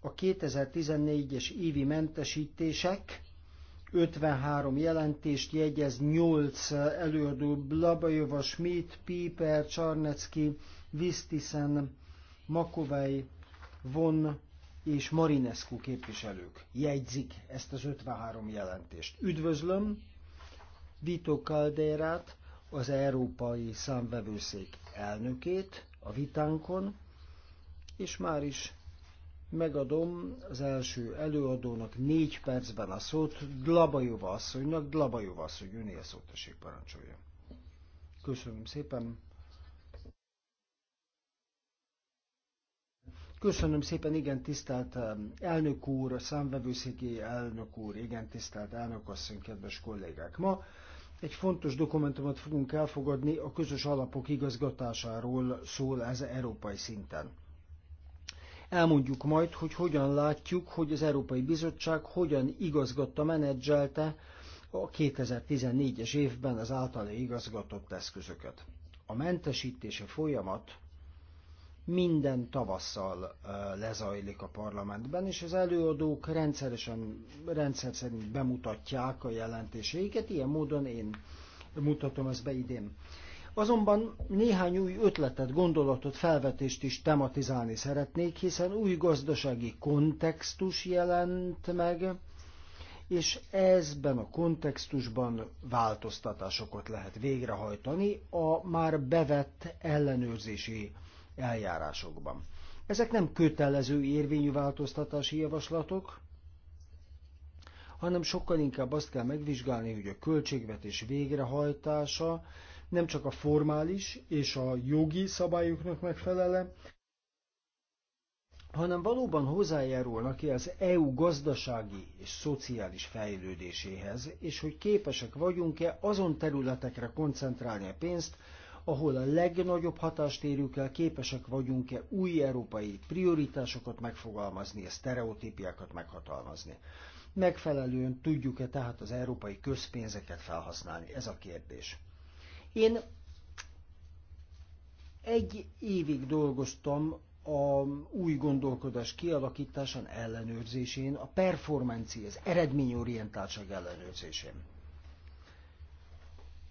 a 2014-es évi mentesítések 53 jelentést jegyez 8 előadó Blabajova, Schmidt, Piper, Csarnecki, Vistisen, Makovej, Von és Marinescu képviselők jegyzik ezt az 53 jelentést. Üdvözlöm Vito Calderát, az Európai Számvevőszék elnökét a vitánkon, és már is Megadom az első előadónak négy percben a szót, Dlabajova asszonynak, Dlabajova asszony, öné a szót, tessék parancsolja. Köszönöm szépen. Köszönöm szépen, igen, tisztelt um, elnök úr, számvevőszéki elnök úr, igen, tisztelt elnök asszony, kedves kollégák. Ma egy fontos dokumentumot fogunk elfogadni, a közös alapok igazgatásáról szól ez európai szinten. Elmondjuk majd, hogy hogyan látjuk, hogy az Európai Bizottság hogyan igazgatta, menedzselte a 2014-es évben az általa igazgatott eszközöket. A mentesítési folyamat minden tavasszal lezajlik a parlamentben, és az előadók rendszeresen, rendszer szerint bemutatják a jelentéseiket, ilyen módon én mutatom ezt be idén. Azonban néhány új ötletet, gondolatot, felvetést is tematizálni szeretnék, hiszen új gazdasági kontextus jelent meg, és ezben a kontextusban változtatásokat lehet végrehajtani a már bevett ellenőrzési eljárásokban. Ezek nem kötelező érvényű változtatási javaslatok, hanem sokkal inkább azt kell megvizsgálni, hogy a költségvetés végrehajtása nem csak a formális és a jogi szabályoknak megfelele, hanem valóban hozzájárulnak -e az EU gazdasági és szociális fejlődéséhez, és hogy képesek vagyunk-e azon területekre koncentrálni a pénzt, ahol a legnagyobb hatást érjük el, képesek vagyunk-e új európai prioritásokat megfogalmazni, a sztereotípiákat meghatalmazni. Megfelelően tudjuk-e tehát az európai közpénzeket felhasználni? Ez a kérdés. Én egy évig dolgoztam a új gondolkodás kialakításán ellenőrzésén, a performancia, az eredményorientáltság ellenőrzésén.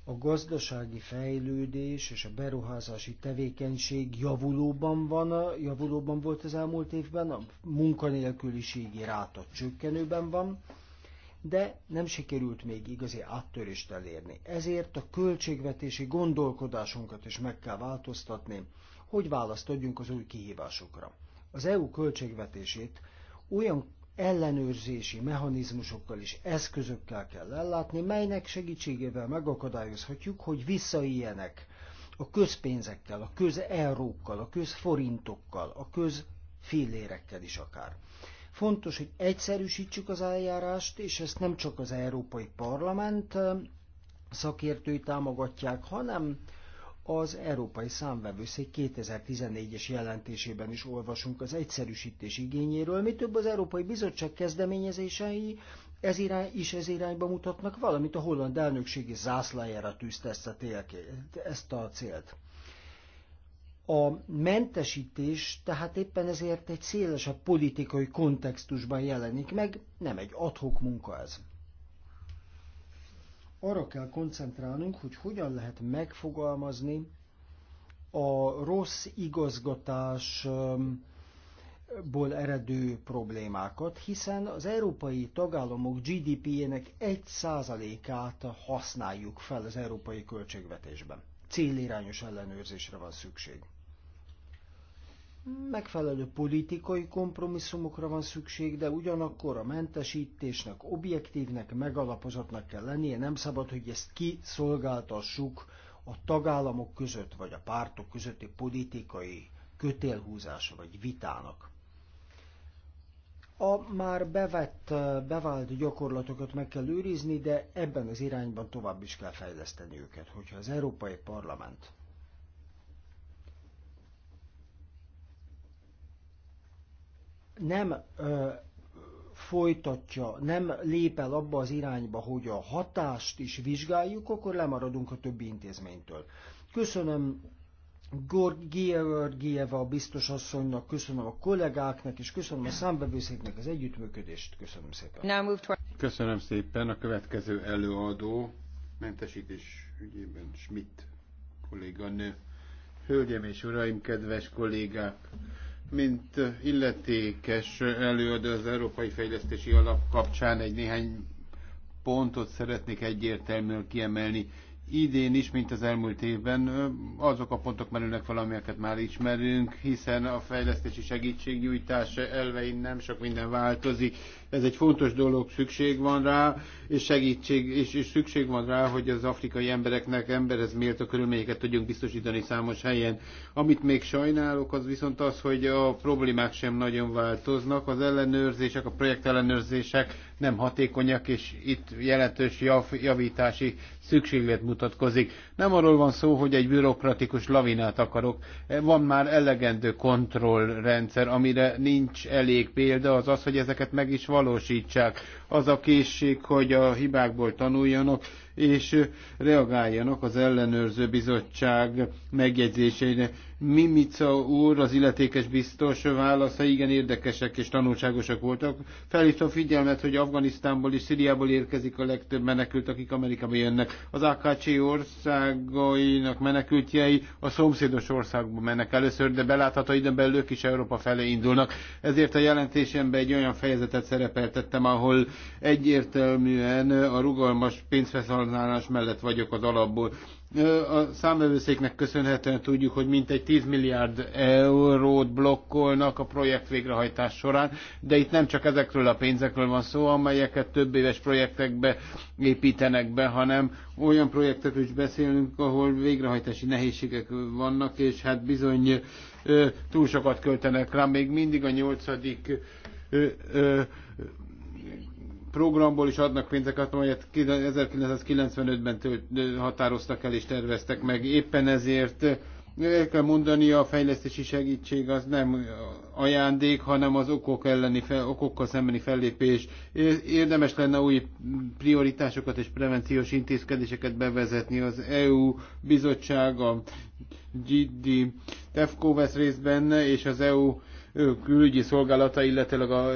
A gazdasági fejlődés és a beruházási tevékenység javulóban van, javulóban volt az elmúlt évben, a munkanélküliségi ráta csökkenőben van, de nem sikerült még igazi áttörést elérni. Ezért a költségvetési gondolkodásunkat is meg kell változtatni, hogy választ adjunk az új kihívásokra. Az EU költségvetését olyan ellenőrzési mechanizmusokkal és eszközökkel kell ellátni, melynek segítségével megakadályozhatjuk, hogy visszaíjenek a közpénzekkel, a közeurókkal, a közforintokkal, a közfillérekkel is akár. Fontos, hogy egyszerűsítsük az eljárást, és ezt nem csak az Európai Parlament szakértői támogatják, hanem az Európai Számvevőszék 2014-es jelentésében is olvasunk az egyszerűsítés igényéről, mi több az Európai Bizottság kezdeményezései ez irány, is ez irányba mutatnak, valamint a holland elnökségi zászlájára tűzte ezt a, télké, ezt a célt. A mentesítés tehát éppen ezért egy szélesebb politikai kontextusban jelenik meg, nem egy adhok munka ez. Arra kell koncentrálnunk, hogy hogyan lehet megfogalmazni a rossz igazgatás eredő problémákat, hiszen az európai tagállamok GDP-jének 1%-át használjuk fel az európai költségvetésben. Célirányos ellenőrzésre van szükség megfelelő politikai kompromisszumokra van szükség, de ugyanakkor a mentesítésnek objektívnek, megalapozatnak kell lennie, nem szabad, hogy ezt kiszolgáltassuk a tagállamok között, vagy a pártok közötti politikai kötélhúzása, vagy vitának. A már bevett, bevált gyakorlatokat meg kell őrizni, de ebben az irányban tovább is kell fejleszteni őket, hogyha az Európai Parlament nem ö, folytatja, nem lép el abba az irányba, hogy a hatást is vizsgáljuk, akkor lemaradunk a többi intézménytől. Köszönöm Georgieva biztos asszonynak, köszönöm a kollégáknak, és köszönöm a számbevőszéknek az együttműködést. Köszönöm szépen. Köszönöm szépen. A következő előadó mentesítés ügyében Schmidt kolléganő. Hölgyem és uraim, kedves kollégák! mint illetékes előadó az Európai Fejlesztési Alap kapcsán egy néhány pontot szeretnék egyértelműen kiemelni. Idén is, mint az elmúlt évben, azok a pontok merülnek fel, amelyeket már ismerünk, hiszen a fejlesztési segítségnyújtás elvein nem sok minden változik. Ez egy fontos dolog, szükség van rá, és segítség, és, és szükség van rá, hogy az afrikai embereknek emberhez méltó körülményeket tudjunk biztosítani számos helyen. Amit még sajnálok, az viszont az, hogy a problémák sem nagyon változnak, az ellenőrzések, a projekt ellenőrzések nem hatékonyak, és itt jelentős jav, javítási szükséglet mutatkozik. Nem arról van szó, hogy egy bürokratikus lavinát akarok. Van már elegendő kontrollrendszer, amire nincs elég példa, az az, hogy ezeket meg is van megvalósítsák. Az a készség, hogy a hibákból tanuljanak, és reagáljanak az ellenőrző bizottság megjegyzéseire. Mimica úr, az illetékes biztos válasza igen érdekesek és tanulságosak voltak. Felhívtam figyelmet, hogy Afganisztánból és Szíriából érkezik a legtöbb menekült, akik Amerikába jönnek. Az AKC országainak menekültjei a szomszédos országba mennek először, de belátható időn belül ők is Európa felé indulnak. Ezért a jelentésemben egy olyan fejezetet szerepeltettem, ahol egyértelműen a rugalmas pénzfeszal felhasználás mellett vagyok az alapból. A számövőszéknek köszönhetően tudjuk, hogy mintegy 10 milliárd eurót blokkolnak a projekt végrehajtás során, de itt nem csak ezekről a pénzekről van szó, amelyeket több éves projektekbe építenek be, hanem olyan projektekről is beszélünk, ahol végrehajtási nehézségek vannak, és hát bizony túl sokat költenek rá, még mindig a nyolcadik programból is adnak pénzeket, amelyet 1995-ben határoztak el és terveztek meg. Éppen ezért eh, el kell mondani, a fejlesztési segítség az nem ajándék, hanem az okok elleni, okokkal szembeni fellépés. Érdemes lenne új prioritásokat és prevenciós intézkedéseket bevezetni. Az EU bizottsága, GD, TEFCO vesz részt benne, és az EU külügyi szolgálata, illetőleg a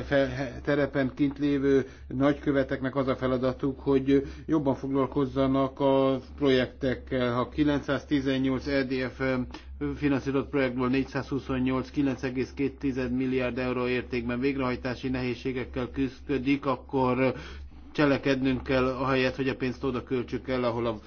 terepen kint lévő nagyköveteknek az a feladatuk, hogy jobban foglalkozzanak a projektekkel. Ha 918 EDF eh, finanszírozott projektből 428 9,2 milliárd euró értékben végrehajtási nehézségekkel küzdik, akkor cselekednünk kell, ahelyett, hogy a pénzt oda költsük el, ahol a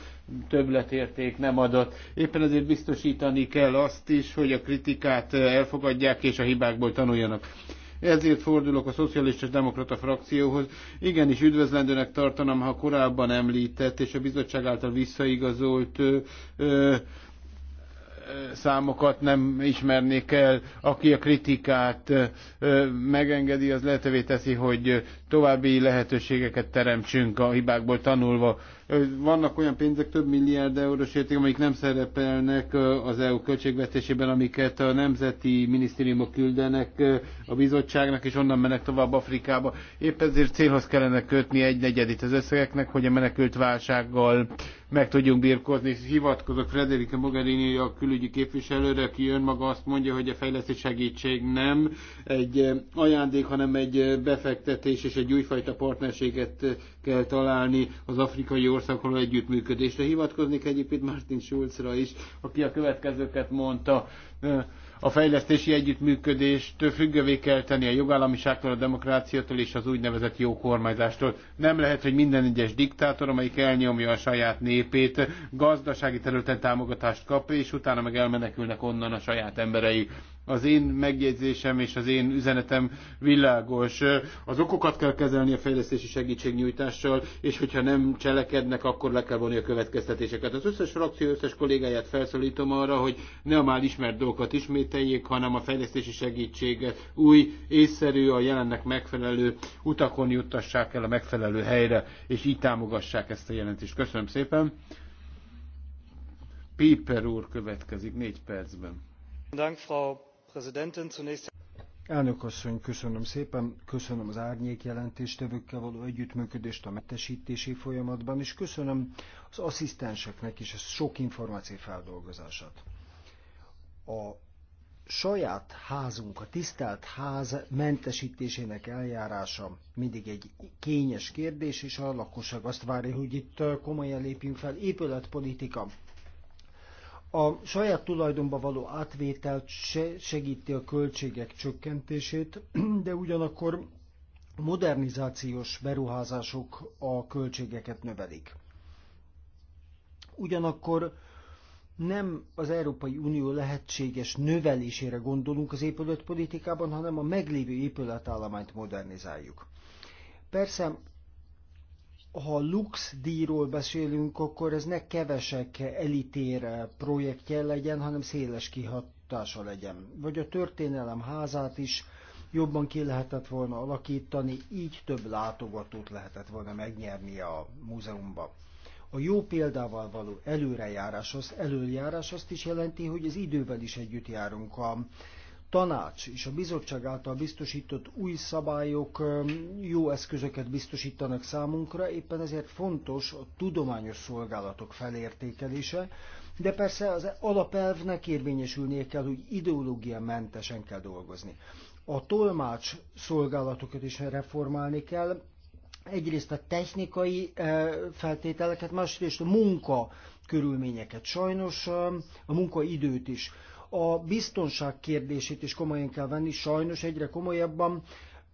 többletérték nem adott. Éppen azért biztosítani kell azt is, hogy a kritikát elfogadják és a hibákból tanuljanak. Ezért fordulok a Szocialista Demokrata frakcióhoz. Igenis üdvözlendőnek tartanám, ha korábban említett és a bizottság által visszaigazolt ö, ö, számokat nem ismernék el. Aki a kritikát megengedi, az lehetővé teszi, hogy további lehetőségeket teremtsünk a hibákból tanulva. Vannak olyan pénzek, több milliárd eurós érték, amik nem szerepelnek az EU költségvetésében, amiket a nemzeti minisztériumok küldenek a bizottságnak, és onnan mennek tovább Afrikába. Épp ezért célhoz kellene kötni egy negyedit az összegeknek, hogy a menekült válsággal meg tudjunk birkozni. Hivatkozok Frederike Mogherini a külügyi képviselőre, aki önmaga azt mondja, hogy a fejlesztés segítség nem egy ajándék, hanem egy befektetés és egy újfajta partnerséget kell találni az afrikai országokon együttműködésre. Hivatkoznék egyébként Martin Schulzra is, aki a következőket mondta a fejlesztési együttműködést függővé kell tenni a jogállamiságtól, a demokráciától és az úgynevezett jó kormányzástól. Nem lehet, hogy minden egyes diktátor, amelyik elnyomja a saját népét, gazdasági területen támogatást kap, és utána meg elmenekülnek onnan a saját emberei. Az én megjegyzésem és az én üzenetem világos. Az okokat kell kezelni a fejlesztési segítségnyújtással, és hogyha nem cselekednek, akkor le kell vonni a következtetéseket. Az összes frakció, összes kollégáját felszólítom arra, hogy ne a már ismert dolgokat ismét tegyék, hanem a fejlesztési segítséget új, észszerű, a jelennek megfelelő utakon juttassák el a megfelelő helyre, és így támogassák ezt a jelentést. Köszönöm szépen. Piper úr következik négy percben. Dank, Frau Präsidentin. Zunächst Elnök asszony, köszönöm szépen, köszönöm az árnyék jelentéstevőkkel való együttműködést a mentesítési folyamatban, és köszönöm az asszisztenseknek is a sok információ feldolgozását. A saját házunk, a tisztelt ház mentesítésének eljárása mindig egy kényes kérdés, és a lakosság azt várja, hogy itt komolyan lépjünk fel. Épületpolitika. A saját tulajdonba való átvételt segíti a költségek csökkentését, de ugyanakkor modernizációs beruházások a költségeket növelik. Ugyanakkor nem az Európai Unió lehetséges növelésére gondolunk az épületpolitikában, hanem a meglévő épületállományt modernizáljuk. Persze, ha lux díjról beszélünk, akkor ez ne kevesek elitér projektje legyen, hanem széles kihatása legyen. Vagy a történelem házát is jobban ki lehetett volna alakítani, így több látogatót lehetett volna megnyerni a múzeumban. A jó példával való előrejárás, az előjárás azt is jelenti, hogy az idővel is együtt járunk. A tanács és a bizottság által biztosított új szabályok jó eszközöket biztosítanak számunkra, éppen ezért fontos a tudományos szolgálatok felértékelése, de persze az alapelvnek érvényesülnie kell, hogy ideológia mentesen kell dolgozni. A tolmács szolgálatokat is reformálni kell, egyrészt a technikai feltételeket, másrészt a munka körülményeket, sajnos a munkaidőt is. A biztonság kérdését is komolyan kell venni, sajnos egyre komolyabban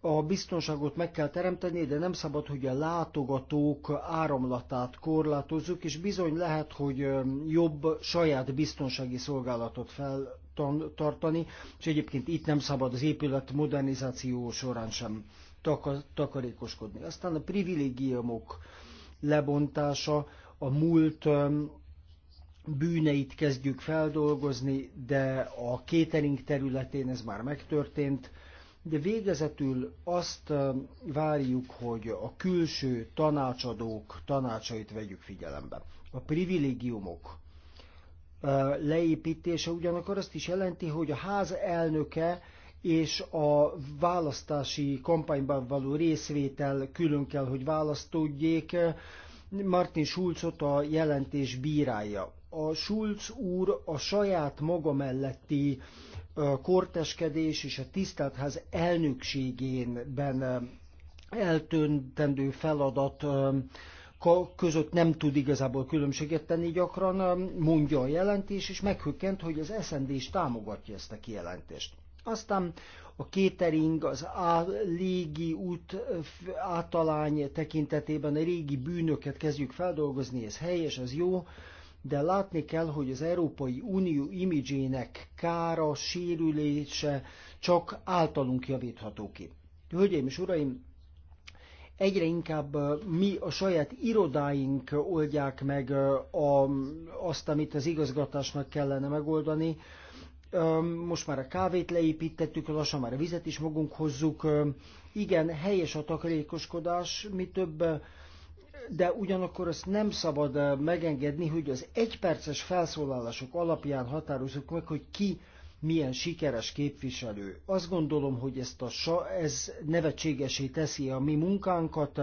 a biztonságot meg kell teremteni, de nem szabad, hogy a látogatók áramlatát korlátozzuk, és bizony lehet, hogy jobb saját biztonsági szolgálatot fel tartani, és egyébként itt nem szabad az épület modernizáció során sem takarékoskodni. Aztán a privilégiumok lebontása, a múlt bűneit kezdjük feldolgozni, de a catering területén ez már megtörtént, de végezetül azt várjuk, hogy a külső tanácsadók tanácsait vegyük figyelembe. A privilégiumok leépítése ugyanakkor azt is jelenti, hogy a ház elnöke és a választási kampányban való részvétel külön kell, hogy választódjék. Martin Schulzot a jelentés bírálja. A Schulz úr a saját maga melletti korteskedés és a tiszteltház elnökségénben eltöntendő feladat között nem tud igazából különbséget tenni gyakran, mondja a jelentés, és meghökkent, hogy az SND is támogatja ezt a kijelentést. Aztán a kétering az á, légi út átalány tekintetében a régi bűnöket kezdjük feldolgozni, ez helyes, ez jó, de látni kell, hogy az Európai Unió imidzsének kára, sérülése csak általunk javítható ki. Hölgyeim és uraim, egyre inkább mi a saját irodáink oldják meg a, azt, amit az igazgatásnak kellene megoldani, most már a kávét leépítettük, lassan már a vizet is magunk hozzuk. Igen, helyes a takarékoskodás, mi több, de ugyanakkor azt nem szabad megengedni, hogy az egyperces felszólalások alapján határozzuk meg, hogy ki milyen sikeres képviselő. Azt gondolom, hogy ezt a, sa ez nevetségesé teszi a mi munkánkat,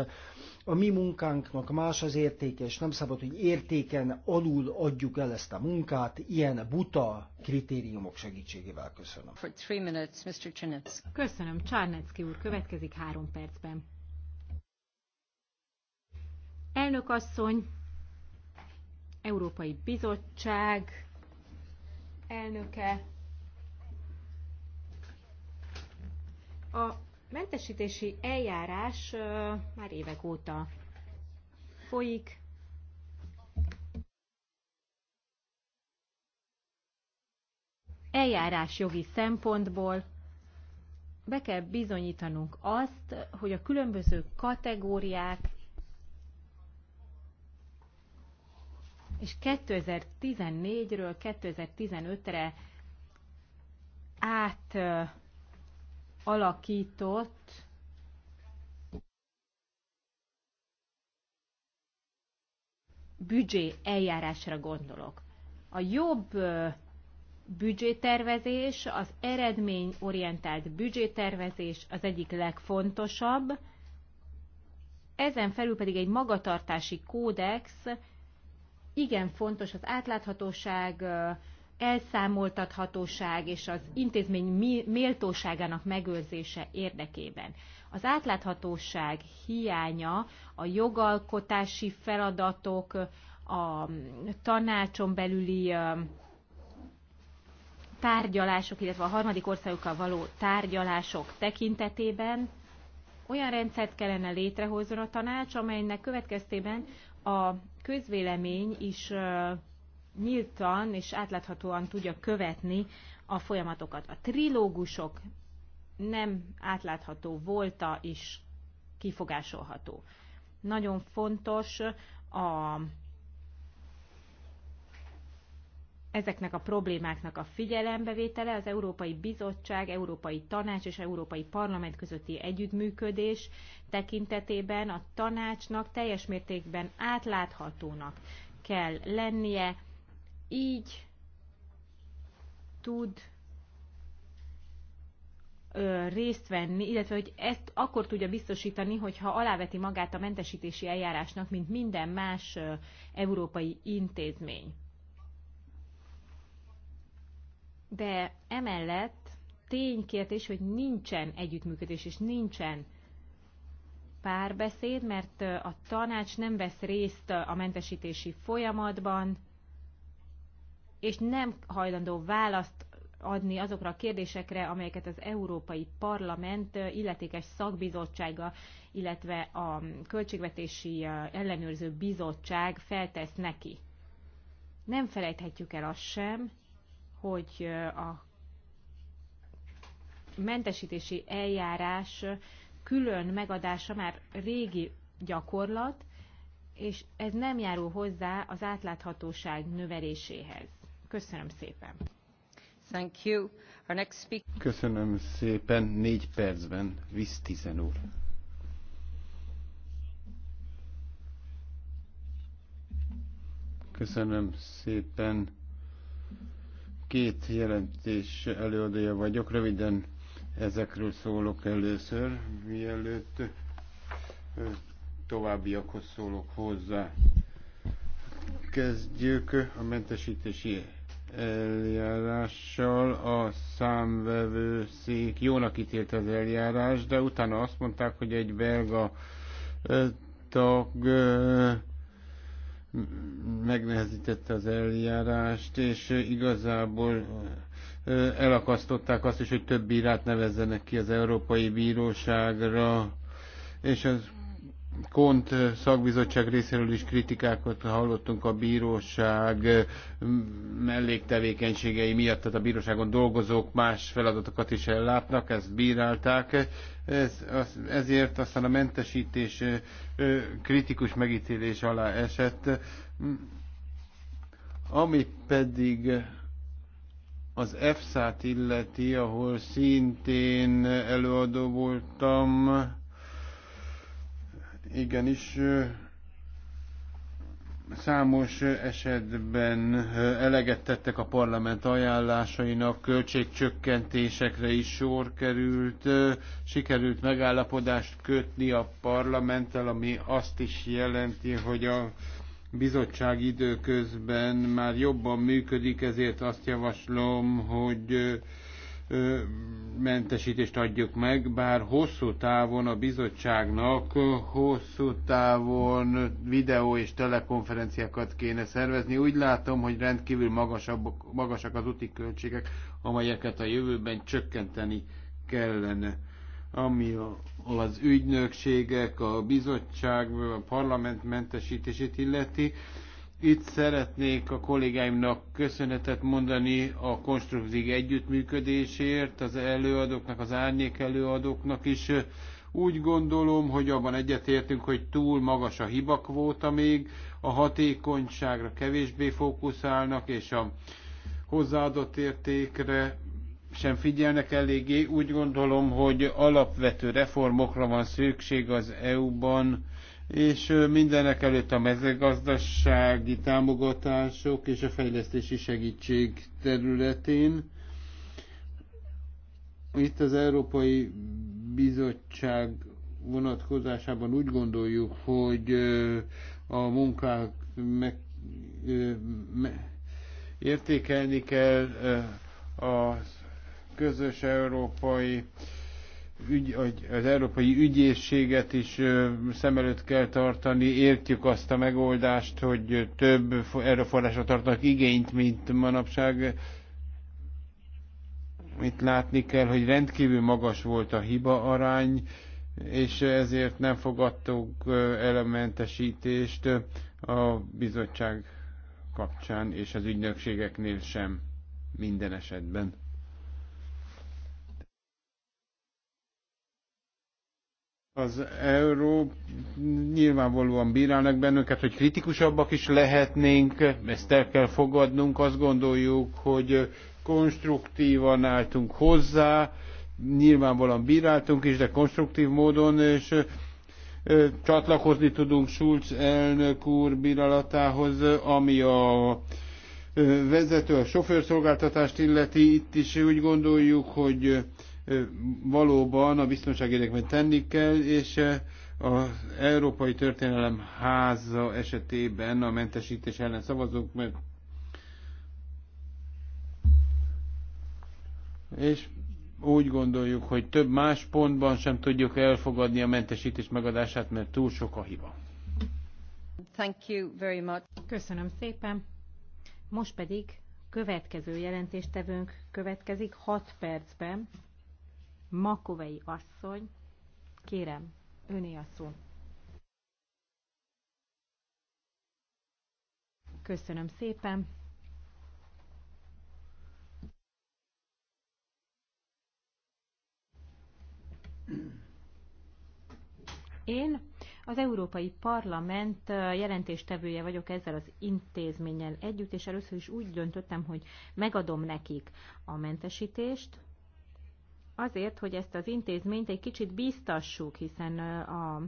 a mi munkánknak más az értéke, és nem szabad, hogy értéken alul adjuk el ezt a munkát, ilyen buta kritériumok segítségével. Köszönöm. For three minutes, Mr. Köszönöm. Csárnecki úr következik három percben. Elnök asszony, Európai Bizottság elnöke, a mentesítési eljárás már évek óta folyik. Eljárás jogi szempontból be kell bizonyítanunk azt, hogy a különböző kategóriák és 2014-ről 2015-re át alakított büdzsé eljárásra gondolok. A jobb büdzsétervezés, az eredményorientált büdzsétervezés az egyik legfontosabb, ezen felül pedig egy magatartási kódex, igen fontos az átláthatóság, elszámoltathatóság és az intézmény méltóságának megőrzése érdekében. Az átláthatóság hiánya a jogalkotási feladatok, a tanácson belüli tárgyalások, illetve a harmadik országokkal való tárgyalások tekintetében olyan rendszert kellene létrehozni a tanács, amelynek következtében a közvélemény is nyíltan és átláthatóan tudja követni a folyamatokat. A trilógusok nem átlátható volta és kifogásolható. Nagyon fontos a ezeknek a problémáknak a figyelembevétele, az Európai Bizottság, Európai Tanács és Európai Parlament közötti együttműködés tekintetében a tanácsnak teljes mértékben átláthatónak kell lennie, így tud részt venni, illetve hogy ezt akkor tudja biztosítani, hogyha aláveti magát a mentesítési eljárásnak, mint minden más európai intézmény. De emellett ténykérdés, hogy nincsen együttműködés és nincsen párbeszéd, mert a tanács nem vesz részt a mentesítési folyamatban, és nem hajlandó választ adni azokra a kérdésekre, amelyeket az Európai Parlament illetékes szakbizottsága, illetve a Költségvetési Ellenőrző Bizottság feltesz neki. Nem felejthetjük el azt sem, hogy a mentesítési eljárás külön megadása már régi gyakorlat, és ez nem járul hozzá az átláthatóság növeléséhez. Köszönöm szépen. Thank you. Our next speaker... Köszönöm szépen. Négy percben, Visz Tizen úr. Köszönöm szépen. Két jelentés előadója vagyok. Röviden ezekről szólok először, mielőtt továbbiakhoz szólok hozzá. Kezdjük a mentesítési eljárással a számvevőszék jónak ítélt az eljárás, de utána azt mondták, hogy egy belga tag megnehezítette az eljárást, és igazából elakasztották azt is, hogy több bírát nevezzenek ki az Európai Bíróságra, és az Kont eh, szakbizottság részéről is kritikákat hallottunk a bíróság eh, melléktevékenységei miatt, tehát a bíróságon dolgozók más feladatokat is ellátnak, ezt bírálták. Ez, az, ezért aztán a mentesítés eh, kritikus megítélés alá esett. Ami pedig az EFSA-t illeti, ahol szintén előadó voltam, igenis számos esetben eleget tettek a parlament ajánlásainak, költségcsökkentésekre is sor került, sikerült megállapodást kötni a parlamenttel, ami azt is jelenti, hogy a bizottság időközben már jobban működik, ezért azt javaslom, hogy mentesítést adjuk meg, bár hosszú távon a bizottságnak hosszú távon videó és telekonferenciákat kéne szervezni. Úgy látom, hogy rendkívül magasabb, magasak az úti költségek, amelyeket a jövőben csökkenteni kellene. Ami a, az ügynökségek, a bizottság, a parlament mentesítését illeti, itt szeretnék a kollégáimnak köszönetet mondani a konstruktív együttműködésért, az előadóknak, az árnyék előadóknak is. Úgy gondolom, hogy abban egyetértünk, hogy túl magas a hibakvóta még, a hatékonyságra kevésbé fókuszálnak, és a hozzáadott értékre sem figyelnek eléggé. Úgy gondolom, hogy alapvető reformokra van szükség az EU-ban, és mindenek előtt a mezőgazdasági támogatások és a fejlesztési segítség területén. Itt az Európai Bizottság vonatkozásában úgy gondoljuk, hogy a munkák meg, me, értékelni kell az közös európai ügy, az európai ügyészséget is szem előtt kell tartani. Értjük azt a megoldást, hogy több erőforrásra tartanak igényt, mint manapság. Itt látni kell, hogy rendkívül magas volt a hiba arány, és ezért nem fogadtuk elementesítést a bizottság kapcsán és az ügynökségeknél sem minden esetben. Az Euró nyilvánvalóan bírálnak bennünket, hogy kritikusabbak is lehetnénk, ezt el kell fogadnunk, azt gondoljuk, hogy konstruktívan álltunk hozzá, nyilvánvalóan bíráltunk is, de konstruktív módon, és csatlakozni tudunk Schulz elnök úr bírálatához, ami a vezető, a sofőrszolgáltatást illeti. Itt is úgy gondoljuk, hogy valóban a érdekében tenni kell, és az Európai Történelem Háza esetében a mentesítés ellen szavazunk, mert és úgy gondoljuk, hogy több más pontban sem tudjuk elfogadni a mentesítés megadását, mert túl sok a hiba. Thank you very much. Köszönöm szépen. Most pedig következő jelentéstevőnk következik 6 percben. Makovei asszony. Kérem, öné a szó. Köszönöm szépen. Én az Európai Parlament jelentéstevője vagyok ezzel az intézménnyel együtt, és először is úgy döntöttem, hogy megadom nekik a mentesítést, azért, hogy ezt az intézményt egy kicsit biztassuk, hiszen a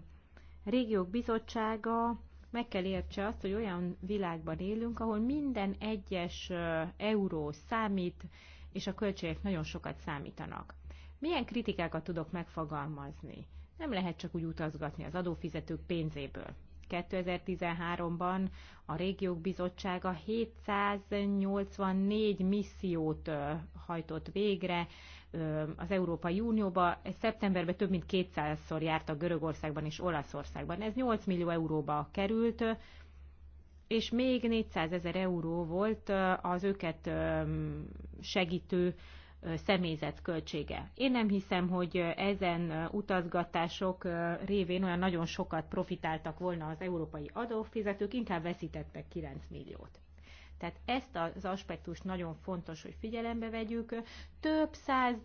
régiók bizottsága meg kell értse azt, hogy olyan világban élünk, ahol minden egyes euró számít, és a költségek nagyon sokat számítanak. Milyen kritikákat tudok megfogalmazni? Nem lehet csak úgy utazgatni az adófizetők pénzéből. 2013-ban a Régiók Bizottsága 784 missziót hajtott végre az Európai Unióba. szeptemberben több mint 200-szor a Görögországban és Olaszországban. Ez 8 millió euróba került, és még 400 ezer euró volt az őket segítő személyzet költsége. Én nem hiszem, hogy ezen utazgatások révén olyan nagyon sokat profitáltak volna az európai adófizetők, inkább veszítettek 9 milliót. Tehát ezt az aspektust nagyon fontos, hogy figyelembe vegyük. Több száz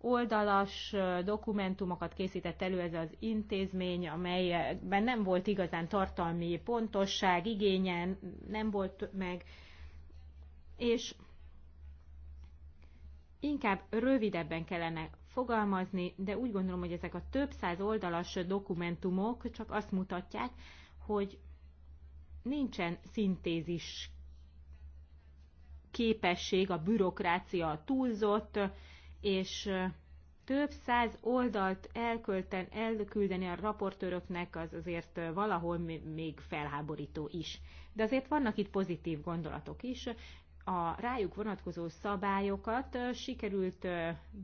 oldalas dokumentumokat készített elő ez az intézmény, amelyben nem volt igazán tartalmi pontosság, igényen nem volt meg, és inkább rövidebben kellene fogalmazni, de úgy gondolom, hogy ezek a több száz oldalas dokumentumok csak azt mutatják, hogy nincsen szintézis képesség, a bürokrácia túlzott, és több száz oldalt elkölten, elküldeni a raportőröknek az azért valahol még felháborító is. De azért vannak itt pozitív gondolatok is a rájuk vonatkozó szabályokat sikerült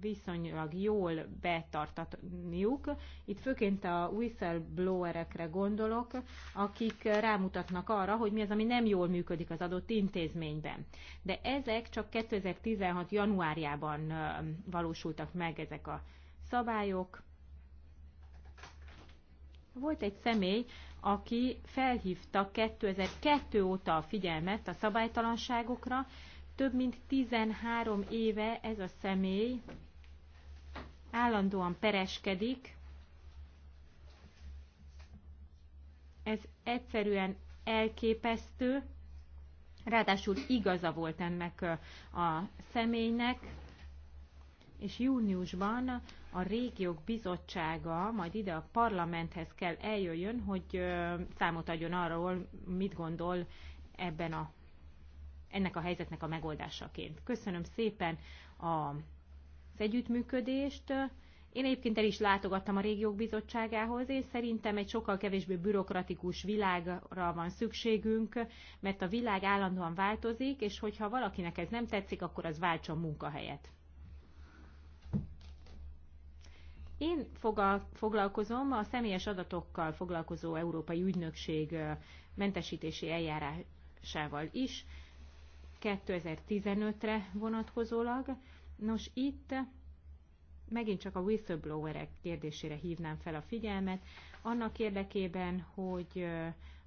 viszonylag jól betartatniuk. Itt főként a whistleblowerekre gondolok, akik rámutatnak arra, hogy mi az, ami nem jól működik az adott intézményben. De ezek csak 2016. januárjában valósultak meg ezek a szabályok. Volt egy személy, aki felhívta 2002 óta a figyelmet a szabálytalanságokra, több mint 13 éve ez a személy állandóan pereskedik. Ez egyszerűen elképesztő, ráadásul igaza volt ennek a személynek, és júniusban a régiók bizottsága majd ide a parlamenthez kell eljöjjön, hogy számot adjon arról, mit gondol ebben a, ennek a helyzetnek a megoldásaként. Köszönöm szépen a, az együttműködést. Én egyébként el is látogattam a régiók bizottságához, és szerintem egy sokkal kevésbé bürokratikus világra van szükségünk, mert a világ állandóan változik, és hogyha valakinek ez nem tetszik, akkor az váltson munkahelyet. Én foglalkozom a személyes adatokkal foglalkozó Európai Ügynökség mentesítési eljárásával is, 2015-re vonatkozólag. Nos, itt megint csak a whistleblowerek kérdésére hívnám fel a figyelmet, annak érdekében, hogy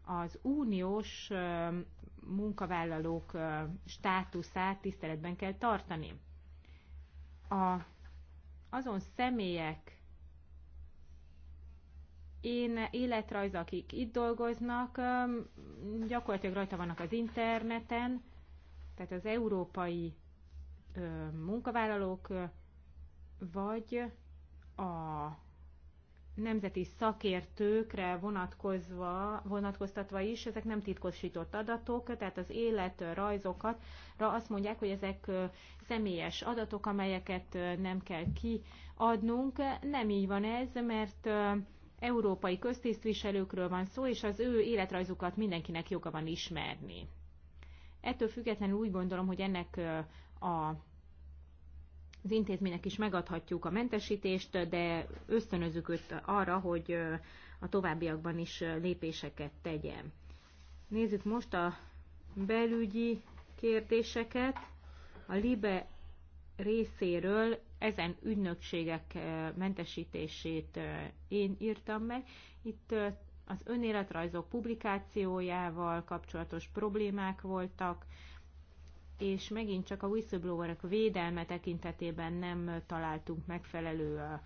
az uniós munkavállalók státuszát tiszteletben kell tartani. A, azon személyek én életrajz, akik itt dolgoznak, gyakorlatilag rajta vannak az interneten, tehát az európai munkavállalók, vagy a nemzeti szakértőkre vonatkozva, vonatkoztatva is, ezek nem titkosított adatok, tehát az életrajzokat azt mondják, hogy ezek személyes adatok, amelyeket nem kell kiadnunk. Nem így van ez, mert európai köztisztviselőkről van szó, és az ő életrajzukat mindenkinek joga van ismerni. Ettől függetlenül úgy gondolom, hogy ennek a az intézménynek is megadhatjuk a mentesítést, de ösztönözük őt arra, hogy a továbbiakban is lépéseket tegyen. Nézzük most a belügyi kérdéseket. A LIBE részéről ezen ügynökségek eh, mentesítését eh, én írtam meg. Itt eh, az önéletrajzok publikációjával kapcsolatos problémák voltak, és megint csak a whistleblowerek védelme tekintetében nem találtunk megfelelő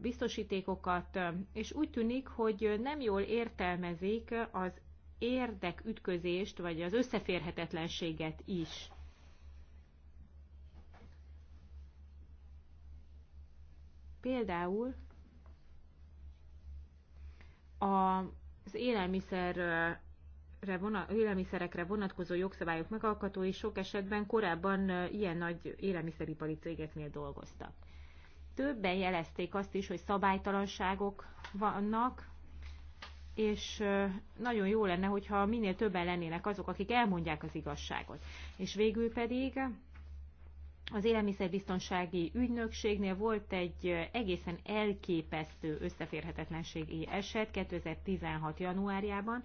biztosítékokat, és úgy tűnik, hogy nem jól értelmezik az érdekütközést, vagy az összeférhetetlenséget is. Például a, az élelmiszerre vonat, élelmiszerekre vonatkozó jogszabályok megalkotói sok esetben korábban ilyen nagy élelmiszeripari cégeknél dolgoztak. Többen jelezték azt is, hogy szabálytalanságok vannak, és nagyon jó lenne, hogyha minél többen lennének azok, akik elmondják az igazságot. És végül pedig az élelmiszerbiztonsági ügynökségnél volt egy egészen elképesztő összeférhetetlenségi eset 2016. januárjában,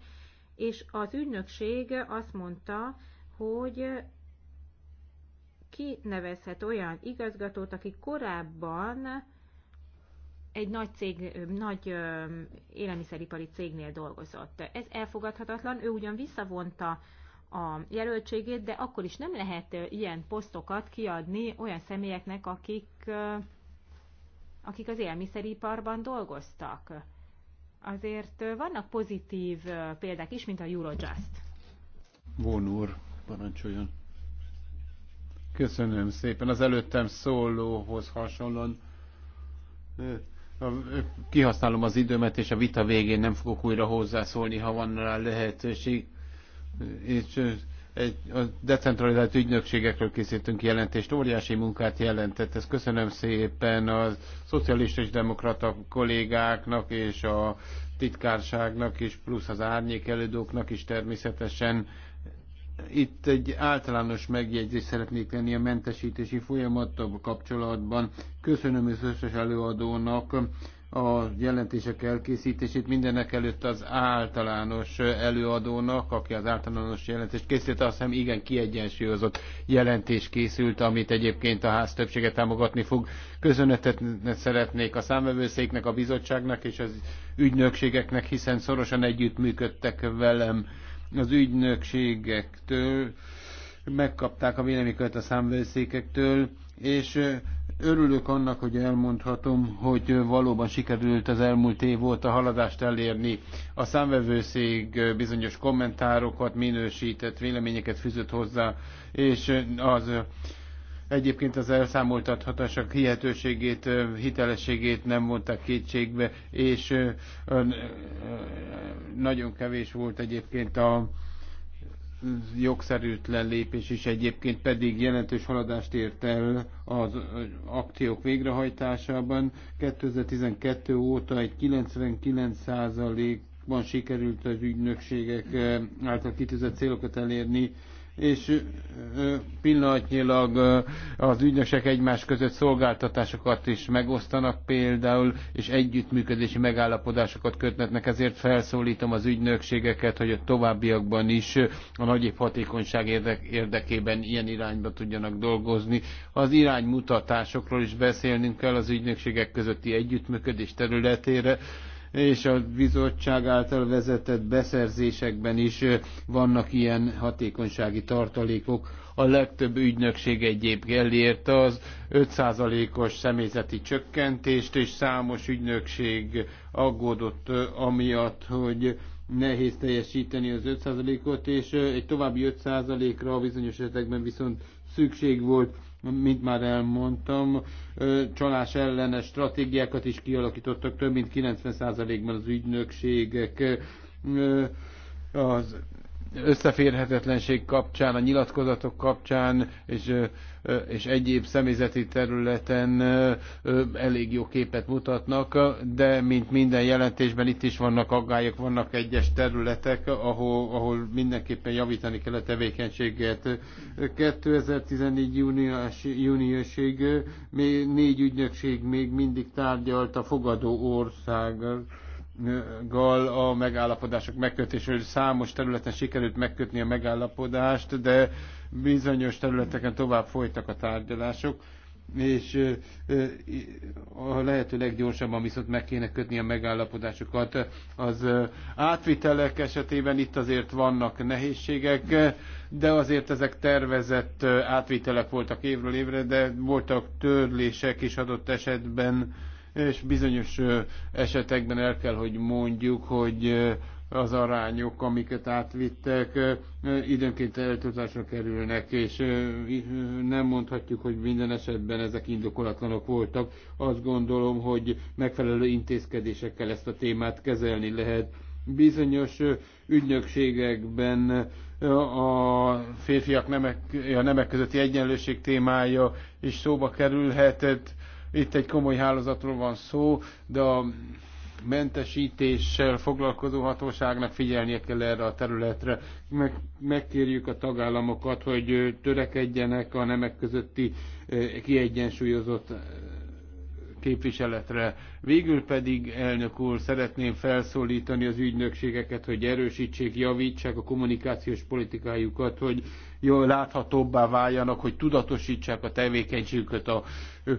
és az ügynökség azt mondta, hogy ki nevezhet olyan igazgatót, aki korábban egy nagy, cég, nagy élelmiszeripari cégnél dolgozott. Ez elfogadhatatlan, ő ugyan visszavonta a jelöltségét, de akkor is nem lehet ilyen posztokat kiadni olyan személyeknek, akik, akik az élelmiszeriparban dolgoztak. Azért vannak pozitív példák is, mint a Eurojust. Von úr, parancsoljon. Köszönöm szépen. Az előttem szólóhoz hasonlóan kihasználom az időmet, és a vita végén nem fogok újra hozzászólni, ha van rá lehetőség és egy, a decentralizált ügynökségekről készítünk jelentést, óriási munkát jelentett, ezt köszönöm szépen a szocialista és demokrata kollégáknak és a titkárságnak is, plusz az árnyék elődóknak is természetesen. Itt egy általános megjegyzést szeretnék tenni a mentesítési folyamattal kapcsolatban. Köszönöm az összes előadónak a jelentések elkészítését mindenek előtt az általános előadónak, aki az általános jelentést készítette, azt hiszem igen kiegyensúlyozott jelentés készült, amit egyébként a ház többsége támogatni fog. Köszönetet szeretnék a számvevőszéknek, a bizottságnak és az ügynökségeknek, hiszen szorosan együttműködtek velem az ügynökségektől, megkapták a véleményeket a számvevőszékektől, és Örülök annak, hogy elmondhatom, hogy valóban sikerült az elmúlt év óta haladást elérni. A számvevőszég bizonyos kommentárokat, minősített véleményeket fűzött hozzá, és az egyébként az elszámoltathatások hihetőségét, hitelességét nem mondták kétségbe, és nagyon kevés volt egyébként a jogszerűtlen lépés is egyébként pedig jelentős haladást ért el az akciók végrehajtásában. 2012 óta egy 99%-ban sikerült az ügynökségek eh, által kitűzött célokat elérni, és pillanatnyilag az ügynösek egymás között szolgáltatásokat is megosztanak például, és együttműködési megállapodásokat kötnetnek, ezért felszólítom az ügynökségeket, hogy a továbbiakban is a nagyobb hatékonyság érdekében ilyen irányba tudjanak dolgozni. Az iránymutatásokról is beszélnünk kell az ügynökségek közötti együttműködés területére, és a bizottság által vezetett beszerzésekben is vannak ilyen hatékonysági tartalékok. A legtöbb ügynökség egyéb elérte az 5%-os személyzeti csökkentést, és számos ügynökség aggódott amiatt, hogy nehéz teljesíteni az 5%-ot, és egy további 5%-ra bizonyos esetekben viszont szükség volt mint már elmondtam, csalás ellenes stratégiákat is kialakítottak több mint 90%-ban az ügynökségek. Az összeférhetetlenség kapcsán, a nyilatkozatok kapcsán és, és egyéb személyzeti területen elég jó képet mutatnak, de mint minden jelentésben itt is vannak aggályok, vannak egyes területek, ahol, ahol mindenképpen javítani kell a tevékenységet. 2014 június, júniusig még négy ügynökség még mindig tárgyalt a fogadó ország gal a megállapodások megkötéséről számos területen sikerült megkötni a megállapodást, de bizonyos területeken tovább folytak a tárgyalások, és a lehető leggyorsabban viszont meg kéne kötni a megállapodásokat. Az átvitelek esetében itt azért vannak nehézségek, de azért ezek tervezett átvitelek voltak évről évre, de voltak törlések is adott esetben, és bizonyos esetekben el kell, hogy mondjuk, hogy az arányok, amiket átvittek, időnként eltudásra kerülnek, és nem mondhatjuk, hogy minden esetben ezek indokolatlanok voltak. Azt gondolom, hogy megfelelő intézkedésekkel ezt a témát kezelni lehet. Bizonyos ügynökségekben a férfiak nemek, a nemek közötti egyenlőség témája is szóba kerülhetett itt egy komoly hálózatról van szó, de a mentesítéssel foglalkozó hatóságnak figyelnie kell erre a területre. Meg, megkérjük a tagállamokat, hogy törekedjenek a nemek közötti kiegyensúlyozott képviseletre. Végül pedig, elnök úr, szeretném felszólítani az ügynökségeket, hogy erősítsék, javítsák a kommunikációs politikájukat, hogy jól láthatóbbá váljanak, hogy tudatosítsák a tevékenységüket a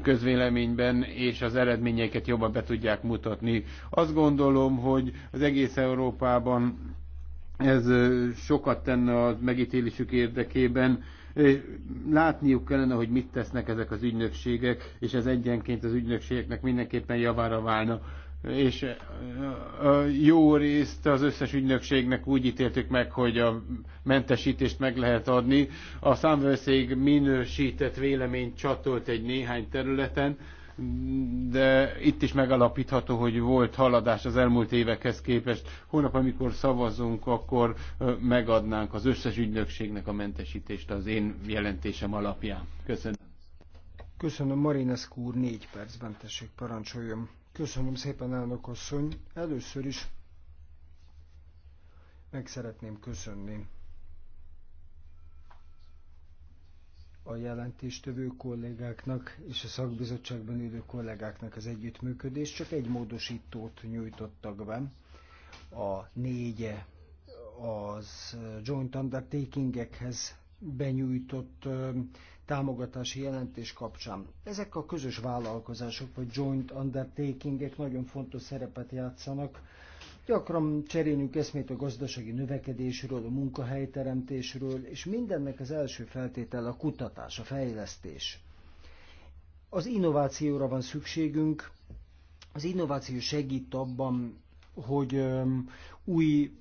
közvéleményben, és az eredményeket jobban be tudják mutatni. Azt gondolom, hogy az egész Európában ez sokat tenne a megítélésük érdekében. Látniuk kellene, hogy mit tesznek ezek az ügynökségek, és ez egyenként az ügynökségeknek mindenképpen javára válna és jó részt az összes ügynökségnek úgy ítéltük meg, hogy a mentesítést meg lehet adni. A számvőszég minősített vélemény csatolt egy néhány területen, de itt is megalapítható, hogy volt haladás az elmúlt évekhez képest. Hónap, amikor szavazunk, akkor megadnánk az összes ügynökségnek a mentesítést az én jelentésem alapján. Köszönöm. Köszönöm, Marinescu úr, négy percben tessék, parancsoljon. Köszönöm szépen, elnök asszony. Először is meg szeretném köszönni a jelentéstövő kollégáknak és a szakbizottságban ülő kollégáknak az együttműködést. Csak egy módosítót nyújtottak be, a négye az joint undertakingekhez benyújtott támogatási jelentés kapcsán. Ezek a közös vállalkozások, vagy joint undertakingek nagyon fontos szerepet játszanak. Gyakran cserélünk eszmét a gazdasági növekedésről, a munkahelyteremtésről, és mindennek az első feltétele a kutatás, a fejlesztés. Az innovációra van szükségünk, az innováció segít abban, hogy új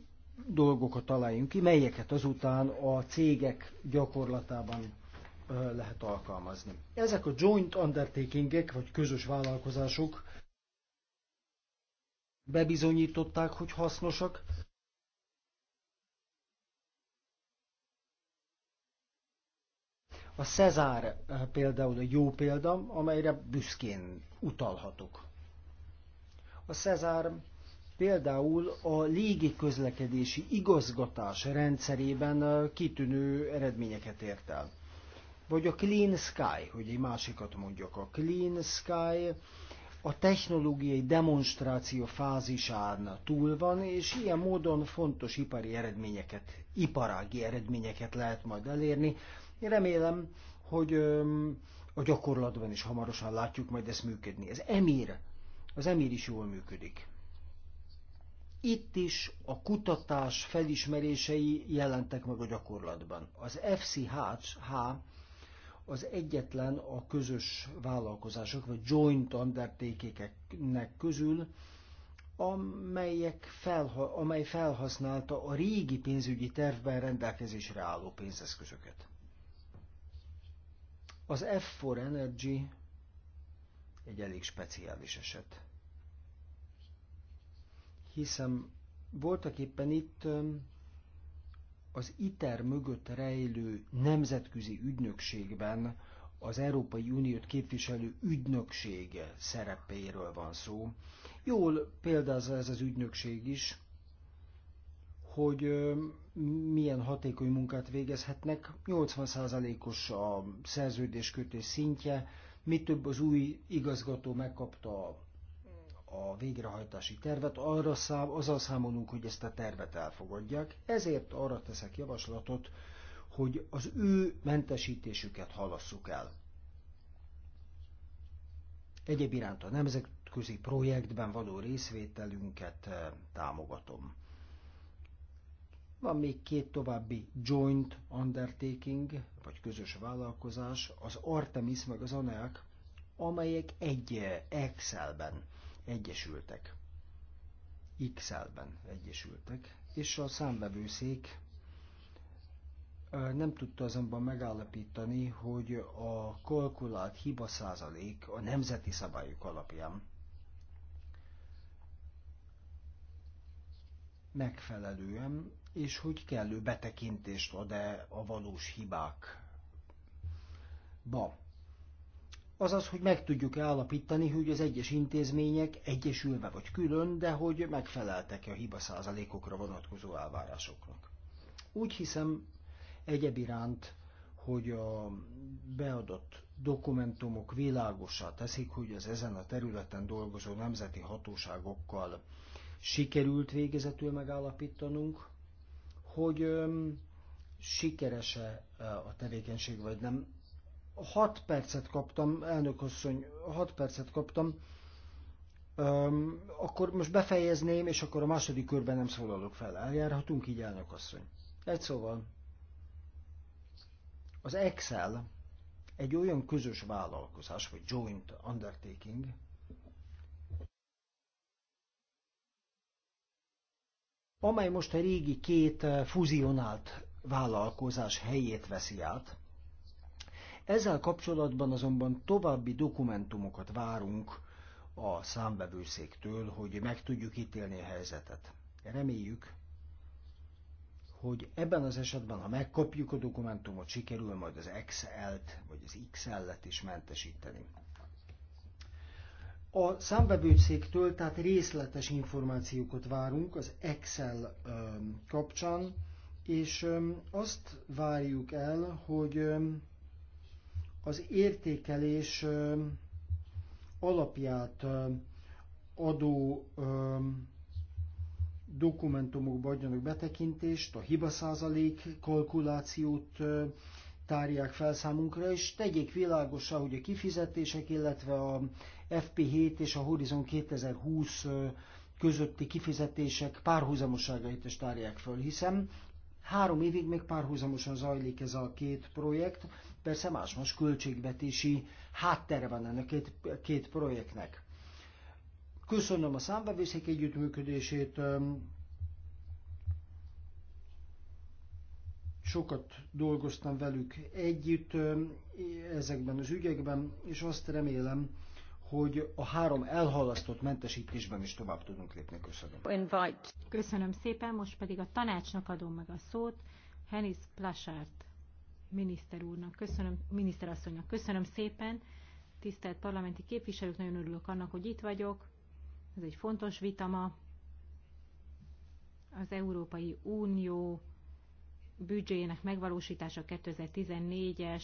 dolgokat találjunk ki, melyeket azután a cégek gyakorlatában lehet alkalmazni. Ezek a joint undertakingek, vagy közös vállalkozások bebizonyították, hogy hasznosak, A Cezár például egy jó példa, amelyre büszkén utalhatok. A Cezár például a közlekedési igazgatás rendszerében kitűnő eredményeket ért el. Vagy a Clean Sky, hogy egy másikat mondjak. A Clean Sky a technológiai demonstráció fázisán túl van, és ilyen módon fontos ipari eredményeket, iparági eredményeket lehet majd elérni. Én remélem, hogy a gyakorlatban is hamarosan látjuk majd ezt működni. Ez emír, az emír is jól működik. Itt is a kutatás felismerései jelentek meg a gyakorlatban. Az FCH az egyetlen a közös vállalkozások, vagy joint undertakingeknek közül, amelyek felha- amely felhasználta a régi pénzügyi tervben rendelkezésre álló pénzeszközöket. Az F4 Energy egy elég speciális eset. Hiszem, voltak éppen itt az ITER mögött rejlő nemzetközi ügynökségben az Európai Uniót képviselő ügynökség szerepéről van szó. Jól példázza ez az ügynökség is, hogy milyen hatékony munkát végezhetnek. 80%-os a szerződéskötés szintje, mi több az új igazgató megkapta a végrehajtási tervet, arra szám, azzal számolunk, hogy ezt a tervet elfogadják. Ezért arra teszek javaslatot, hogy az ő mentesítésüket halasszuk el. Egyéb iránt a nemzetközi projektben való részvételünket eh, támogatom. Van még két további joint undertaking, vagy közös vállalkozás, az Artemis meg az ANEAC, amelyek egy eh, Excelben egyesültek. X-elben egyesültek, és a számbevőszék nem tudta azonban megállapítani, hogy a kalkulált hiba százalék a nemzeti szabályok alapján megfelelően, és hogy kellő betekintést ad-e a valós hibákba azaz, hogy meg tudjuk-e állapítani, hogy az egyes intézmények egyesülve vagy külön, de hogy megfeleltek-e a hiba százalékokra vonatkozó elvárásoknak. Úgy hiszem egyeb iránt, hogy a beadott dokumentumok világosá teszik, hogy az ezen a területen dolgozó nemzeti hatóságokkal sikerült végezetül megállapítanunk, hogy sikerese a tevékenység, vagy nem 6 percet kaptam, elnök asszony, 6 percet kaptam, Öm, akkor most befejezném, és akkor a második körben nem szólalok fel. Eljárhatunk így, elnök asszony. Egy szóval, az Excel egy olyan közös vállalkozás, vagy joint undertaking, amely most a régi két eh, fúzionált vállalkozás helyét veszi át, ezzel kapcsolatban azonban további dokumentumokat várunk a számbevőszéktől, hogy meg tudjuk ítélni a helyzetet. Reméljük, hogy ebben az esetben, ha megkapjuk a dokumentumot, sikerül majd az XL-t, vagy az XL-et is mentesíteni. A számbevőszéktől tehát részletes információkat várunk az Excel kapcsán, és azt várjuk el, hogy az értékelés alapját adó dokumentumokba adjanak betekintést, a hiba százalék kalkulációt tárják fel számunkra, és tegyék világosá, hogy a kifizetések, illetve a FP7 és a Horizon 2020 közötti kifizetések párhuzamoságait is tárják föl, hiszen három évig még párhuzamosan zajlik ez a két projekt, Persze más-más költségvetési háttere van ennek két, két projektnek. Köszönöm a számbevészek együttműködését. Sokat dolgoztam velük együtt ezekben az ügyekben, és azt remélem, hogy a három elhalasztott mentesítésben is tovább tudunk lépni. Köszönöm. Köszönöm szépen, most pedig a tanácsnak adom meg a szót, Henis Plasárt miniszter úrnak, köszönöm, miniszterasszonynak. Köszönöm szépen, tisztelt parlamenti képviselők, nagyon örülök annak, hogy itt vagyok. Ez egy fontos vita ma. Az Európai Unió büdzséjének megvalósítása 2014-es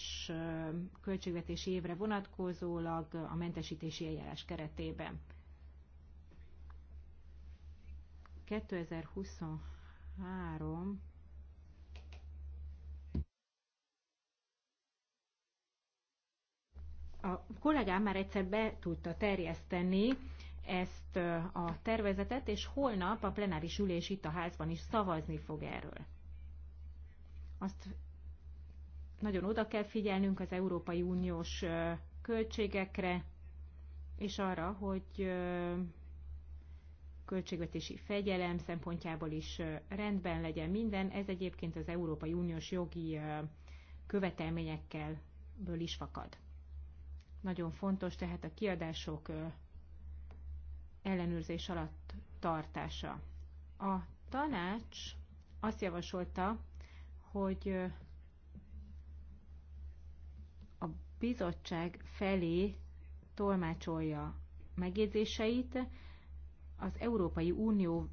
költségvetési évre vonatkozólag a mentesítési eljárás keretében. 2023 A kollégám már egyszer be tudta terjeszteni ezt a tervezetet, és holnap a plenáris ülés itt a házban is szavazni fog erről. Azt nagyon oda kell figyelnünk az Európai Uniós költségekre, és arra, hogy költségvetési fegyelem szempontjából is rendben legyen minden. Ez egyébként az Európai Uniós jogi követelményekkel ből is fakad. Nagyon fontos tehát a kiadások ellenőrzés alatt tartása. A tanács azt javasolta, hogy a bizottság felé tolmácsolja megjegyzéseit az Európai Unió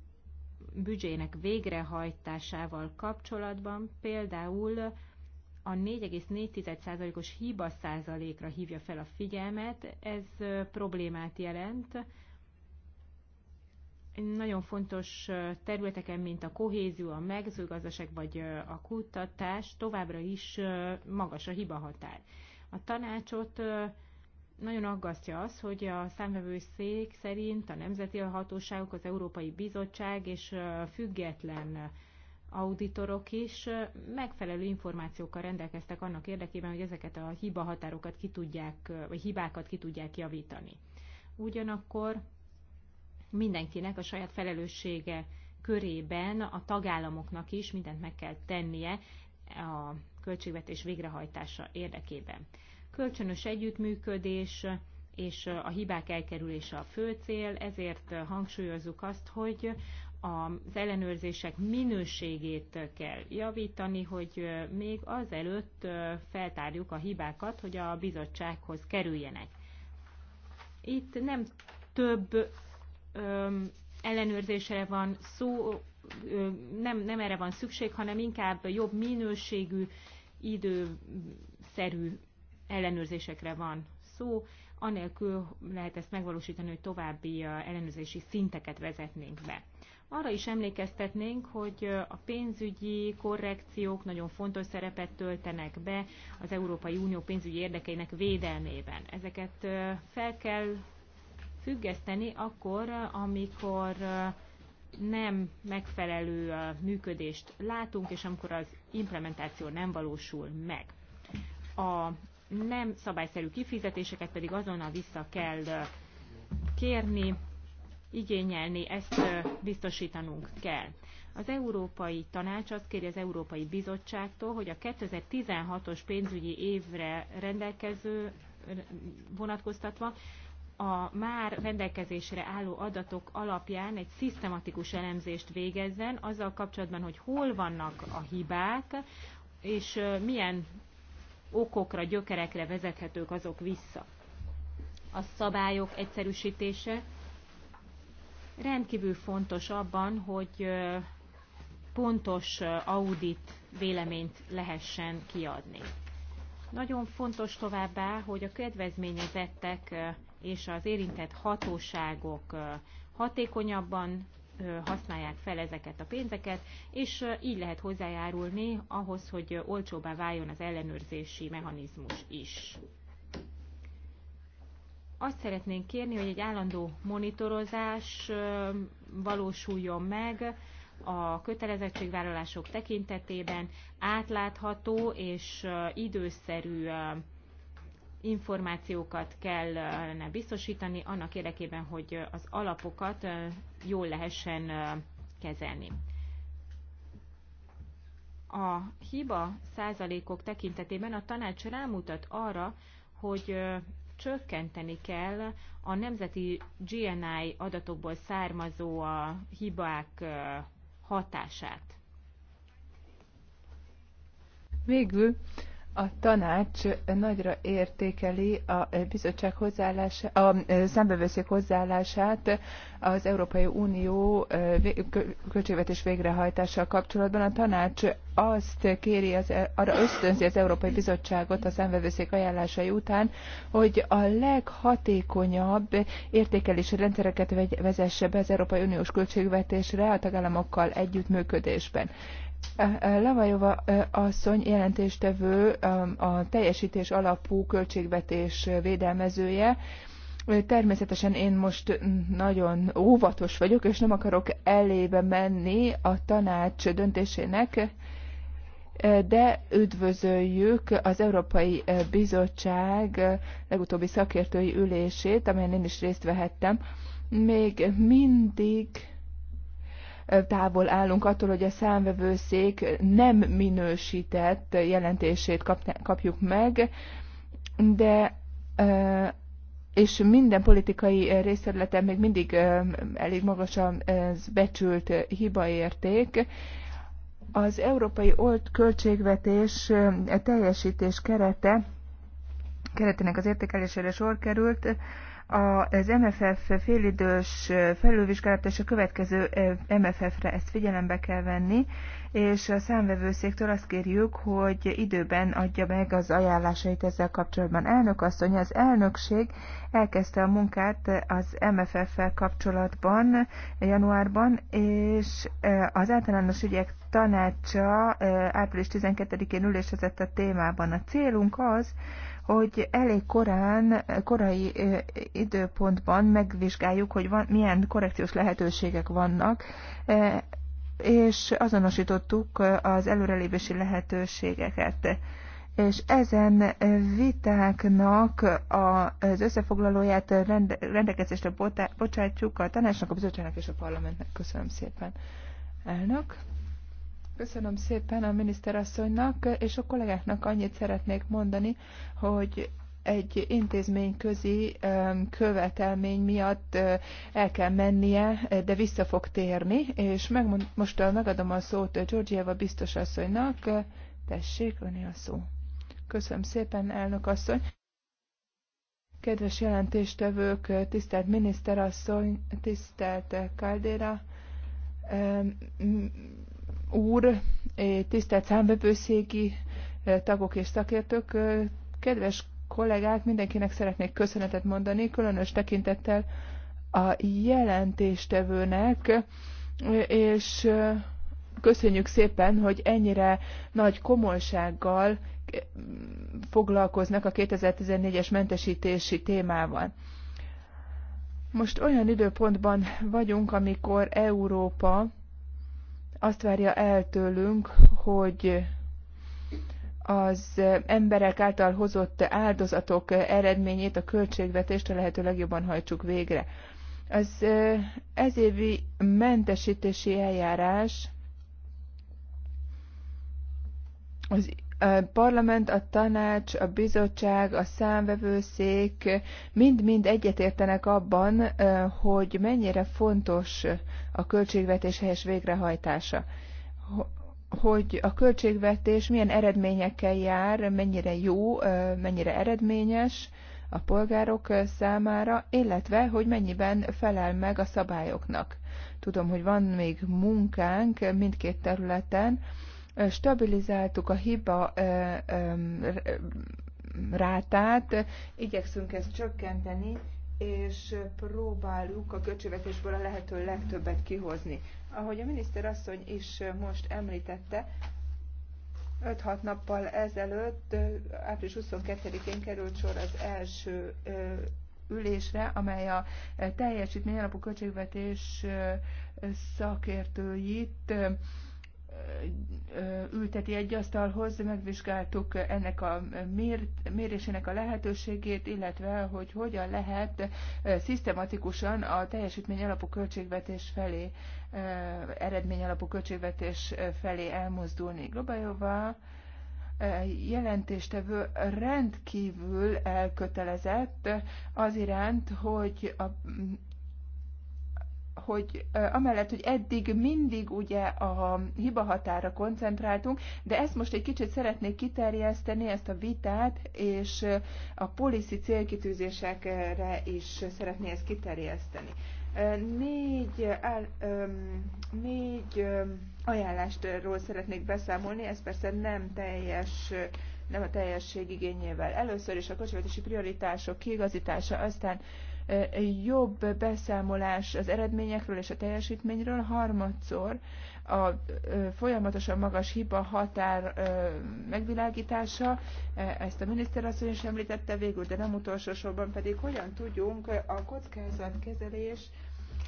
büdzsének végrehajtásával kapcsolatban, például a 4,4%-os hiba százalékra hívja fel a figyelmet, ez problémát jelent. Nagyon fontos területeken, mint a kohézió, a megzőgazdaság vagy a kutatás továbbra is magas a hiba határ. A tanácsot nagyon aggasztja az, hogy a számvevőszék szerint a nemzeti hatóságok, az Európai Bizottság és független auditorok is megfelelő információkkal rendelkeztek annak érdekében, hogy ezeket a hibahatárokat ki tudják, vagy hibákat ki tudják javítani. Ugyanakkor mindenkinek a saját felelőssége körében a tagállamoknak is mindent meg kell tennie a költségvetés végrehajtása érdekében. Kölcsönös együttműködés és a hibák elkerülése a fő cél, ezért hangsúlyozzuk azt, hogy az ellenőrzések minőségét kell javítani, hogy még azelőtt feltárjuk a hibákat, hogy a bizottsághoz kerüljenek. Itt nem több öm, ellenőrzésre van szó, nem, nem erre van szükség, hanem inkább jobb minőségű, időszerű ellenőrzésekre van szó, anélkül lehet ezt megvalósítani, hogy további ellenőrzési szinteket vezetnénk be. Arra is emlékeztetnénk, hogy a pénzügyi korrekciók nagyon fontos szerepet töltenek be az Európai Unió pénzügyi érdekeinek védelmében. Ezeket fel kell függeszteni akkor, amikor nem megfelelő működést látunk, és amikor az implementáció nem valósul meg. A nem szabályszerű kifizetéseket pedig azonnal vissza kell kérni, igényelni, ezt biztosítanunk kell. Az Európai Tanács azt kéri az Európai Bizottságtól, hogy a 2016-os pénzügyi évre rendelkező vonatkoztatva a már rendelkezésre álló adatok alapján egy szisztematikus elemzést végezzen azzal kapcsolatban, hogy hol vannak a hibák, és milyen okokra, gyökerekre vezethetők azok vissza. A szabályok egyszerűsítése, rendkívül fontos abban, hogy pontos audit véleményt lehessen kiadni. Nagyon fontos továbbá, hogy a kedvezményezettek és az érintett hatóságok hatékonyabban használják fel ezeket a pénzeket, és így lehet hozzájárulni ahhoz, hogy olcsóbbá váljon az ellenőrzési mechanizmus is azt szeretnénk kérni, hogy egy állandó monitorozás valósuljon meg a kötelezettségvállalások tekintetében átlátható és időszerű információkat kellene biztosítani annak érdekében, hogy az alapokat jól lehessen kezelni. A hiba százalékok tekintetében a tanács rámutat arra, hogy csökkenteni kell a nemzeti GNI adatokból származó a hibák hatását. Végül a tanács nagyra értékeli a bizottság hozzáállását, a szembevőszék hozzáállását az Európai Unió költségvetés végrehajtással kapcsolatban. A tanács azt kéri, az, arra ösztönzi az Európai Bizottságot a szembevőszék ajánlásai után, hogy a leghatékonyabb értékelési rendszereket vezesse be az Európai Uniós költségvetésre a tagállamokkal együttműködésben. Lavajova asszony jelentéstevő a teljesítés alapú költségvetés védelmezője. Természetesen én most nagyon óvatos vagyok, és nem akarok elébe menni a tanács döntésének, de üdvözöljük az Európai Bizottság legutóbbi szakértői ülését, amelyen én is részt vehettem. Még mindig távol állunk attól, hogy a számvevőszék nem minősített jelentését kapjuk meg, de és minden politikai részterületen még mindig elég magas az becsült hibaérték. Az európai old költségvetés teljesítés kerete keretének az értékelésére sor került az MFF félidős felülvizsgálat és a következő MFF-re ezt figyelembe kell venni, és a számvevőszéktől azt kérjük, hogy időben adja meg az ajánlásait ezzel kapcsolatban. Elnök asszony, az elnökség elkezdte a munkát az MFF-fel kapcsolatban januárban, és az általános ügyek tanácsa április 12-én ülésezett a témában. A célunk az, hogy elég korán, korai időpontban megvizsgáljuk, hogy van, milyen korrekciós lehetőségek vannak, és azonosítottuk az előrelépési lehetőségeket és ezen vitáknak az összefoglalóját rendelkezésre bocsátjuk a tanácsnak, a bizottságnak és a parlamentnek. Köszönöm szépen, elnök. Köszönöm szépen a miniszterasszonynak, és a kollégáknak annyit szeretnék mondani, hogy egy intézményközi követelmény miatt el kell mennie, de vissza fog térni, és megmond, most megadom a szót Georgieva biztosasszonynak, Tessék, öné a szó. Köszönöm szépen, elnök asszony. Kedves jelentéstevők, tisztelt miniszterasszony, tisztelt Caldera, úr, eh, tisztelt számbevőszéki eh, tagok és szakértők, eh, kedves kollégák, mindenkinek szeretnék köszönetet mondani, különös tekintettel a jelentéstevőnek, és köszönjük szépen, hogy ennyire nagy komolysággal foglalkoznak a 2014-es mentesítési témával. Most olyan időpontban vagyunk, amikor Európa azt várja el tőlünk, hogy az emberek által hozott áldozatok eredményét, a költségvetést a lehető legjobban hajtsuk végre. Az ezévi mentesítési eljárás az a parlament, a tanács, a bizottság, a számvevőszék mind-mind egyetértenek abban, hogy mennyire fontos a költségvetés helyes végrehajtása. Hogy a költségvetés milyen eredményekkel jár, mennyire jó, mennyire eredményes a polgárok számára, illetve hogy mennyiben felel meg a szabályoknak. Tudom, hogy van még munkánk mindkét területen, Stabilizáltuk a hiba rátát, igyekszünk ezt csökkenteni, és próbáljuk a költségvetésből a lehető legtöbbet kihozni. Ahogy a miniszter asszony is most említette, 5-6 nappal ezelőtt, április 22-én került sor az első ülésre, amely a teljesítmény alapú költségvetés szakértőit ülteti egy asztalhoz, megvizsgáltuk ennek a mér, mérésének a lehetőségét, illetve hogy hogyan lehet szisztematikusan a teljesítmény alapú költségvetés felé, eredmény alapú költségvetés felé elmozdulni. Globajová jelentéstevő rendkívül elkötelezett az iránt, hogy a hogy amellett, hogy eddig mindig ugye a hiba határa koncentráltunk, de ezt most egy kicsit szeretnék kiterjeszteni, ezt a vitát, és a policy célkitűzésekre is szeretné ezt kiterjeszteni. Négy, áll, öm, négy öm, ajánlástról szeretnék beszámolni, ez persze nem teljes nem a teljesség igényével. Először is a kocsivetési prioritások kiigazítása, aztán jobb beszámolás az eredményekről és a teljesítményről, harmadszor a folyamatosan magas hiba határ megvilágítása, ezt a miniszterasszony is említette végül, de nem utolsó sorban pedig hogyan tudjunk a kockázatkezelés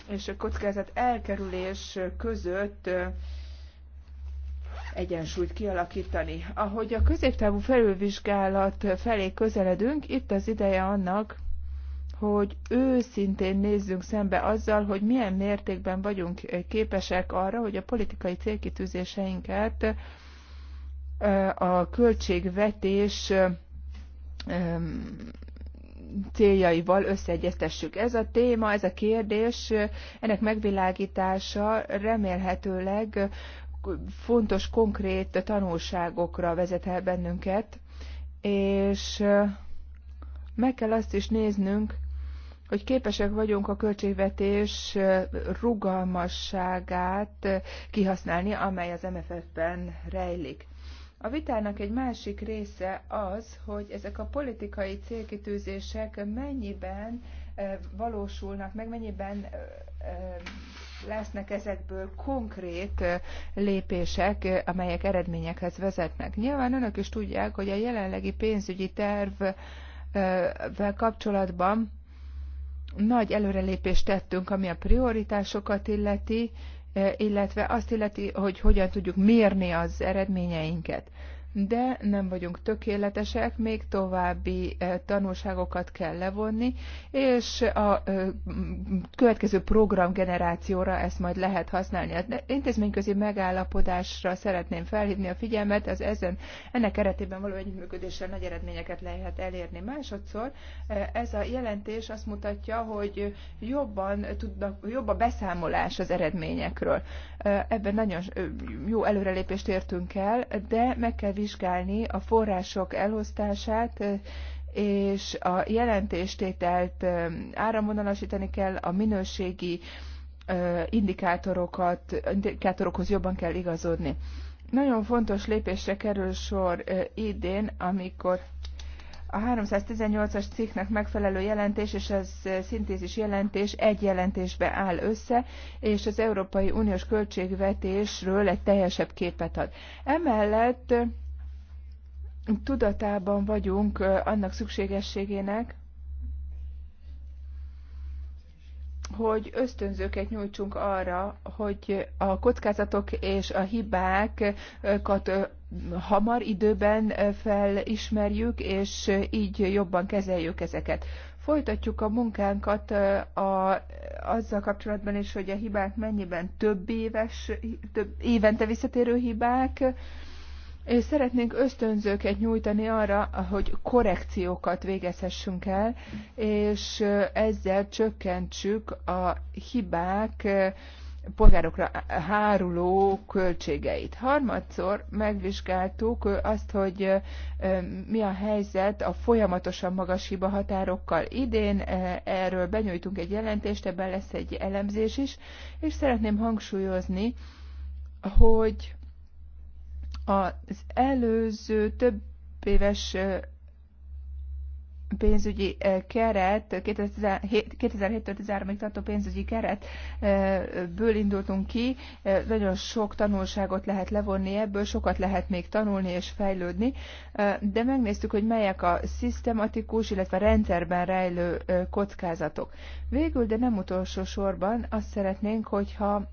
és a kockázat elkerülés között egyensúlyt kialakítani. Ahogy a középtávú felülvizsgálat felé közeledünk, itt az ideje annak, hogy őszintén nézzünk szembe azzal, hogy milyen mértékben vagyunk eh, képesek arra, hogy a politikai célkitűzéseinket eh, a költségvetés eh, céljaival összeegyeztessük. Ez a téma, ez a kérdés, ennek megvilágítása remélhetőleg fontos, konkrét tanulságokra vezet el bennünket, és meg kell azt is néznünk, hogy képesek vagyunk a költségvetés rugalmasságát kihasználni, amely az MFF-ben rejlik. A vitának egy másik része az, hogy ezek a politikai célkitűzések mennyiben valósulnak meg, mennyiben lesznek ezekből konkrét lépések, amelyek eredményekhez vezetnek. Nyilván önök is tudják, hogy a jelenlegi pénzügyi tervvel kapcsolatban nagy előrelépést tettünk, ami a prioritásokat illeti, eh, illetve azt illeti, hogy hogyan tudjuk mérni az eredményeinket de nem vagyunk tökéletesek, még további e, tanulságokat kell levonni, és a e, következő programgenerációra ezt majd lehet használni. Az intézményközi megállapodásra szeretném felhívni a figyelmet, az ezen, ennek keretében való együttműködéssel nagy eredményeket lehet elérni. Másodszor e, ez a jelentés azt mutatja, hogy jobban tudnak, jobb a beszámolás az eredményekről. Ebben nagyon jó előrelépést értünk el, de meg kell vizsgálni a források elosztását, és a jelentéstételt áramvonalasítani kell, a minőségi indikátorokat, indikátorokhoz jobban kell igazodni. Nagyon fontos lépésre kerül sor idén, amikor a 318-as cikknek megfelelő jelentés és az szintézis jelentés egy jelentésbe áll össze, és az Európai Uniós költségvetésről egy teljesebb képet ad. Emellett tudatában vagyunk annak szükségességének, hogy ösztönzőket nyújtsunk arra, hogy a kockázatok és a hibákat hamar időben felismerjük, és így jobban kezeljük ezeket. Folytatjuk a munkánkat a, azzal kapcsolatban is, hogy a hibák mennyiben több éves, több évente visszatérő hibák, és szeretnénk ösztönzőket nyújtani arra, hogy korrekciókat végezhessünk el, és ezzel csökkentsük a hibák polgárokra háruló költségeit. Harmadszor megvizsgáltuk azt, hogy mi a helyzet a folyamatosan magas hiba határokkal. Idén erről benyújtunk egy jelentést, ebben lesz egy elemzés is, és szeretném hangsúlyozni, hogy az előző több éves pénzügyi keret, 2007 2013 ig tartó pénzügyi keretből indultunk ki. Nagyon sok tanulságot lehet levonni ebből, sokat lehet még tanulni és fejlődni, de megnéztük, hogy melyek a szisztematikus, illetve rendszerben rejlő kockázatok. Végül, de nem utolsó sorban azt szeretnénk, hogyha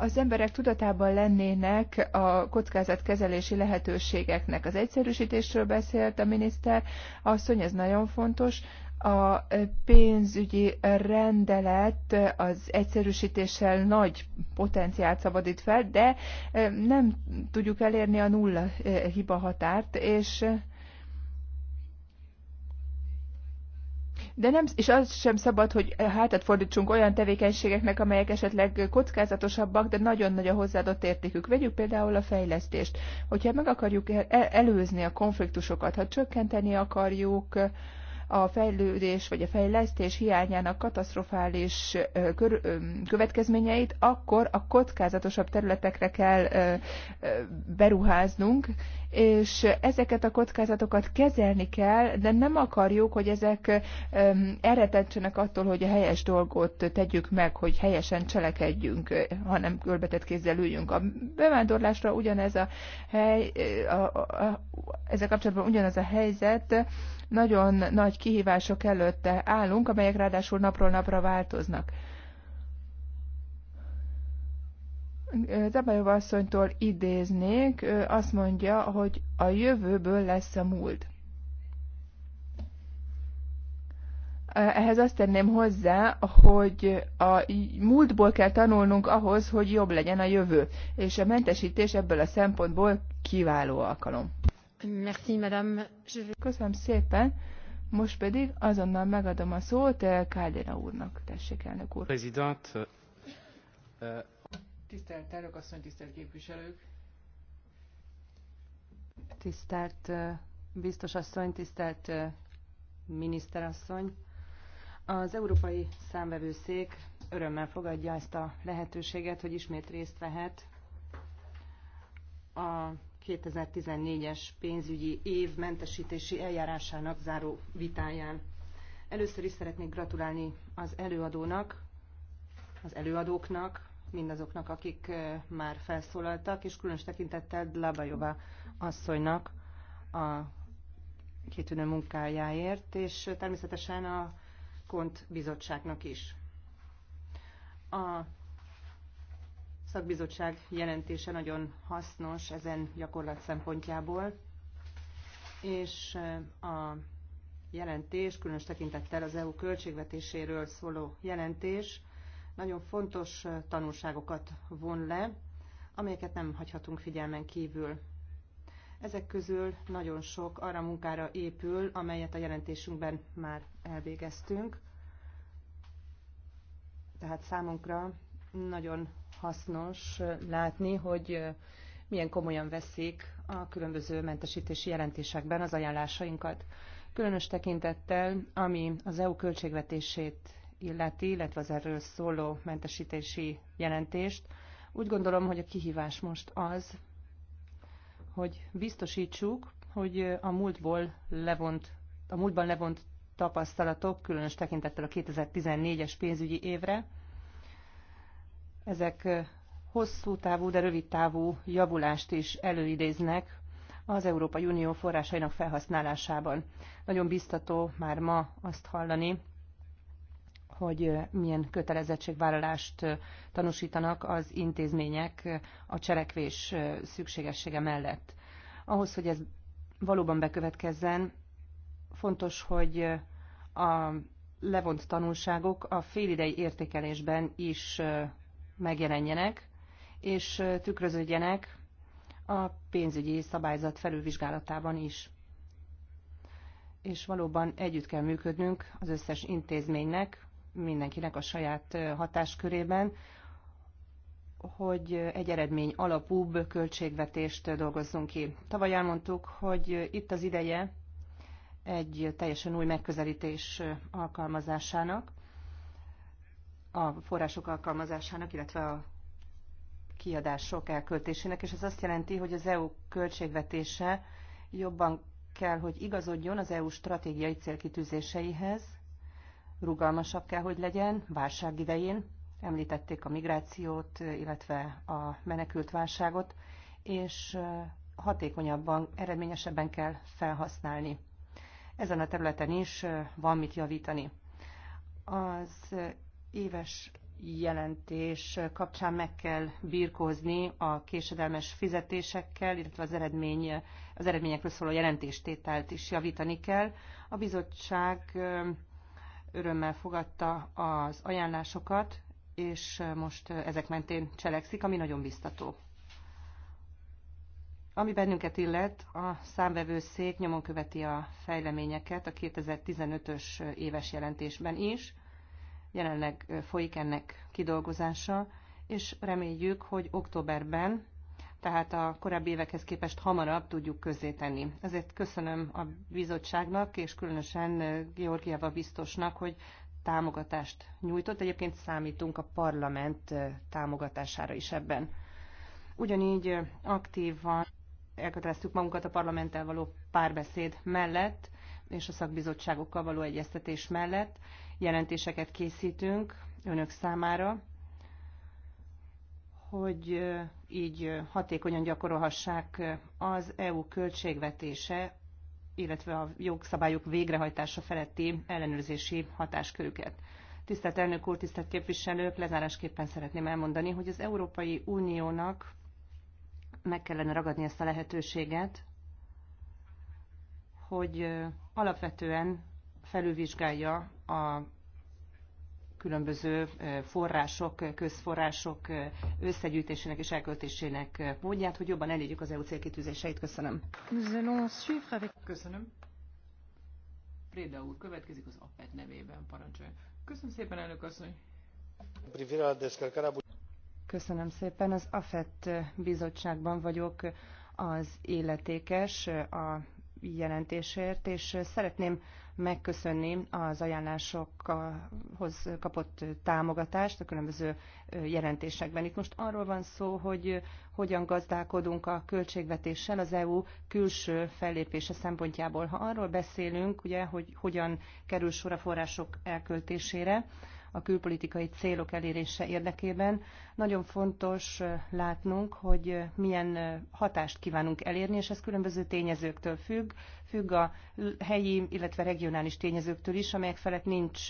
az emberek tudatában lennének a kockázatkezelési lehetőségeknek. Az egyszerűsítésről beszélt a miniszter, asszony, ez nagyon fontos. A pénzügyi rendelet az egyszerűsítéssel nagy potenciált szabadít fel, de eh, nem tudjuk elérni a nulla eh, hiba határt, és eh, De nem, és az sem szabad, hogy hátat fordítsunk olyan tevékenységeknek, amelyek esetleg kockázatosabbak, de nagyon nagy a hozzáadott értékük. Vegyük például a fejlesztést. Hogyha meg akarjuk előzni a konfliktusokat, ha csökkenteni akarjuk a fejlődés vagy a fejlesztés hiányának katasztrofális következményeit, akkor a kockázatosabb területekre kell beruháznunk, és ezeket a kockázatokat kezelni kell, de nem akarjuk, hogy ezek elretettsenek attól, hogy a helyes dolgot tegyük meg, hogy helyesen cselekedjünk, hanem körbetett kézzel üljünk. A bevándorlásra ugyanez a hely, a, a, a, ezzel kapcsolatban ugyanaz a helyzet, nagyon nagy kihívások előtte állunk, amelyek ráadásul napról napra változnak. Zabajov asszonytól idéznék, ő azt mondja, hogy a jövőből lesz a múlt. Ehhez azt tenném hozzá, hogy a múltból kell tanulnunk ahhoz, hogy jobb legyen a jövő, és a mentesítés ebből a szempontból kiváló alkalom. Merci, madame. Köszönöm szépen. Most pedig azonnal megadom a szót eh, Kádéra úrnak. Tessék, elnök úr. Prezident. Eh, eh, tisztelt elnök asszony, tisztelt képviselők. Tisztelt biztos asszony, tisztelt miniszterasszony. Az Európai Számvevőszék örömmel fogadja ezt a lehetőséget, hogy ismét részt vehet a 2014-es pénzügyi év mentesítési eljárásának záró vitáján. Először is szeretnék gratulálni az előadónak, az előadóknak, mindazoknak, akik már felszólaltak, és különös tekintettel Dlabajova asszonynak a kitűnő munkájáért, és természetesen a Kont bizottságnak is. A szakbizottság jelentése nagyon hasznos ezen gyakorlat szempontjából, és eh, a jelentés, különös tekintettel az EU költségvetéséről szóló jelentés nagyon fontos eh, tanulságokat von le, amelyeket nem hagyhatunk figyelmen kívül. Ezek közül nagyon sok arra munkára épül, amelyet a jelentésünkben már elvégeztünk. Tehát számunkra nagyon hasznos látni, hogy milyen komolyan veszik a különböző mentesítési jelentésekben az ajánlásainkat. Különös tekintettel, ami az EU költségvetését illeti, illetve az erről szóló mentesítési jelentést, úgy gondolom, hogy a kihívás most az, hogy biztosítsuk, hogy a múltból levont, a múltban levont tapasztalatok, különös tekintettel a 2014-es pénzügyi évre, ezek hosszú távú, de rövid távú javulást is előidéznek az Európai Unió forrásainak felhasználásában. Nagyon biztató már ma azt hallani, hogy milyen kötelezettségvállalást tanúsítanak az intézmények a cselekvés szükségessége mellett. Ahhoz, hogy ez valóban bekövetkezzen, fontos, hogy a levont tanulságok a félidei értékelésben is megjelenjenek, és tükröződjenek a pénzügyi szabályzat felülvizsgálatában is. És valóban együtt kell működnünk az összes intézménynek, mindenkinek a saját hatáskörében, hogy egy eredmény alapúbb költségvetést dolgozzunk ki. Tavaly elmondtuk, hogy itt az ideje egy teljesen új megközelítés alkalmazásának, a források alkalmazásának, illetve a kiadások elköltésének, és ez azt jelenti, hogy az EU költségvetése jobban kell, hogy igazodjon az EU stratégiai célkitűzéseihez, rugalmasabb kell, hogy legyen válság idején, említették a migrációt, illetve a menekült válságot, és hatékonyabban, eredményesebben kell felhasználni. Ezen a területen is van mit javítani. Az éves jelentés kapcsán meg kell birkózni a késedelmes fizetésekkel, illetve az, eredmény, az eredményekről szóló jelentéstételt is javítani kell. A bizottság örömmel fogadta az ajánlásokat, és most ezek mentén cselekszik, ami nagyon biztató. Ami bennünket illet, a számvevőszék nyomon követi a fejleményeket a 2015-ös éves jelentésben is, Jelenleg folyik ennek kidolgozása, és reméljük, hogy októberben, tehát a korábbi évekhez képest hamarabb tudjuk közzétenni. Ezért köszönöm a bizottságnak, és különösen Georgiava biztosnak, hogy támogatást nyújtott. Egyébként számítunk a parlament támogatására is ebben. Ugyanígy aktívan elköteleztük magunkat a parlamenttel való párbeszéd mellett, és a szakbizottságokkal való egyeztetés mellett, jelentéseket készítünk önök számára, hogy így hatékonyan gyakorolhassák az EU költségvetése, illetve a jogszabályok végrehajtása feletti ellenőrzési hatáskörüket. Tisztelt elnök úr, tisztelt képviselők, lezárásképpen szeretném elmondani, hogy az Európai Uniónak meg kellene ragadni ezt a lehetőséget, hogy alapvetően felülvizsgálja a különböző források, közforrások összegyűjtésének és elköltésének módját, hogy jobban elérjük az EU célkitűzéseit. Köszönöm. Köszönöm. Préda úr következik az APET nevében, parancsoljon. Köszönöm szépen, elnök asszony. Köszönöm szépen. Az AFET bizottságban vagyok az életékes a jelentésért, és szeretném megköszönni az ajánlásokhoz kapott támogatást a különböző jelentésekben. Itt most arról van szó, hogy hogyan gazdálkodunk a költségvetéssel az EU külső fellépése szempontjából. Ha arról beszélünk, ugye, hogy hogyan kerül sor a források elköltésére, a külpolitikai célok elérése érdekében. Nagyon fontos látnunk, hogy milyen hatást kívánunk elérni, és ez különböző tényezőktől függ, függ a helyi, illetve regionális tényezőktől is, amelyek felett nincs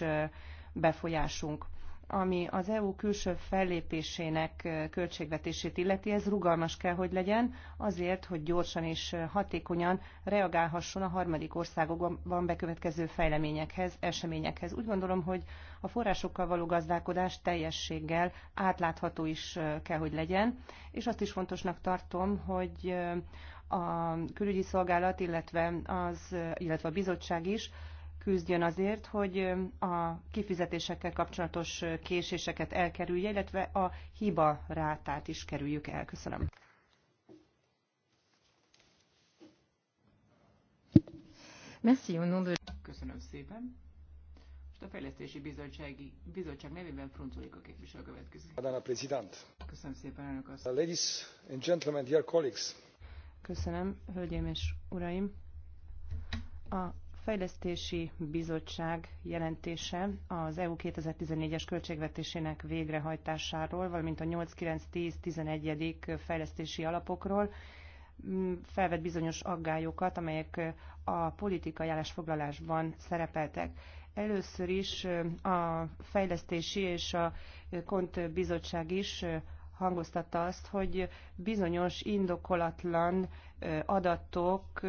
befolyásunk ami az EU külső fellépésének költségvetését illeti, ez rugalmas kell, hogy legyen, azért, hogy gyorsan és hatékonyan reagálhasson a harmadik országokban bekövetkező fejleményekhez, eseményekhez. Úgy gondolom, hogy a forrásokkal való gazdálkodás teljességgel átlátható is kell, hogy legyen, és azt is fontosnak tartom, hogy a külügyi szolgálat, illetve, az, illetve a bizottság is küzdjön azért, hogy a kifizetésekkel kapcsolatos késéseket elkerülje, illetve a hiba rátát is kerüljük el. Köszönöm. Merci, Köszönöm szépen. Most a Fejlesztési Bizottsági Bizottság nevében a képviselő következik. Köszönöm szépen, elnök azt. Uh, ladies and gentlemen, dear colleagues. Köszönöm, hölgyeim és uraim. A Fejlesztési Bizottság jelentése az EU 2014-es költségvetésének végrehajtásáról, valamint a 8, 9, 10, 11. fejlesztési alapokról mm, felvet bizonyos aggályokat, amelyek a politikai állásfoglalásban szerepeltek. Először is a fejlesztési és a kont bizottság is hangoztatta azt, hogy bizonyos indokolatlan adatok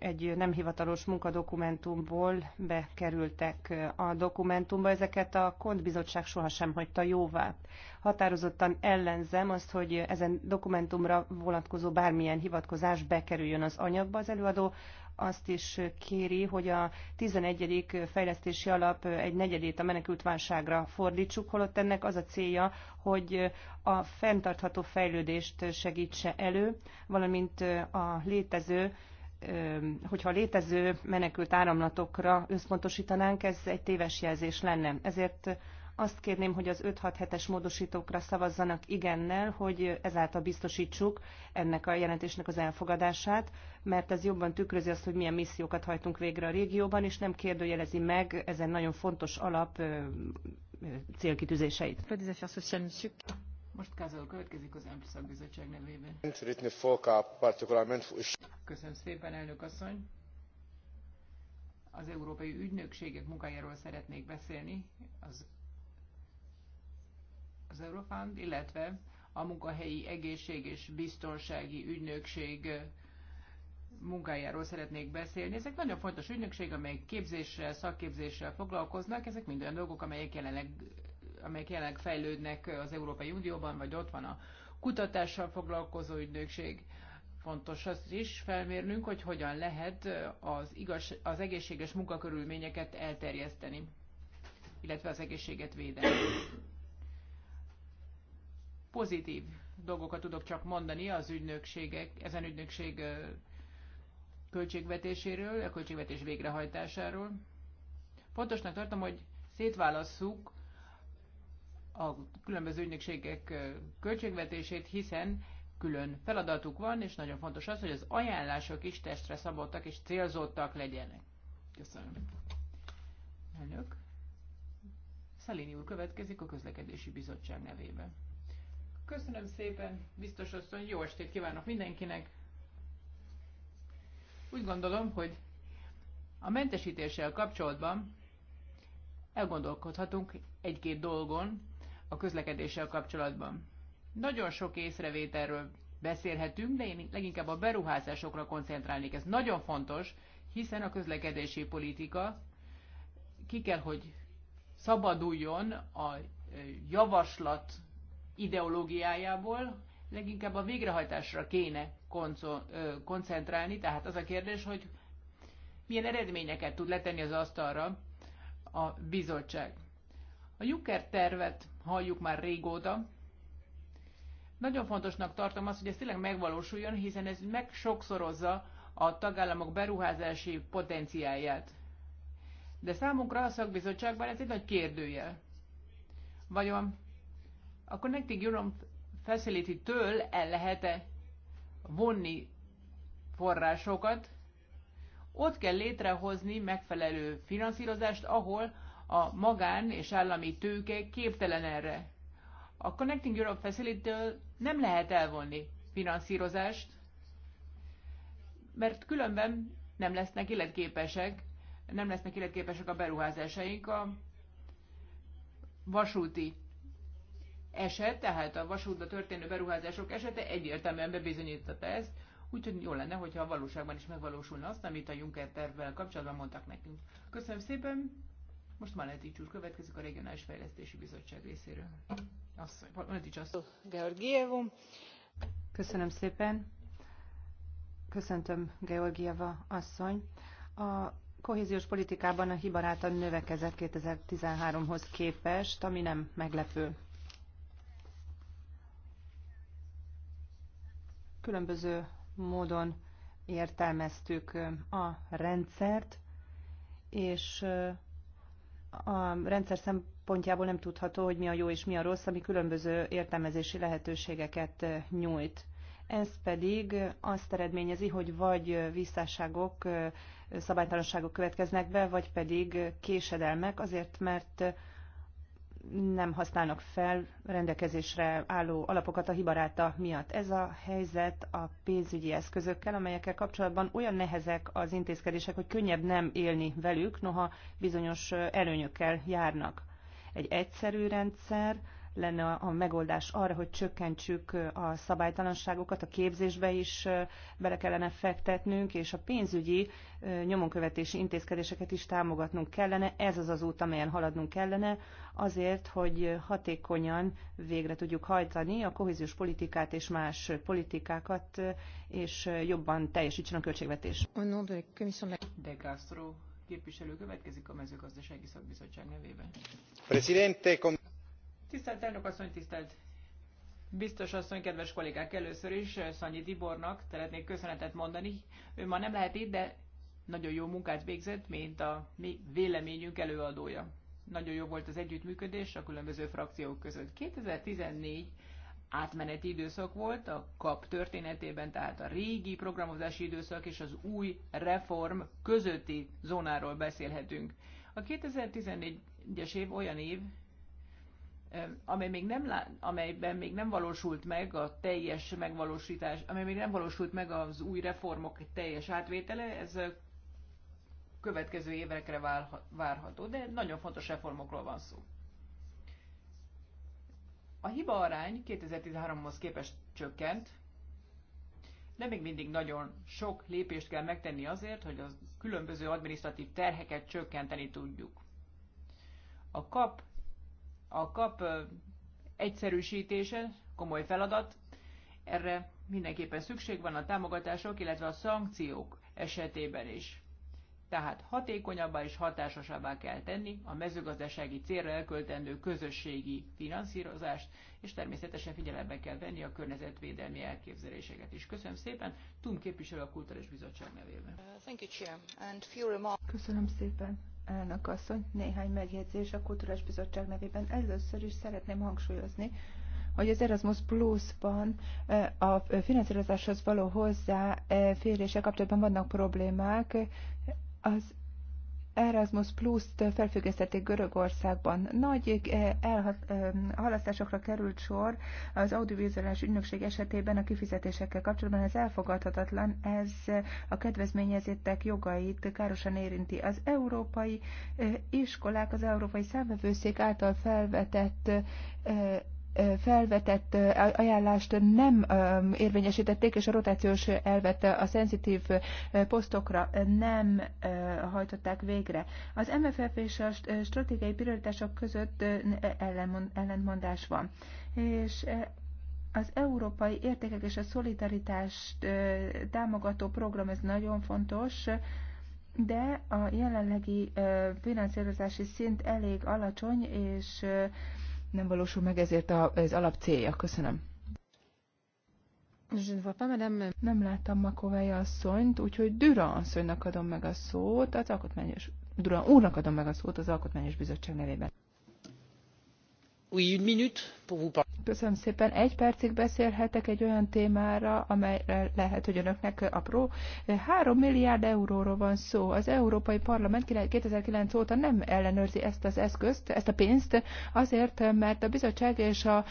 egy nem hivatalos munkadokumentumból bekerültek a dokumentumba. Ezeket a kontbizottság sohasem hagyta jóvá. Határozottan ellenzem azt, hogy ezen dokumentumra vonatkozó bármilyen hivatkozás bekerüljön az anyagba. Az előadó azt is kéri, hogy a 11. fejlesztési alap egy negyedét a menekült válságra fordítsuk, holott ennek az a célja, hogy a fenntartható fejlődést segítse elő, valamint a létező hogyha létező menekült áramlatokra összpontosítanánk, ez egy téves jelzés lenne. Ezért azt kérném, hogy az 5-6-7-es módosítókra szavazzanak igennel, hogy ezáltal biztosítsuk ennek a jelentésnek az elfogadását, mert ez jobban tükrözi azt, hogy milyen missziókat hajtunk végre a régióban, és nem kérdőjelezi meg ezen nagyon fontos alap célkitűzéseit. Most Kázol következik az EMP bizottság nevében. Köszönöm szépen, elnök asszony. Az európai ügynökségek munkájáról szeretnék beszélni, az, az Eurofund, illetve a munkahelyi egészség és biztonsági ügynökség munkájáról szeretnék beszélni. Ezek nagyon fontos ügynökség, amelyek képzéssel, szakképzéssel foglalkoznak. Ezek mind olyan dolgok, amelyek jelenleg amelyek jelenleg fejlődnek az Európai Unióban, vagy ott van a kutatással foglalkozó ügynökség. Fontos azt is felmérnünk, hogy hogyan lehet az, igaz, az egészséges munkakörülményeket elterjeszteni, illetve az egészséget védeni. Pozitív dolgokat tudok csak mondani az ügynökségek, ezen ügynökség költségvetéséről, a költségvetés végrehajtásáról. Fontosnak tartom, hogy szétválasszuk a különböző ügynökségek költségvetését, hiszen külön feladatuk van, és nagyon fontos az, hogy az ajánlások is testre szabottak és célzottak legyenek. Köszönöm. Elnök. Szalini úr következik a közlekedési bizottság nevében. Köszönöm szépen, biztos asszony, jó estét kívánok mindenkinek. Úgy gondolom, hogy a mentesítéssel kapcsolatban elgondolkodhatunk egy-két dolgon, a közlekedéssel kapcsolatban. Nagyon sok észrevételről beszélhetünk, de én leginkább a beruházásokra koncentrálnék. Ez nagyon fontos, hiszen a közlekedési politika ki kell, hogy szabaduljon a e, javaslat ideológiájából, leginkább a végrehajtásra kéne e, koncentrálni. Tehát az a kérdés, hogy milyen eredményeket tud letenni az asztalra a bizottság. A Juncker tervet halljuk már régóta. Nagyon fontosnak tartom azt, hogy ez tényleg megvalósuljon, hiszen ez meg sokszorozza a tagállamok beruházási potenciáját. De számunkra a szakbizottságban ez egy nagy kérdőjel. Vajon a Connecting Europe Facility-től el lehet-e vonni forrásokat? Ott kell létrehozni megfelelő finanszírozást, ahol a magán és állami tőke képtelen erre. A Connecting Europe facility nem lehet elvonni finanszírozást, mert különben nem lesznek illetképesek, nem lesznek illetképesek a beruházásaink. A vasúti eset, tehát a vasútba történő beruházások esete egyértelműen bebizonyította ezt, úgyhogy jó lenne, hogyha a valóságban is megvalósulna azt, amit a Juncker tervvel kapcsolatban mondtak nekünk. Köszönöm szépen! Most már Letics úr következik a Regionális Fejlesztési Bizottság részéről. Asszony, Letics asszony. Georgievum. Köszönöm szépen. Köszöntöm Georgieva asszony. A kohéziós politikában a hibaráta növekezett 2013-hoz képest, ami nem meglepő. Különböző módon értelmeztük a rendszert, és a rendszer szempontjából nem tudható, hogy mi a jó és mi a rossz, ami különböző értelmezési lehetőségeket nyújt. Ez pedig azt eredményezi, hogy vagy visszásságok, szabálytalanságok következnek be, vagy pedig késedelmek, azért mert nem használnak fel rendelkezésre álló alapokat a hibaráta miatt. Ez a helyzet a pénzügyi eszközökkel, amelyekkel kapcsolatban olyan nehezek az intézkedések, hogy könnyebb nem élni velük, noha bizonyos előnyökkel járnak. Egy egyszerű rendszer, lenne a megoldás arra, hogy csökkentsük a szabálytalanságokat, a képzésbe is bele kellene fektetnünk, és a pénzügyi nyomonkövetési intézkedéseket is támogatnunk kellene. Ez az az út, amelyen haladnunk kellene, azért, hogy hatékonyan végre tudjuk hajtani a kohéziós politikát és más politikákat, és jobban teljesítsen a költségvetés. De Castro képviselő következik a mezőgazdasági szakbizottság nevében. Presidente, Tisztelt elnök asszony, tisztelt biztos asszony, kedves kollégák, először is eh, Szanyi Tibornak szeretnék köszönetet mondani. Ő ma nem lehet itt, de nagyon jó munkát végzett, mint a mi véleményünk előadója. Nagyon jó volt az együttműködés a különböző frakciók között. 2014 átmeneti időszak volt a KAP történetében, tehát a régi programozási időszak és az új reform közötti zónáról beszélhetünk. A 2014-es év olyan év, amely még nem amelyben még nem valósult meg a teljes megvalósítás, amely még nem valósult meg az új reformok teljes átvétele, ez következő évekre várható, de nagyon fontos reformokról van szó. A hiba arány 2013-hoz képest csökkent, de még mindig nagyon sok lépést kell megtenni azért, hogy a különböző adminisztratív terheket csökkenteni tudjuk. A kap a kap egyszerűsítése komoly feladat, erre mindenképpen szükség van a támogatások, illetve a szankciók esetében is. Tehát hatékonyabbá és hatásosabbá kell tenni a mezőgazdasági célra elköltendő közösségi finanszírozást, és természetesen figyelembe kell venni a környezetvédelmi elképzeléseket is. Köszönöm szépen, Tum képviselő a Kultúrás Bizottság nevében. Uh, Köszönöm szépen elnök asszony, néhány megjegyzés a Kulturális Bizottság nevében. Először is szeretném hangsúlyozni, hogy az Erasmus Plus-ban eh, a finanszírozáshoz való hozzáférése eh, kapcsolatban vannak problémák. Az Erasmus Plus-t felfüggesztették Görögországban. Nagy eh, eh, halasztásokra került sor az audiovizuális ügynökség esetében a kifizetésekkel kapcsolatban. Ez elfogadhatatlan, ez a kedvezményezettek jogait károsan érinti. Az európai eh, iskolák, az európai számvevőszék által felvetett felvetett ajánlást nem érvényesítették, és a rotációs elvet a szenzitív posztokra nem hajtották végre. Az MFF és a stratégiai prioritások között ellentmondás van. És az európai értékek és a szolidaritást támogató program, ez nagyon fontos, de a jelenlegi finanszírozási szint elég alacsony, és nem valósul meg ezért az alap célja. Köszönöm. Nem láttam Makovája asszonyt, úgyhogy Düra asszonynak adom meg a szót, az alkotmányos, Düra úrnak adom meg a szót az Alkotmányos Bizottság nevében. Köszönöm szépen. Egy percig beszélhetek egy olyan témára, amelyre lehet, hogy önöknek apró. Három milliárd euróról van szó. Az Európai Parlament 2009 óta nem ellenőrzi ezt az eszközt, ezt a pénzt, azért, mert a bizottság és a,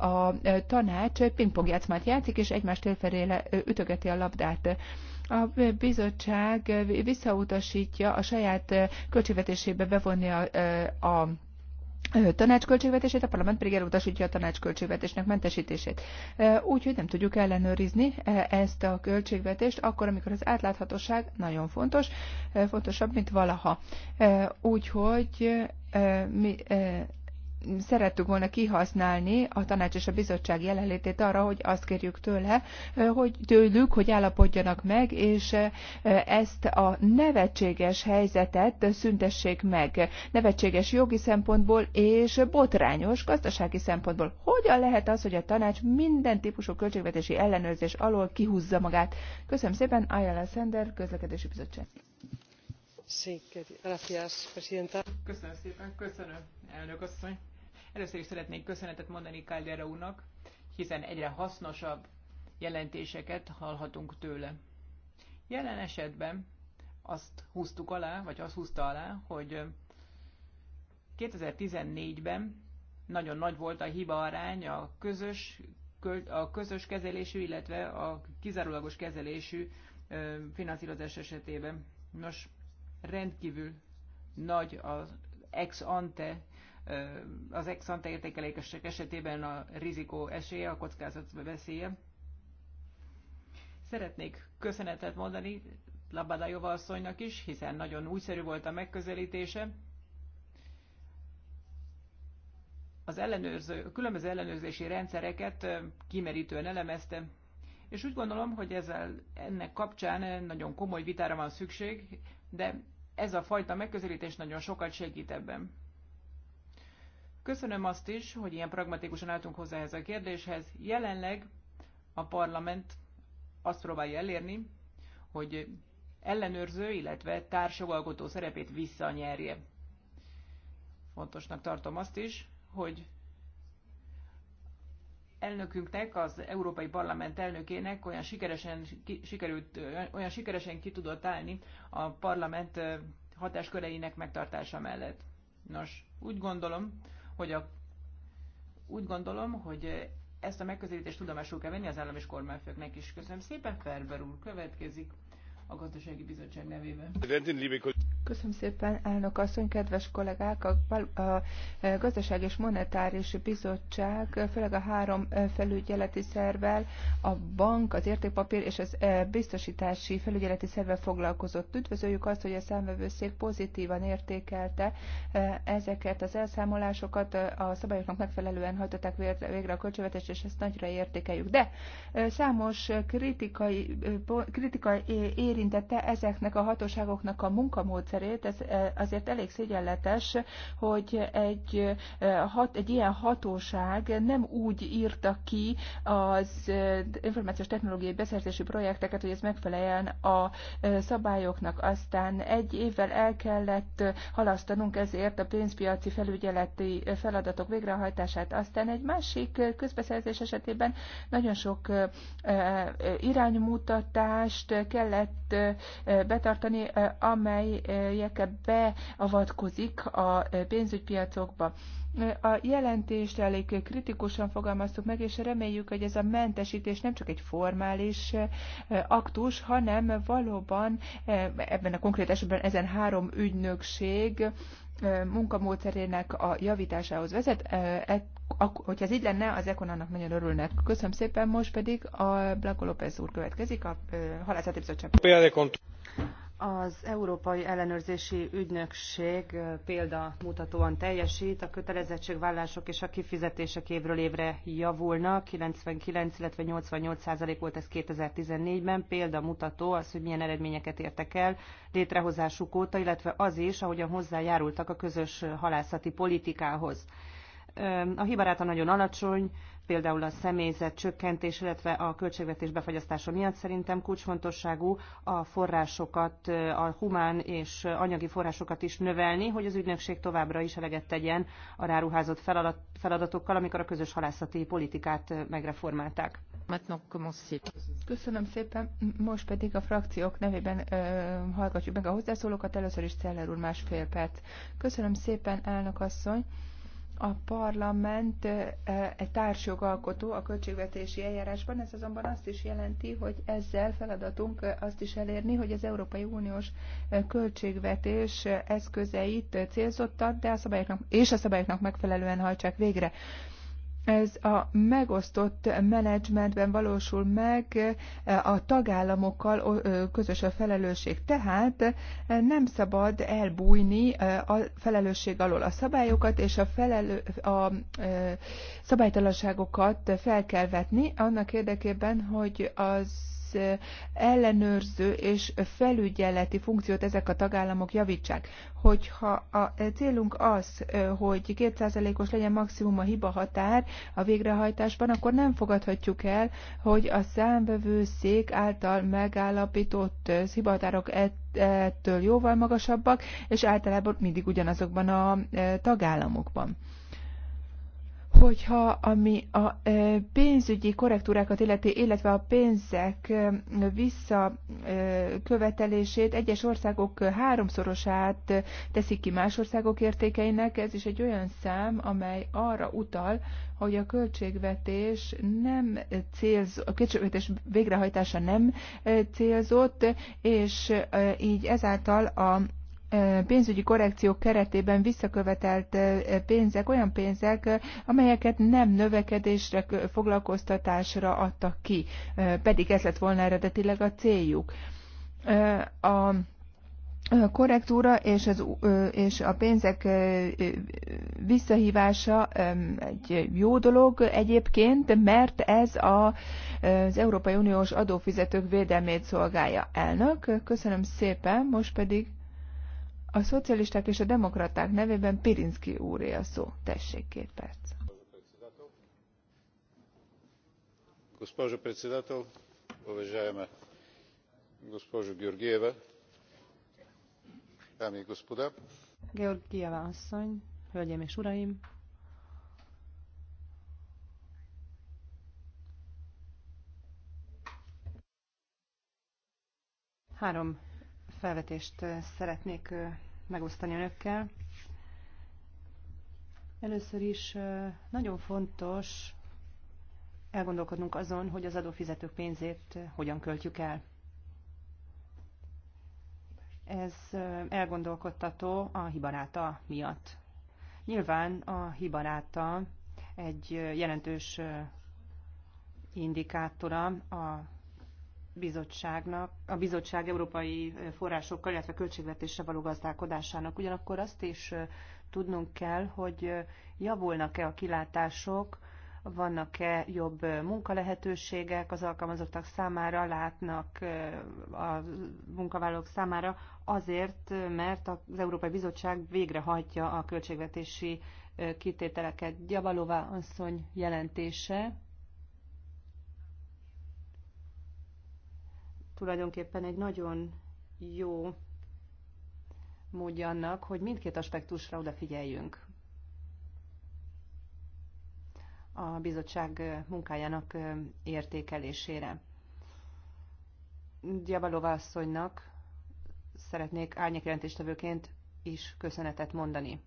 a tanács pingpongjátszmát játszik, és egymást télfelére ütögeti a labdát a bizottság visszautasítja a saját költségvetésébe bevonni a, a tanácsköltségvetését, a parlament pedig elutasítja a tanácsköltségvetésnek mentesítését. Úgyhogy nem tudjuk ellenőrizni ezt a költségvetést, akkor, amikor az átláthatóság nagyon fontos, fontosabb, mint valaha. Úgyhogy mi szerettük volna kihasználni a tanács és a bizottság jelenlétét arra, hogy azt kérjük tőle, hogy tőlük, hogy állapodjanak meg, és ezt a nevetséges helyzetet szüntessék meg. Nevetséges jogi szempontból és botrányos gazdasági szempontból. Hogyan lehet az, hogy a tanács minden típusú költségvetési ellenőrzés alól kihúzza magát? Köszönöm szépen, Ayala Sender, Közlekedési Bizottság. Köszönöm szépen, köszönöm, elnök asszony. Először is szeretnék köszönetet mondani Caldera úrnak, hiszen egyre hasznosabb jelentéseket hallhatunk tőle. Jelen esetben azt húztuk alá, vagy azt húzta alá, hogy 2014-ben nagyon nagy volt a hiba arány a közös, a közös kezelésű, illetve a kizárólagos kezelésű finanszírozás esetében. Nos, rendkívül nagy az ex ante az ex ante értékelékesek esetében a rizikó esélye, a kockázat veszélye. Szeretnék köszönetet mondani Labadajova asszonynak is, hiszen nagyon újszerű volt a megközelítése. Az ellenőrző, különböző ellenőrzési rendszereket kimerítően elemezte, és úgy gondolom, hogy ezzel, ennek kapcsán nagyon komoly vitára van szükség, de ez a fajta megközelítés nagyon sokat segít ebben. Köszönöm azt is, hogy ilyen pragmatikusan álltunk hozzá ehhez a kérdéshez. Jelenleg a parlament azt próbálja elérni, hogy ellenőrző, illetve társjogalkotó szerepét visszanyerje. Fontosnak tartom azt is, hogy elnökünknek, az Európai Parlament elnökének olyan sikeresen, ki, sikerült, olyan sikeresen ki tudott állni a parlament hatásköreinek megtartása mellett. Nos, úgy gondolom, hogy a, úgy gondolom, hogy ezt a megközelítést tudomásul kell venni az állam és kormányfőknek is. Köszönöm szépen, Ferber úr, következik a Gazdasági Bizottság nevében. Köszönöm szépen, elnök asszony, kedves kollégák! A e, Gazdaság és Monetáris Bizottság, főleg a három e, felügyeleti szervvel, a bank, az értékpapír és az e, biztosítási felügyeleti szervvel foglalkozott. Üdvözöljük azt, hogy a számvevőszék pozitívan értékelte ezeket az elszámolásokat, a szabályoknak megfelelően hajtották végre a költségvetést, és ezt nagyra értékeljük. De számos kritikai, kritika érintette ezeknek a hatóságoknak a munkamód rendszerét, ez eh, azért elég szégyenletes, hogy egy, eh, hat, egy ilyen hatóság nem úgy írta ki az eh, információs technológiai beszerzési projekteket, hogy ez megfeleljen a szabályoknak. Aztán egy évvel el kellett halasztanunk ezért a pénzpiaci felügyeleti feladatok végrehajtását. Aztán egy másik közbeszerzés esetében nagyon sok iránymutatást kellett betartani, amely amelyek beavatkozik a pénzügypiacokba. A jelentést elég kritikusan fogalmaztuk meg, és reméljük, hogy ez a mentesítés nem csak egy formális aktus, hanem valóban ebben a konkrét esetben ezen három ügynökség munkamódszerének a javításához vezet. E, hogyha ez így lenne, az Ekonának nagyon örülnek. Köszönöm szépen, most pedig a Blanco López úr következik, a Halászati Bizottság. Az Európai Ellenőrzési Ügynökség példamutatóan teljesít, a kötelezettségvállások és a kifizetések évről évre javulnak, 99, illetve 88 százalék volt ez 2014-ben, példamutató az, hogy milyen eredményeket értek el létrehozásuk óta, illetve az is, ahogyan hozzájárultak a közös halászati politikához. A hibaráta nagyon alacsony, például a személyzet csökkentés, illetve a költségvetés befagyasztása miatt szerintem kulcsfontosságú a forrásokat, a humán és anyagi forrásokat is növelni, hogy az ügynökség továbbra is eleget tegyen a ráruházott feladatokkal, amikor a közös halászati politikát megreformálták. Köszönöm szépen. Most pedig a frakciók nevében ö, hallgatjuk meg a hozzászólókat. Először is Celler úr másfél perc. Köszönöm szépen, elnök asszony a parlament egy társjogalkotó a költségvetési eljárásban, ez azonban azt is jelenti, hogy ezzel feladatunk azt is elérni, hogy az Európai Uniós költségvetés eszközeit célzottat, de a szabályoknak, és a szabályoknak megfelelően hajtsák végre ez a megosztott menedzsmentben valósul meg eh, a tagállamokkal közös a felelősség. Tehát eh, nem szabad elbújni eh, a felelősség alól a szabályokat, és a, felelő, a szabálytalanságokat fel kell vetni annak érdekében, hogy az ellenőrző és felügyeleti funkciót ezek a tagállamok javítsák. Hogyha a célunk az, hogy 2%-os legyen maximum a hiba határ a végrehajtásban, akkor nem fogadhatjuk el, hogy a szék által megállapított hibatárok ettől jóval magasabbak, és általában mindig ugyanazokban a tagállamokban hogyha ami a pénzügyi korrektúrákat illeti, illetve a pénzek visszakövetelését egyes országok háromszorosát teszik ki más országok értékeinek, ez is egy olyan szám, amely arra utal, hogy a költségvetés nem célz, a költségvetés végrehajtása nem célzott, és így ezáltal a pénzügyi korrekciók keretében visszakövetelt pénzek olyan pénzek, amelyeket nem növekedésre, foglalkoztatásra adtak ki, pedig ez lett volna eredetileg a céljuk. A korrektúra és, az, és a pénzek visszahívása egy jó dolog egyébként, mert ez a, az Európai Uniós adófizetők védelmét szolgálja. Elnök, köszönöm szépen, most pedig a szocialisták és a demokraták nevében Pirinszki úré a szó. Tessék két perc. Госпожо председател, уважаема госпожо Георгиева, дами и господа. Георгиева asszony, hölgyeim és uraim. Három felvetést szeretnék megosztani önökkel. Először is nagyon fontos elgondolkodnunk azon, hogy az adófizetők pénzét hogyan költjük el. Ez elgondolkodtató a hibaráta miatt. Nyilván a hibaráta egy jelentős indikátora a bizottságnak, a bizottság európai forrásokkal, illetve költségvetésre való gazdálkodásának. Ugyanakkor azt is tudnunk kell, hogy javulnak-e a kilátások, vannak-e jobb munkalehetőségek az alkalmazottak számára, látnak a munkavállalók számára, azért, mert az Európai Bizottság végrehajtja a költségvetési kitételeket. Gyabalova asszony jelentése tulajdonképpen egy nagyon jó módja annak, hogy mindkét aspektusra odafigyeljünk. A bizottság munkájának értékelésére. Gyabalova asszonynak szeretnék árnyékjelentéstevőként is köszönetet mondani.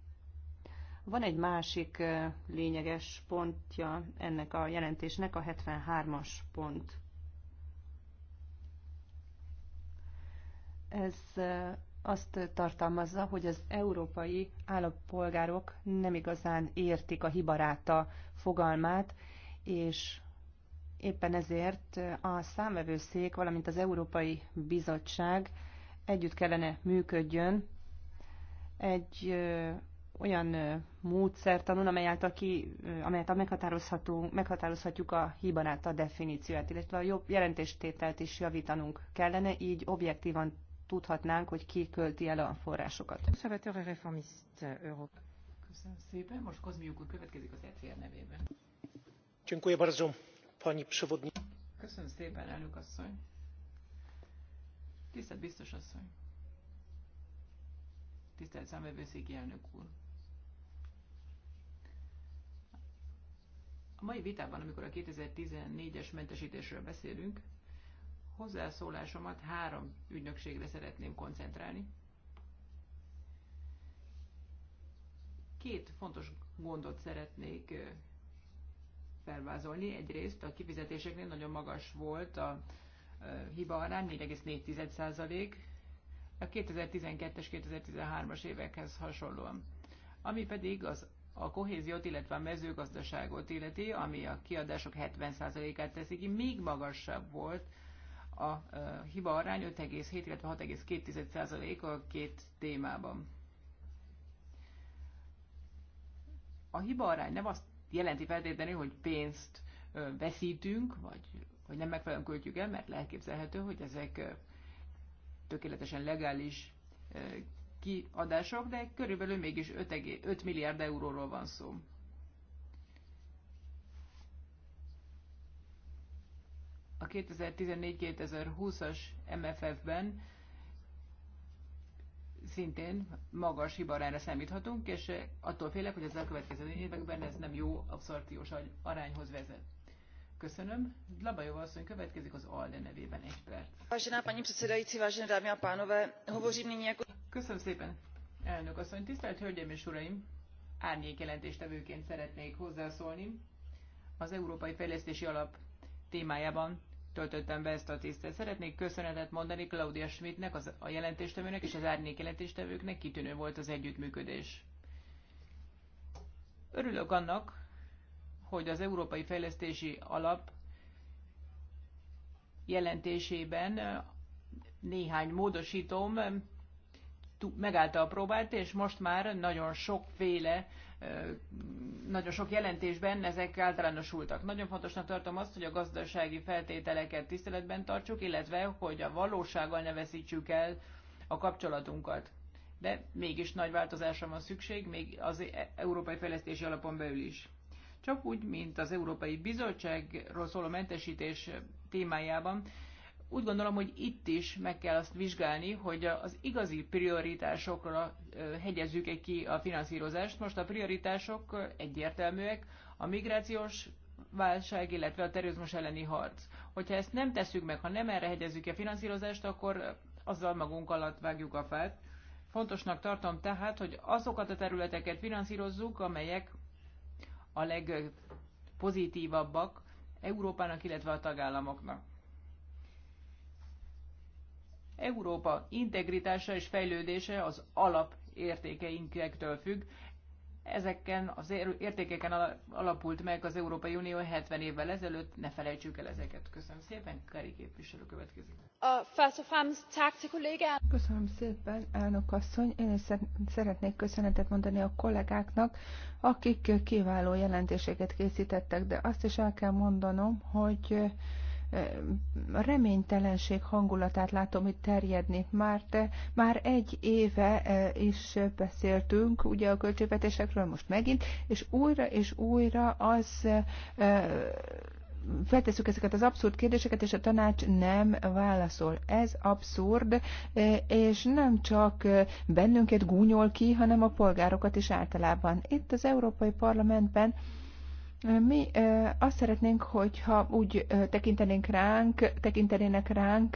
Van egy másik lényeges pontja ennek a jelentésnek, a 73-as pont. Ez azt tartalmazza, hogy az európai állampolgárok nem igazán értik a hibaráta fogalmát, és éppen ezért a számvevőszék, valamint az Európai Bizottság együtt kellene működjön egy olyan módszertanon, amely által ki, amelyet a meghatározható, meghatározhatjuk a hibaráta definíciót, illetve a jobb jelentéstételt is javítanunk kellene, így objektívan tudhatnánk, hogy ki költi el a forrásokat. Köszönöm szépen. Most Kozmiuk úr következik az ECR nevében. pani Köszönöm szépen, elnök asszony. Tisztelt biztos asszony. Tisztelt számvevőszéki elnök úr. A mai vitában, amikor a 2014-es mentesítésről beszélünk, hozzászólásomat három ügynökségre szeretném koncentrálni. Két fontos gondot szeretnék felvázolni. Egyrészt a kifizetéseknél nagyon magas volt a hiba arány, 4,4 a 2012-es, 2013-as évekhez hasonlóan. Ami pedig az a kohéziót, illetve a mezőgazdaságot illeti, ami a kiadások 70%-át teszi ki, még magasabb volt a hiba arány 5,7, illetve 6,2% a két témában. A hiba arány nem azt jelenti feltétlenül, hogy pénzt veszítünk, vagy hogy nem megfelelően költjük el, mert elképzelhető, hogy ezek tökéletesen legális kiadások, de körülbelül mégis 5, 5 milliárd euróról van szó. a 2014-2020-as MFF-ben szintén magas hibarára számíthatunk, és attól félek, hogy az elkövetkező években ez nem jó abszorpciós arányhoz vezet. Köszönöm. Labajová asszony következik az ALDE nevében egy perc. Vážená paní předsedající, vážené dámy a pánové, hovořím nyní jako... Köszönöm szépen, elnök asszony. Tisztelt Hölgyeim és Uraim, árnyék jelentéstevőként szeretnék hozzászólni. Az Európai Fejlesztési Alap témájában töltöttem be ezt a tisztet. Szeretnék köszönetet mondani Claudia Schmidtnek, az, a jelentéstevőnek és az árnyék jelentéstevőknek, kitűnő volt az együttműködés. Örülök annak, hogy az Európai Fejlesztési Alap jelentésében néhány módosítom megállta a próbát, és most már nagyon sokféle nagyon sok jelentésben ezek általánosultak. Nagyon fontosnak tartom azt, hogy a gazdasági feltételeket tiszteletben tartsuk, illetve hogy a valósággal ne veszítsük el a kapcsolatunkat. De mégis nagy változásra van szükség, még az e- Európai Fejlesztési Alapon belül is. Csak úgy, mint az Európai Bizottságról szóló mentesítés témájában, úgy gondolom, hogy itt is meg kell azt vizsgálni, hogy az igazi prioritásokra hegyezzük-e ki a finanszírozást. Most a prioritások egyértelműek, a migrációs válság, illetve a terrorizmus elleni harc. Hogyha ezt nem tesszük meg, ha nem erre hegyezzük a finanszírozást, akkor azzal magunk alatt vágjuk a fát. Fontosnak tartom tehát, hogy azokat a területeket finanszírozzuk, amelyek a legpozitívabbak Európának, illetve a tagállamoknak. Európa integritása és fejlődése az alap értékeinkektől függ. Ezeken az értékeken alapult meg az Európai Unió 70 évvel ezelőtt, ne felejtsük el ezeket. Köszönöm szépen, Kari képviselő következik. Uh, Köszönöm szépen, elnök asszony. Én is szeretnék köszönetet mondani a kollégáknak, akik kiváló jelentéseket készítettek, de azt is el kell mondanom, hogy reménytelenség hangulatát látom itt terjedni. Már, te, már egy éve is beszéltünk ugye a költségvetésekről, most megint, és újra és újra az feltesszük ezeket az abszurd kérdéseket, és a tanács nem válaszol. Ez abszurd, és nem csak bennünket gúnyol ki, hanem a polgárokat is általában. Itt az Európai Parlamentben mi azt szeretnénk, hogyha úgy tekintenénk ránk, tekintenének ránk,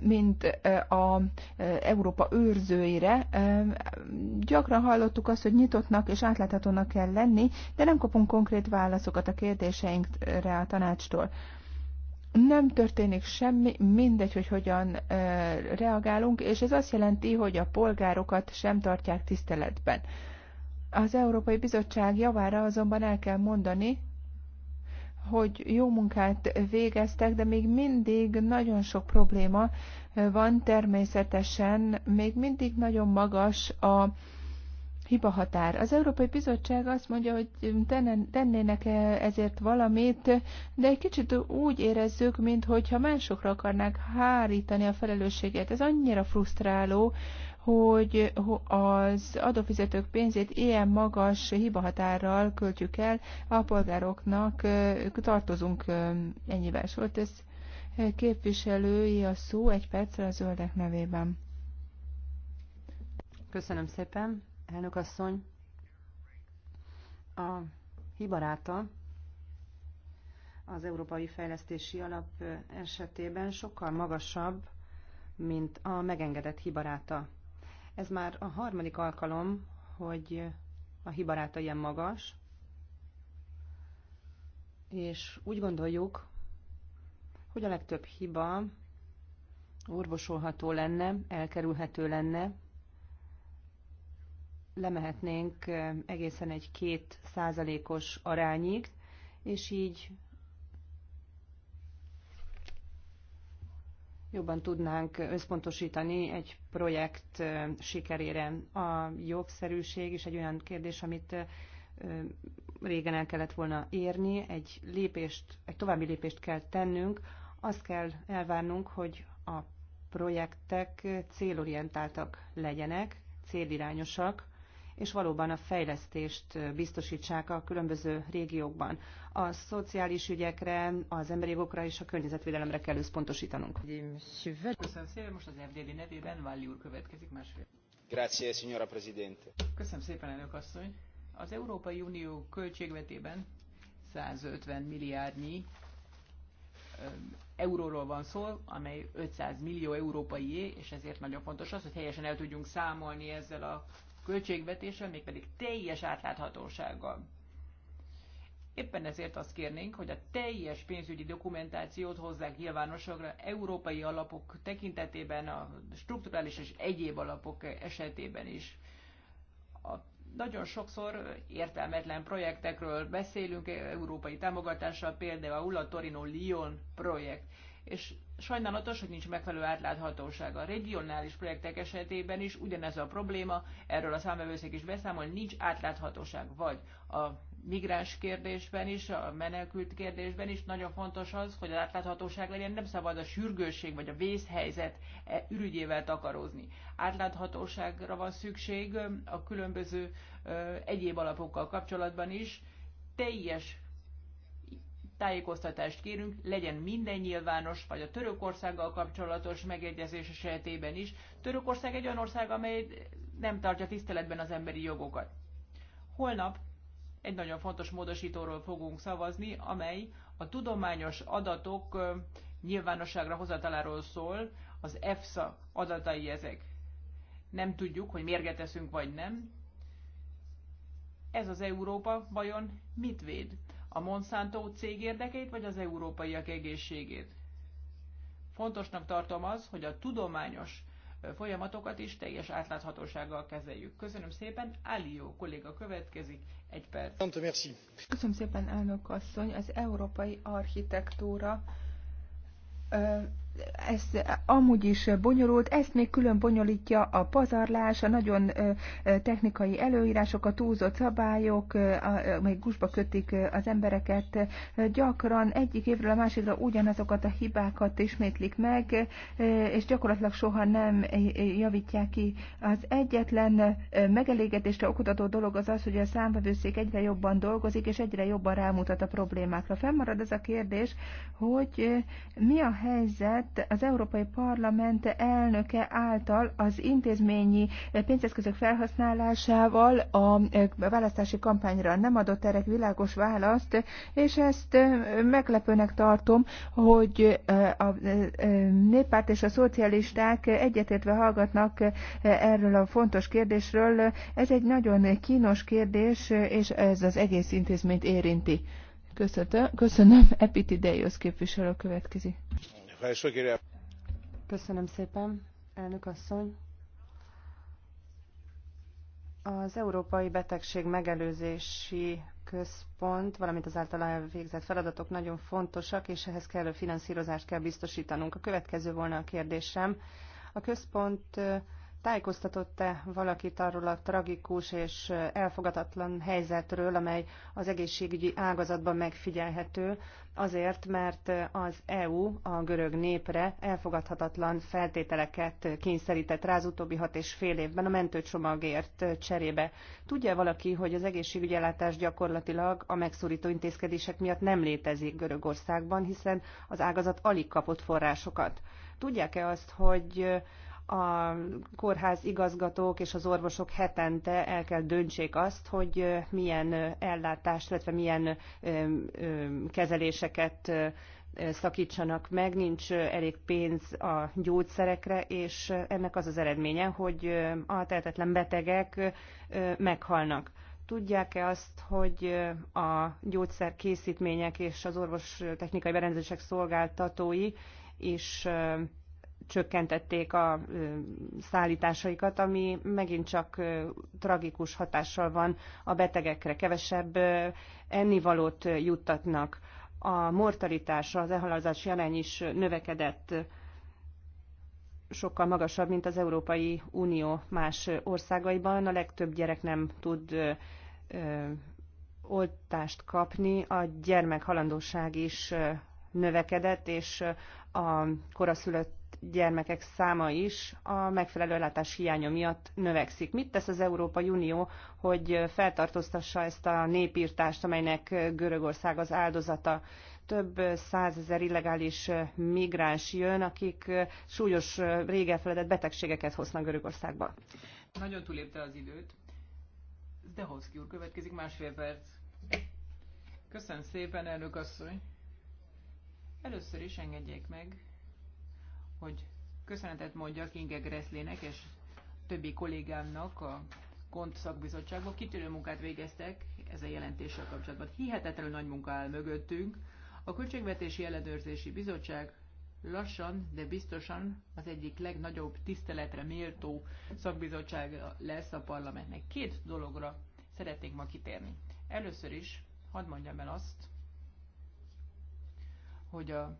mint a Európa őrzőire. Gyakran hallottuk azt, hogy nyitottnak és átláthatónak kell lenni, de nem kapunk konkrét válaszokat a kérdéseinkre a tanácstól nem történik semmi, mindegy, hogy hogyan reagálunk, és ez azt jelenti, hogy a polgárokat sem tartják tiszteletben. Az Európai Bizottság javára azonban el kell mondani, hogy jó munkát végeztek, de még mindig nagyon sok probléma van természetesen, még mindig nagyon magas a hiba határ. Az Európai Bizottság azt mondja, hogy tennének -e ezért valamit, de egy kicsit úgy érezzük, mintha másokra akarnák hárítani a felelősséget. Ez annyira frusztráló, hogy az adófizetők pénzét ilyen magas hibahatárral költjük el, a polgároknak tartozunk ennyivel. ez képviselői a szó egy percre a zöldek nevében. Köszönöm szépen, elnök asszony. A hibaráta az Európai Fejlesztési Alap esetében sokkal magasabb, mint a megengedett hibaráta. Ez már a harmadik alkalom, hogy a hibaráta ilyen magas, és úgy gondoljuk, hogy a legtöbb hiba orvosolható lenne, elkerülhető lenne, lemehetnénk egészen egy két százalékos arányig, és így jobban tudnánk összpontosítani egy projekt sikerére. A jogszerűség is egy olyan kérdés, amit régen el kellett volna érni, egy lépést, egy további lépést kell tennünk, azt kell elvárnunk, hogy a projektek célorientáltak legyenek, célirányosak, és valóban a fejlesztést biztosítsák a különböző régiókban. A szociális ügyekre, az emberi jogokra és a környezetvédelemre kell összpontosítanunk. Köszönöm szépen, most az FDD nevében Valli úr következik másfél. Grazie, signora Presidente. Köszönöm szépen, elnök asszony. Az Európai Unió költségvetében 150 milliárdnyi euróról van szó, amely 500 millió é és ezért nagyon fontos az, hogy helyesen el tudjunk számolni ezzel a költségvetéssel, mégpedig teljes átláthatósággal. Éppen ezért azt kérnénk, hogy a teljes pénzügyi dokumentációt hozzák nyilvánosságra európai alapok tekintetében, a strukturális és egyéb alapok esetében is. A nagyon sokszor értelmetlen projektekről beszélünk, európai támogatással, például a Torino Lyon projekt. És sajnálatos, hogy nincs megfelelő átláthatóság. A regionális projektek esetében is ugyanez a probléma, erről a számvevőszék is beszámol, nincs átláthatóság. Vagy a migráns kérdésben is, a menekült kérdésben is nagyon fontos az, hogy az átláthatóság legyen, nem szabad a sürgősség vagy a vészhelyzet e ürügyével takarózni. Átláthatóságra van szükség a különböző egyéb alapokkal kapcsolatban is, teljes tájékoztatást kérünk, legyen minden nyilvános, vagy a Törökországgal kapcsolatos megegyezés esetében is. Törökország egy olyan ország, amely nem tartja tiszteletben az emberi jogokat. Holnap egy nagyon fontos módosítóról fogunk szavazni, amely a tudományos adatok nyilvánosságra hozataláról szól, az EFSA adatai ezek. Nem tudjuk, hogy mérget vagy nem. Ez az Európa vajon mit véd? a Monsanto cég érdekeit, vagy az európaiak egészségét. Fontosnak tartom az, hogy a tudományos folyamatokat is teljes átláthatósággal kezeljük. Köszönöm szépen, Alió kolléga következik, egy perc. Köszönöm szépen, elnök asszony, az európai architektúra ez amúgy is bonyolult, ezt még külön bonyolítja a pazarlás, a nagyon technikai előírások, a túlzott szabályok, még gusba kötik az embereket. Gyakran egyik évről a másikra ugyanazokat a hibákat ismétlik meg, és gyakorlatilag soha nem javítják ki. Az egyetlen megelégedésre okutató dolog az az, hogy a számvevőszék egyre jobban dolgozik, és egyre jobban rámutat a problémákra. Fennmarad ez a kérdés, hogy mi a helyzet, lett az Európai Parlament elnöke által az intézményi pénzeszközök felhasználásával a e, választási kampányra nem adott erre világos választ, és ezt e, meglepőnek tartom, hogy e, a néppárt és a szocialisták egyetértve hallgatnak erről a fontos kérdésről. Ez egy nagyon kínos kérdés, és ez az egész intézményt érinti. Köszönöm. Köszönöm. Epitideios képviselő következik. Köszönöm szépen, elnök asszony. Az Európai Betegség Megelőzési Központ, valamint az általa elvégzett feladatok nagyon fontosak, és ehhez kellő finanszírozást kell biztosítanunk. A következő volna a kérdésem. A központ Tájékoztatott-e valakit arról a tragikus és elfogadatlan helyzetről, amely az egészségügyi ágazatban megfigyelhető, azért, mert az EU a görög népre elfogadhatatlan feltételeket kényszerített rá az utóbbi hat és fél évben a mentőcsomagért cserébe. Tudja valaki, hogy az egészségügyi ellátás gyakorlatilag a megszorító intézkedések miatt nem létezik Görögországban, hiszen az ágazat alig kapott forrásokat. Tudják-e azt, hogy a kórház igazgatók és az orvosok hetente el kell döntsék azt, hogy milyen ellátást, illetve milyen kezeléseket szakítsanak meg, nincs elég pénz a gyógyszerekre, és ennek az az eredménye, hogy a tehetetlen betegek meghalnak. Tudják-e azt, hogy a gyógyszerkészítmények és az orvostechnikai berendezések szolgáltatói is csökkentették a szállításaikat, ami megint csak tragikus hatással van a betegekre. Kevesebb ennivalót juttatnak. A mortalitás, az elhalálozási jelen is növekedett sokkal magasabb, mint az Európai Unió más országaiban. A legtöbb gyerek nem tud oltást kapni, a gyermekhalandóság is növekedett, és a koraszülött gyermekek száma is a megfelelő ellátás hiánya miatt növekszik. Mit tesz az Európai Unió, hogy feltartóztassa ezt a népírtást, amelynek Görögország az áldozata? Több százezer illegális migráns jön, akik súlyos, rég elfeledett betegségeket hoznak Görögországba. Nagyon túlépte az időt. Zdehovszki úr következik másfél perc. Köszönöm szépen, elnök asszony. Először is engedjék meg, hogy köszönetet mondjak Inge Gresslének és többi kollégámnak a KONT szakbizottságban. Kitűnő munkát végeztek a jelentéssel kapcsolatban. Hihetetlenül nagy munka áll mögöttünk. A Költségvetési Ellenőrzési Bizottság lassan, de biztosan az egyik legnagyobb tiszteletre méltó szakbizottság lesz a parlamentnek. Két dologra szeretnék ma kitérni. Először is hadd mondjam el azt, hogy a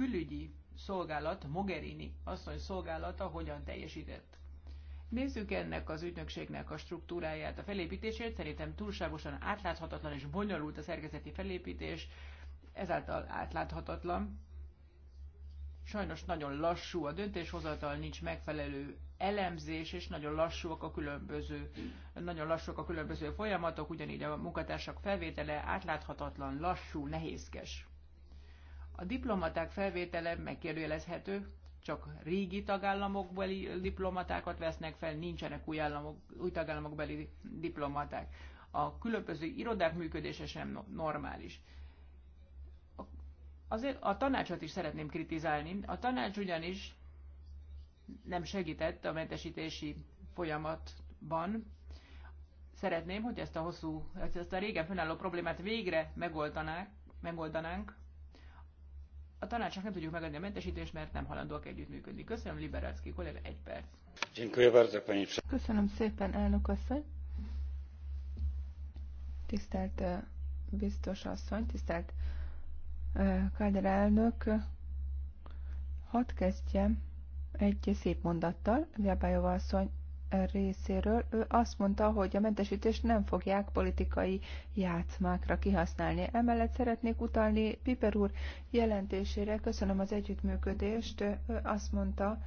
külügyi szolgálat, Mogherini asszony szolgálata hogyan teljesített. Nézzük ennek az ügynökségnek a struktúráját, a felépítését. Szerintem túlságosan átláthatatlan és bonyolult a szerkezeti felépítés, ezáltal átláthatatlan. Sajnos nagyon lassú a döntéshozatal, nincs megfelelő elemzés, és nagyon lassúak a különböző, nagyon lassúak a különböző folyamatok, ugyanígy a munkatársak felvétele átláthatatlan, lassú, nehézkes. A diplomaták felvétele megkérdőjelezhető, csak régi tagállamokbeli diplomatákat vesznek fel, nincsenek új, államok, új tagállamokbeli diplomaták. A különböző irodák működése sem normális. Azért a tanácsot is szeretném kritizálni. A tanács ugyanis nem segített a mentesítési folyamatban. Szeretném, hogy ezt a hosszú, ezt a régen fönálló problémát végre megoldanák, megoldanánk a tanácsnak nem tudjuk megadni a mentesítést, mert nem halandóak együttműködni. Köszönöm, Liberácki kollega, egy perc. Köszönöm szépen, elnök asszony. Tisztelt biztos asszony, tisztelt Kádár elnök, hadd kezdjem egy szép mondattal, Gabályova asszony részéről. Ő azt mondta, hogy a mentesítést nem fogják politikai játszmákra kihasználni. Emellett szeretnék utalni Piper úr jelentésére. Köszönöm az együttműködést. Ő azt mondta,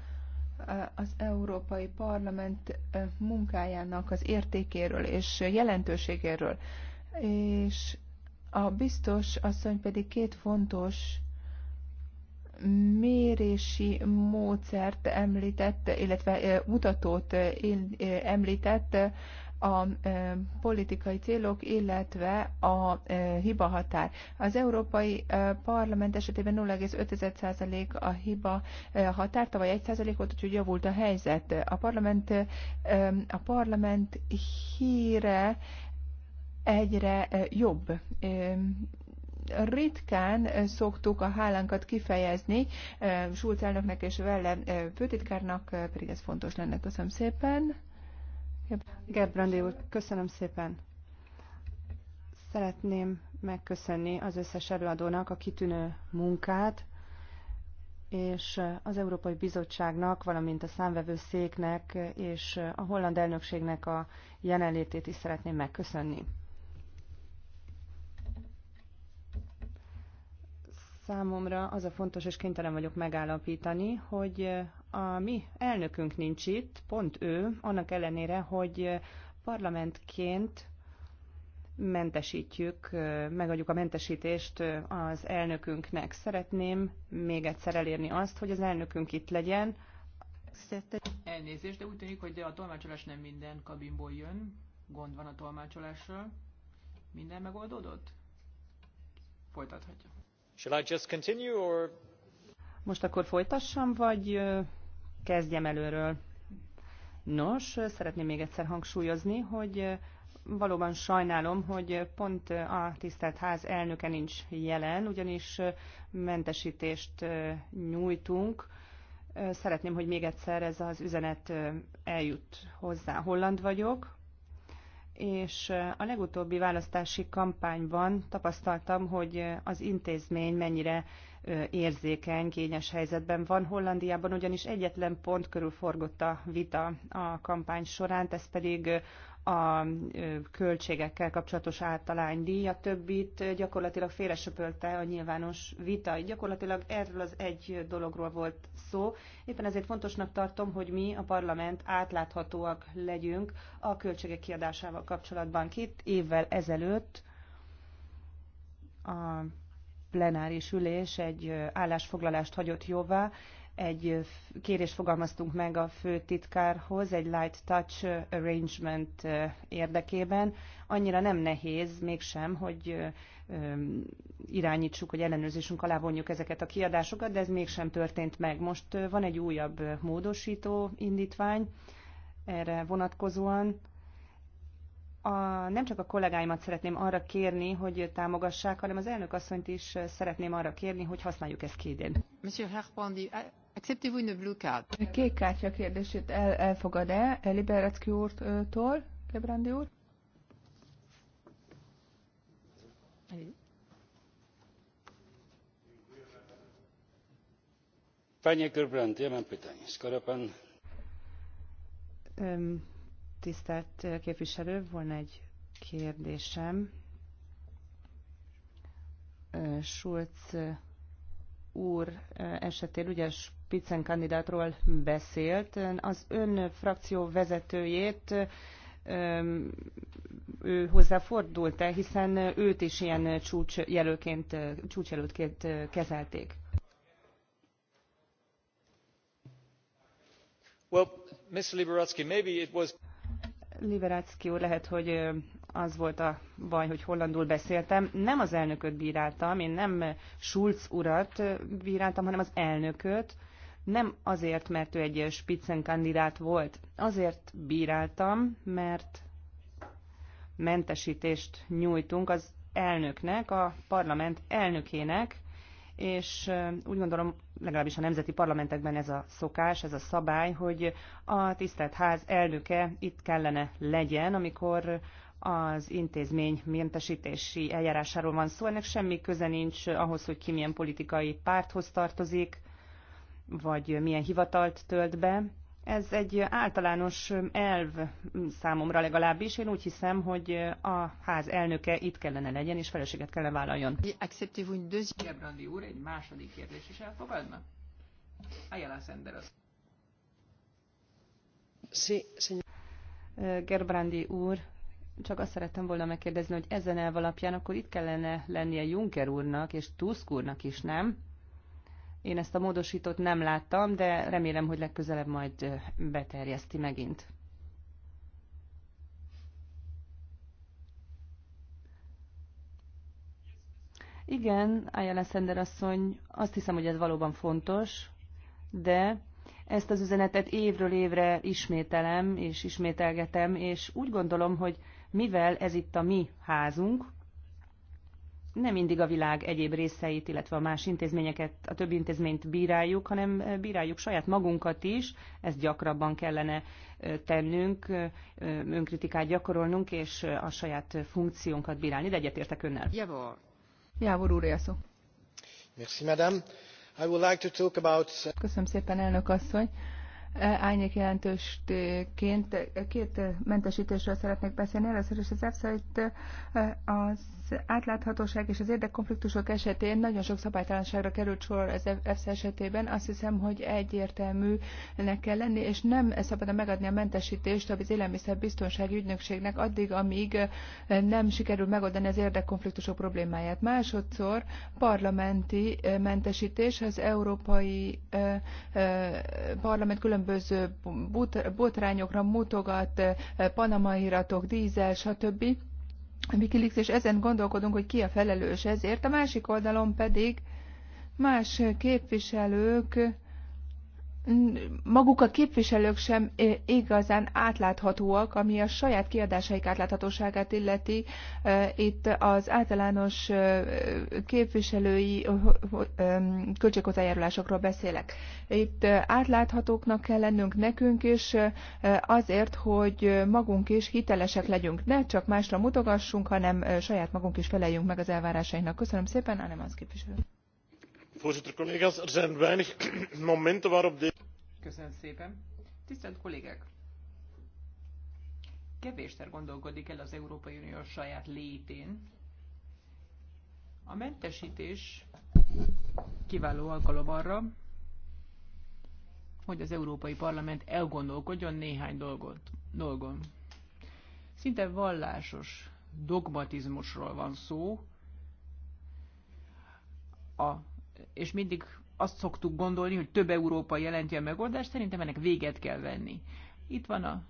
az Európai Parlament munkájának az értékéről és jelentőségéről. És a biztos asszony pedig két fontos mérési módszert említett, illetve mutatót említett a politikai célok, illetve a hibahatár. Az Európai Parlament esetében 0,5% a hiba határ, tavaly 1% volt, úgyhogy javult a helyzet. A parlament, a parlament híre egyre jobb, ritkán szoktuk a hálánkat kifejezni Schulz elnöknek és vele főtitkárnak, pedig ez fontos lenne. Köszönöm szépen. Gerbrandi úr, köszönöm szépen. Szeretném megköszönni az összes előadónak a kitűnő munkát, és az Európai Bizottságnak, valamint a számvevőszéknek és a holland elnökségnek a jelenlétét is szeretném megköszönni. Számomra az a fontos, és kénytelen vagyok megállapítani, hogy a mi elnökünk nincs itt, pont ő, annak ellenére, hogy parlamentként mentesítjük, megadjuk a mentesítést az elnökünknek. Szeretném még egyszer elérni azt, hogy az elnökünk itt legyen. Elnézést, de úgy tűnik, hogy a tolmácsolás nem minden kabinból jön. Gond van a tolmácsolással. Minden megoldódott? Folytathatja. Shall I just continue, or... Most akkor folytassam, vagy kezdjem előről? Nos, szeretném még egyszer hangsúlyozni, hogy valóban sajnálom, hogy pont a tisztelt ház elnöke nincs jelen, ugyanis mentesítést nyújtunk. Szeretném, hogy még egyszer ez az üzenet eljut hozzá. Holland vagyok, és a legutóbbi választási kampányban tapasztaltam, hogy az intézmény mennyire érzékeny, kényes helyzetben van. Hollandiában ugyanis egyetlen pont körül forgott a vita a kampány során, ez pedig a költségekkel kapcsolatos általánydíj, a többit gyakorlatilag félresöpölte a nyilvános vita. Gyakorlatilag erről az egy dologról volt szó. Éppen ezért fontosnak tartom, hogy mi a parlament átláthatóak legyünk a költségek kiadásával kapcsolatban. Két évvel ezelőtt a plenáris ülés egy állásfoglalást hagyott jóvá, egy kérés fogalmaztunk meg a főtitkárhoz egy light touch arrangement érdekében. Annyira nem nehéz mégsem, hogy irányítsuk, hogy ellenőrzésünk alá vonjuk ezeket a kiadásokat, de ez mégsem történt meg. Most van egy újabb módosító indítvány erre vonatkozóan. A, nem csak a kollégáimat szeretném arra kérni, hogy támogassák, hanem az elnök asszonyt is szeretném arra kérni, hogy használjuk ezt ki idén. Acceptez-vous une blue card? A kék kártya kérdését el, elfogad-e Liberecki úrtól, Gebrandi úr? Panie Gerbrand, ja mam pytanie. Skoro pan... tisztelt képviselő, volna egy kérdésem. Schulz úr esetén ugye Spicen kandidátról beszélt, az ön frakció vezetőjét ő hozzá fordult -e, hiszen őt is ilyen csúcsjelölként, csúcsjelöltként kezelték? Well, Mr. Liberatsky, maybe it was... Liberatsky úr, lehet, hogy az volt a baj, hogy hollandul beszéltem. Nem az elnököt bíráltam, én nem Schulz urat bíráltam, hanem az elnököt. Nem azért, mert ő egy spitzen kandidát volt. Azért bíráltam, mert mentesítést nyújtunk az elnöknek, a parlament elnökének, és úgy gondolom, legalábbis a nemzeti parlamentekben ez a szokás, ez a szabály, hogy a tisztelt ház elnöke itt kellene legyen, amikor az intézmény mentesítési eljárásáról van szó. Ennek semmi köze nincs ahhoz, hogy ki milyen politikai párthoz tartozik, vagy milyen hivatalt tölt be. Ez egy általános elv számomra legalábbis. Én úgy hiszem, hogy a ház elnöke itt kellene legyen, és feleséget kellene vállaljon. Gebrandi úr, egy második kérdés is elfogadna? Ajala Senderos. Sí, señor. Gerbrandi úr, csak azt szerettem volna megkérdezni, hogy ezen elv alapján akkor itt kellene lennie Juncker úrnak és Tusk úrnak is, nem? Én ezt a módosítót nem láttam, de remélem, hogy legközelebb majd beterjeszti megint. Igen, Ayala Szender asszony, azt hiszem, hogy ez valóban fontos, de ezt az üzenetet évről évre ismételem és ismételgetem, és úgy gondolom, hogy mivel ez itt a mi házunk, nem mindig a világ egyéb részeit, illetve a más intézményeket, a több intézményt bíráljuk, hanem bíráljuk saját magunkat is, ezt gyakrabban kellene tennünk, önkritikát gyakorolnunk, és a saját funkciónkat bírálni, de egyetértek önnel. Javor. Javor úr, a szó. Merci, madame. I would like to talk about... Köszönöm szépen, elnök asszony. Ányék jelentősként két mentesítésről szeretnék beszélni. Először is az EFSA itt eh, az átláthatóság és az érdekkonfliktusok esetén nagyon sok szabálytalanságra került sor az e- EFSA esetében. Azt hiszem, hogy egyértelműnek kell lenni, és nem szabadna megadni a mentesítést az élelmiszerbiztonsági ügynökségnek addig, amíg eh, nem sikerül megoldani az érdekkonfliktusok problémáját. Másodszor parlamenti eh, mentesítés az Európai Parlament különböző különböző botrányokra mutogat, eh, Panama iratok, dízel, stb. Wikileaks, és ezen gondolkodunk, hogy ki a felelős ezért. A másik oldalon pedig más képviselők maguk a képviselők sem igazán átláthatóak, ami a saját kiadásaik átláthatóságát illeti. Itt az általános képviselői költséghozzájárulásokról beszélek. Itt átláthatóknak kell lennünk nekünk is azért, hogy magunk is hitelesek legyünk. Ne csak másra mutogassunk, hanem saját magunk is feleljünk meg az elvárásainknak. Köszönöm szépen, Ánem az képviselő voorzitter collega's er zijn weinig momenten waarop deze. tisztelt kollégák kevésszer gondolkodik el az európai unió saját létén a mentesítés kiváló alkalom arra hogy az európai parlament elgondolkodjon néhány dolgot, dolgon szinte vallásos dogmatizmusról van szó a és mindig azt szoktuk gondolni, hogy több Európa jelenti a megoldást, szerintem ennek véget kell venni. Itt van a...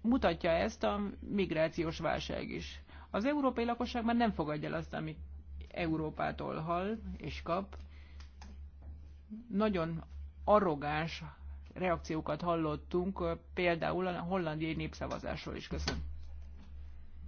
mutatja ezt a migrációs válság is. Az európai lakosság már nem fogadja el azt, amit Európától hall és kap. Nagyon arrogáns reakciókat hallottunk, például a hollandiai népszavazásról is. Köszönöm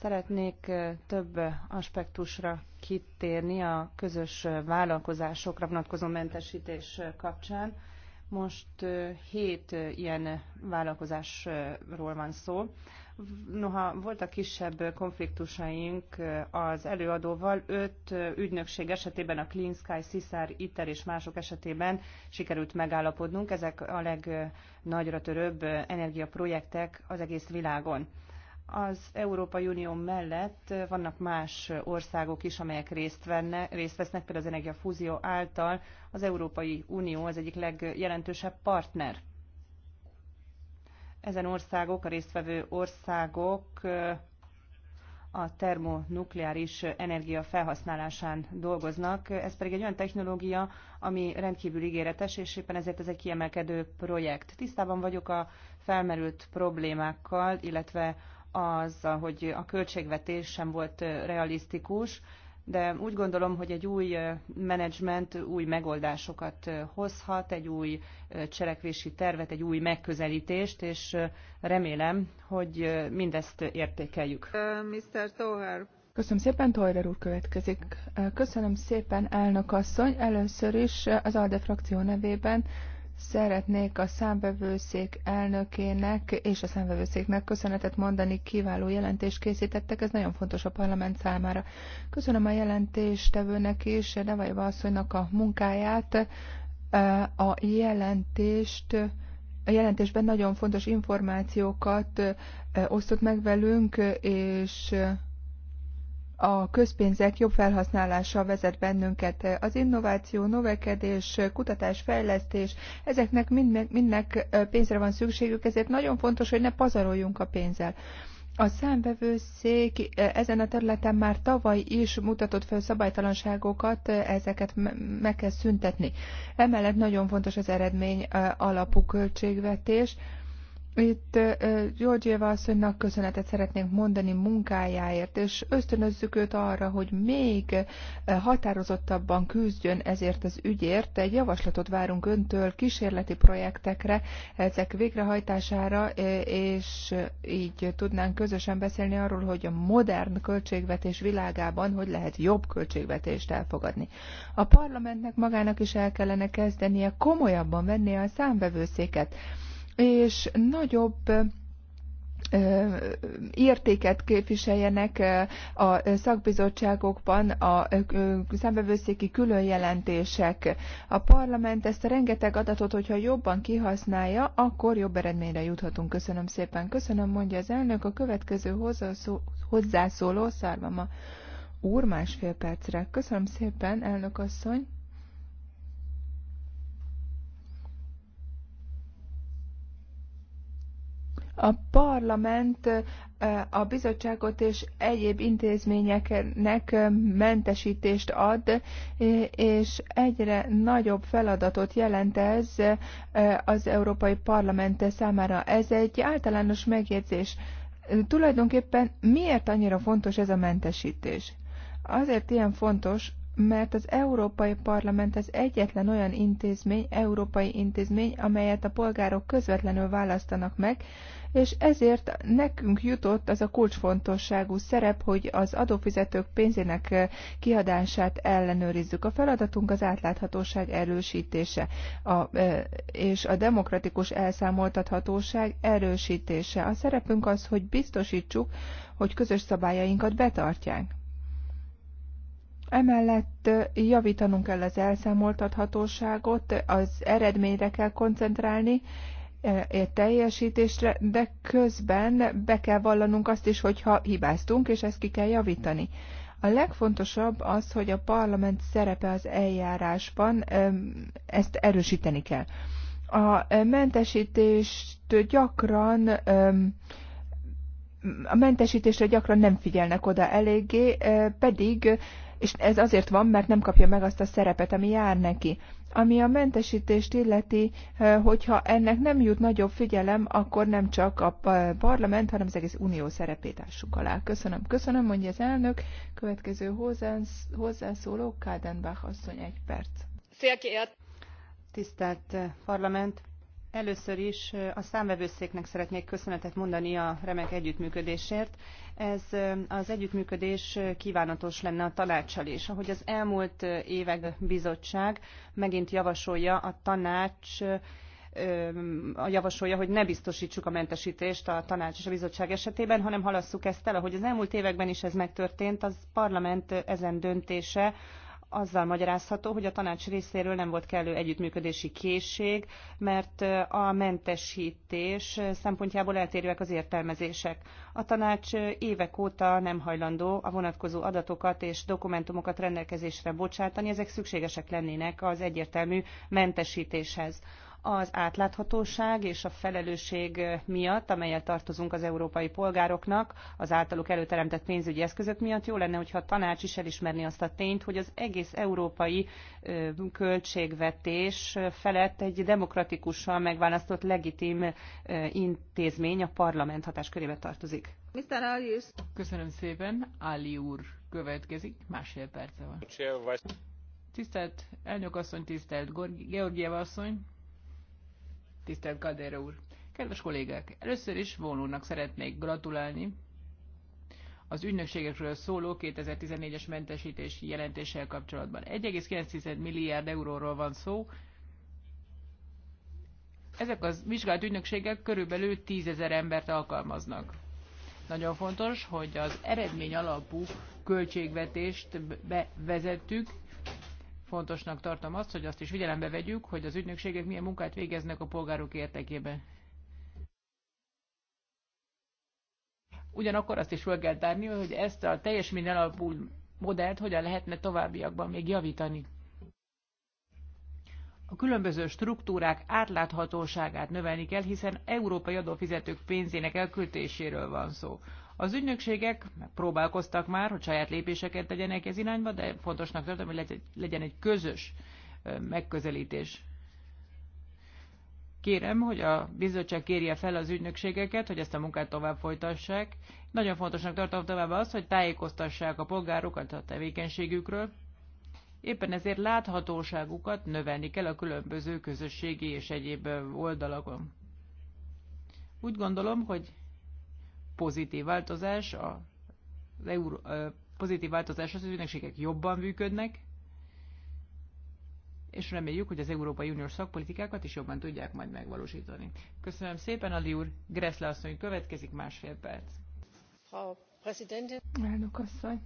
Szeretnék több aspektusra kitérni a közös vállalkozásokra vonatkozó mentesítés kapcsán. Most hét ilyen vállalkozásról van szó. Noha voltak kisebb konfliktusaink az előadóval, öt ügynökség esetében a Clean Sky, Sisar, ITER és mások esetében sikerült megállapodnunk. Ezek a legnagyra törőbb energiaprojektek az egész világon az Európai Unió mellett vannak más országok is, amelyek részt, venne, részt vesznek, például az energiafúzió által az Európai Unió az egyik legjelentősebb partner. Ezen országok, a résztvevő országok a termonukleáris energia felhasználásán dolgoznak. Ez pedig egy olyan technológia, ami rendkívül ígéretes, és éppen ezért ez egy kiemelkedő projekt. Tisztában vagyok a felmerült problémákkal, illetve az, hogy a költségvetés sem volt realisztikus, de úgy gondolom, hogy egy új menedzsment új megoldásokat hozhat, egy új cselekvési tervet, egy új megközelítést, és remélem, hogy mindezt értékeljük. Mr. Toher. Köszönöm szépen, Toher úr következik. Köszönöm szépen, elnök asszony. Először is az ALDE frakció nevében Szeretnék a számbevőszék elnökének és a számbevőszéknek köszönetet mondani, kiváló jelentést készítettek, ez nagyon fontos a parlament számára. Köszönöm a jelentéstevőnek is, Nevajva asszonynak a munkáját, a jelentést, a jelentésben nagyon fontos információkat osztott meg velünk, és a közpénzek jobb felhasználása vezet bennünket. Az innováció, növekedés, kutatás, fejlesztés, ezeknek mindnek, mindnek pénzre van szükségük, ezért nagyon fontos, hogy ne pazaroljunk a pénzzel. A számvevőszék ezen a területen már tavaly is mutatott fel szabálytalanságokat, ezeket meg kell szüntetni. Emellett nagyon fontos az eredmény alapú költségvetés. Itt Györgyéva asszonynak köszönetet szeretnénk mondani munkájáért, és ösztönözzük őt arra, hogy még határozottabban küzdjön ezért az ügyért. Egy javaslatot várunk öntől kísérleti projektekre, ezek végrehajtására, és így tudnánk közösen beszélni arról, hogy a modern költségvetés világában hogy lehet jobb költségvetést elfogadni. A parlamentnek magának is el kellene kezdenie komolyabban venni a számbevőszéket és nagyobb értéket képviseljenek a szakbizottságokban a külön különjelentések. A parlament ezt a rengeteg adatot, hogyha jobban kihasználja, akkor jobb eredményre juthatunk. Köszönöm szépen. Köszönöm, mondja az elnök. A következő hozzászóló szárvama úr másfél percre. Köszönöm szépen, elnök asszony. A parlament a bizottságot és egyéb intézményeknek mentesítést ad, és egyre nagyobb feladatot jelent ez az Európai Parlament számára. Ez egy általános megjegyzés. Tulajdonképpen miért annyira fontos ez a mentesítés? Azért ilyen fontos, mert az Európai Parlament az egyetlen olyan intézmény, európai intézmény, amelyet a polgárok közvetlenül választanak meg, és ezért nekünk jutott az a kulcsfontosságú szerep, hogy az adófizetők pénzének eh, kiadását ellenőrizzük. A feladatunk az átláthatóság erősítése a, eh, és a demokratikus elszámoltathatóság erősítése. A szerepünk az, hogy biztosítsuk, hogy közös szabályainkat betartják. Emellett eh, javítanunk kell az elszámoltathatóságot, az eredményre kell koncentrálni, teljesítésre, de közben be kell vallanunk azt is, hogyha hibáztunk, és ezt ki kell javítani. A legfontosabb az, hogy a parlament szerepe az eljárásban, ezt erősíteni kell. A mentesítést gyakran a mentesítésre gyakran nem figyelnek oda eléggé, pedig, és ez azért van, mert nem kapja meg azt a szerepet, ami jár neki. Ami a mentesítést illeti, hogyha ennek nem jut nagyobb figyelem, akkor nem csak a parlament, hanem az egész unió szerepét ássuk alá. Köszönöm, köszönöm, mondja az elnök. Következő hozzászóló Kádenbach asszony, egy perc. Tisztelt parlament, Először is a számvevőszéknek szeretnék köszönetet mondani a remek együttműködésért. Ez az együttműködés kívánatos lenne a tanácssal is. Ahogy az elmúlt évek bizottság megint javasolja a tanács a javasolja, hogy ne biztosítsuk a mentesítést a tanács és a bizottság esetében, hanem halasszuk ezt el. Ahogy az elmúlt években is ez megtörtént, az parlament ezen döntése azzal magyarázható, hogy a tanács részéről nem volt kellő együttműködési készség, mert a mentesítés szempontjából eltérőek az értelmezések. A tanács évek óta nem hajlandó a vonatkozó adatokat és dokumentumokat rendelkezésre bocsátani, ezek szükségesek lennének az egyértelmű mentesítéshez az átláthatóság és a felelősség miatt, amelyet tartozunk az európai polgároknak, az általuk előteremtett pénzügyi eszközök miatt, jó lenne, hogyha a tanács is elismerni azt a tényt, hogy az egész európai költségvetés felett egy demokratikusan megválasztott legitim intézmény a parlament hatáskörébe tartozik. Mr. Alius. Köszönöm szépen. Ali úr következik, másfél perce van. Tisztelt elnök asszony, tisztelt Georgieva asszony, tisztelt Kadéra úr! Kedves kollégák, először is vonulnak szeretnék gratulálni az ügynökségekről szóló 2014-es mentesítési jelentéssel kapcsolatban. 1,9 milliárd euróról van szó. Ezek az vizsgált ügynökségek körülbelül 10 ezer embert alkalmaznak. Nagyon fontos, hogy az eredmény alapú költségvetést bevezettük, Fontosnak tartom azt, hogy azt is figyelembe vegyük, hogy az ügynökségek milyen munkát végeznek a polgárok érdekében. Ugyanakkor azt is fel kell tárni, hogy ezt a teljes minden alapú modellt hogyan lehetne továbbiakban még javítani. A különböző struktúrák átláthatóságát növelni kell, hiszen európai adófizetők pénzének elküldéséről van szó. Az ügynökségek próbálkoztak már, hogy saját lépéseket tegyenek ez irányba, de fontosnak tartom, hogy legyen egy közös megközelítés. Kérem, hogy a bizottság kérje fel az ügynökségeket, hogy ezt a munkát tovább folytassák. Nagyon fontosnak tartom tovább azt, hogy tájékoztassák a polgárokat a tevékenységükről. Éppen ezért láthatóságukat növelni kell a különböző közösségi és egyéb oldalakon. Úgy gondolom, hogy pozitív változás, a, az euró, a pozitív változás az, hogy ügynökségek jobban működnek, és reméljük, hogy az Európai Uniós szakpolitikákat is jobban tudják majd megvalósítani. Köszönöm szépen, Ali úr. Gressle asszony következik másfél perc. Frau Präsidentin. Elnök asszony.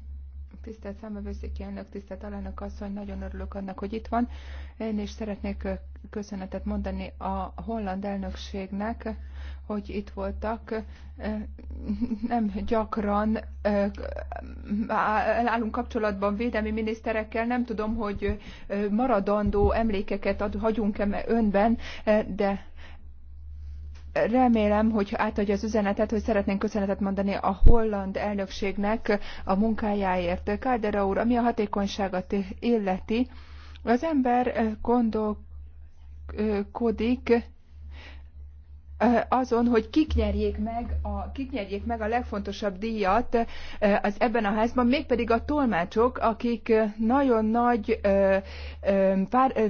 Tisztelt számbevőszéki elnök, tisztelt alelnök asszony, nagyon örülök annak, hogy itt van. Én is szeretnék köszönetet mondani a holland elnökségnek, hogy itt voltak. Nem gyakran állunk kapcsolatban védelmi miniszterekkel, nem tudom, hogy maradandó emlékeket hagyunk-e önben, de Remélem, hogy átadja az üzenetet, hogy szeretnénk köszönetet mondani a holland elnökségnek a munkájáért. Kádera úr, ami a hatékonyságot illeti, az ember gondolkodik, azon, hogy kik nyerjék meg a, kik nyerjék meg a legfontosabb díjat az ebben a házban, mégpedig a tolmácsok, akik nagyon nagy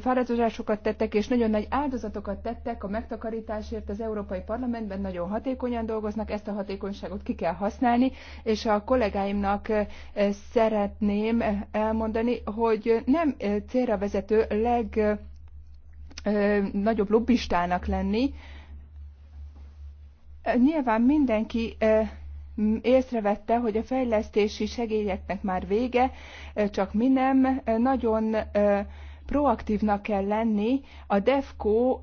fáradozásokat tettek, és nagyon nagy áldozatokat tettek a megtakarításért az Európai Parlamentben, nagyon hatékonyan dolgoznak, ezt a hatékonyságot ki kell használni, és a kollégáimnak szeretném elmondani, hogy nem célra vezető leg nagyobb lobbistának lenni, Nyilván mindenki észrevette, hogy a fejlesztési segélyeknek már vége, csak mi nem. Nagyon proaktívnak kell lenni. A DEFCO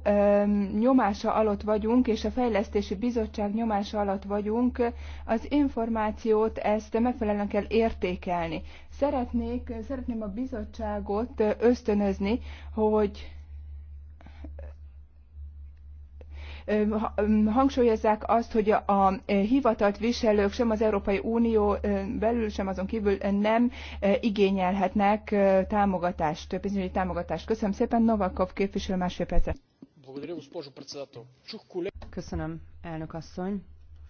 nyomása alatt vagyunk, és a Fejlesztési Bizottság nyomása alatt vagyunk. Az információt ezt megfelelően kell értékelni. Szeretnék, szeretném a bizottságot ösztönözni, hogy hangsúlyozzák azt, hogy a e, hivatalt viselők sem az Európai Unió belül, sem azon kívül nem igényelhetnek támogatást, pénzügyi támogatást. Köszönöm szépen, Novakov képviselő másfél percet. Köszönöm, elnök asszony,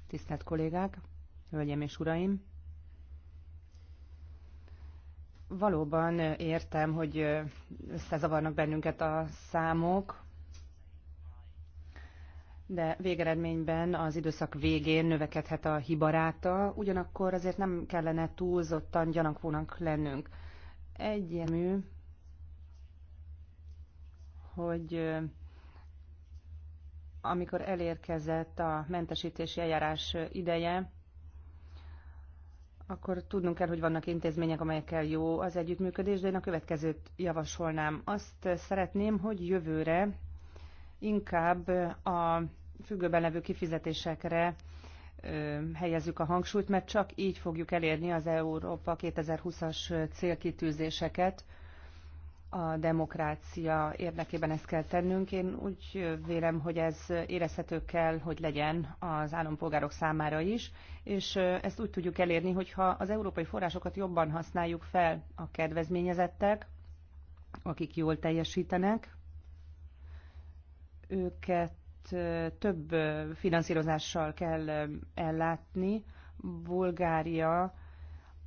tisztelt kollégák, hölgyeim és uraim. Valóban értem, hogy összezavarnak bennünket a számok, de végeredményben az időszak végén növekedhet a hibaráta, ugyanakkor azért nem kellene túlzottan gyanakvónak lennünk. Egyemű, hogy amikor elérkezett a mentesítési eljárás ideje, akkor tudnunk kell, hogy vannak intézmények, amelyekkel jó az együttműködés, de én a következőt javasolnám. Azt szeretném, hogy jövőre inkább a függőben levő kifizetésekre helyezzük a hangsúlyt, mert csak így fogjuk elérni az Európa 2020-as célkitűzéseket. A demokrácia érdekében ezt kell tennünk. Én úgy vélem, hogy ez érezhető kell, hogy legyen az állampolgárok számára is, és ezt úgy tudjuk elérni, hogyha az európai forrásokat jobban használjuk fel a kedvezményezettek, akik jól teljesítenek, őket több finanszírozással kell ellátni. Bulgária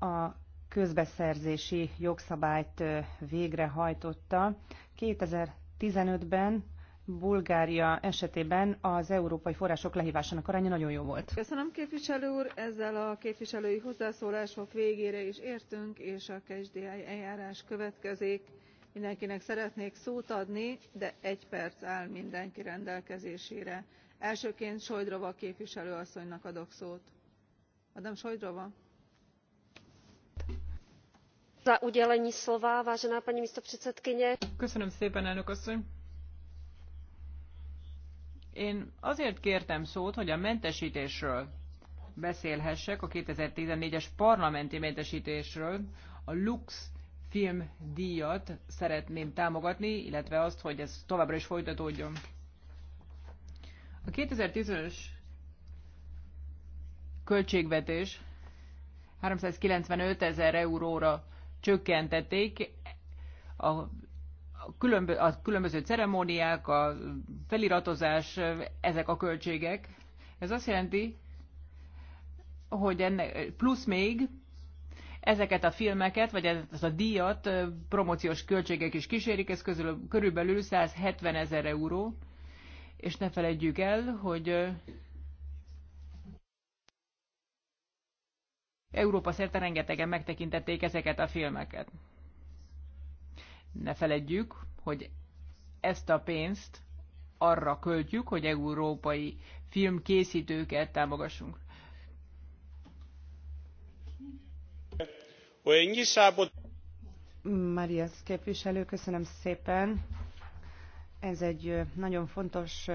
a közbeszerzési jogszabályt végrehajtotta. 2015-ben Bulgária esetében az európai források lehívásának aránya nagyon jó volt. Köszönöm képviselő úr, ezzel a képviselői hozzászólások végére is értünk, és a KSDI eljárás következik mindenkinek szeretnék szót adni de egy perc áll mindenki rendelkezésére. elsőként sojdrova képviselő asszonynak adok szót. madame sojdrova. Köszönöm szépen, elnök asszony! Én azért kértem szót, hogy a mentesítésről beszélhessek, a 2014-es parlamenti mentesítésről, a Lux filmdíjat szeretném támogatni, illetve azt, hogy ez továbbra is folytatódjon. A 2010-ös költségvetés 395 ezer euróra csökkentették a, a, különbö, a különböző ceremóniák, a feliratozás, ezek a költségek. Ez azt jelenti, hogy ennek plusz még Ezeket a filmeket, vagy ez a díjat promóciós költségek is kísérik, ez közül, körülbelül 170 ezer euró, és ne felejtjük el, hogy Európa szerte rengetegen megtekintették ezeket a filmeket. Ne feledjük, hogy ezt a pénzt arra költjük, hogy európai filmkészítőket támogassunk. Marias képviselő, köszönöm szépen. Ez egy nagyon fontos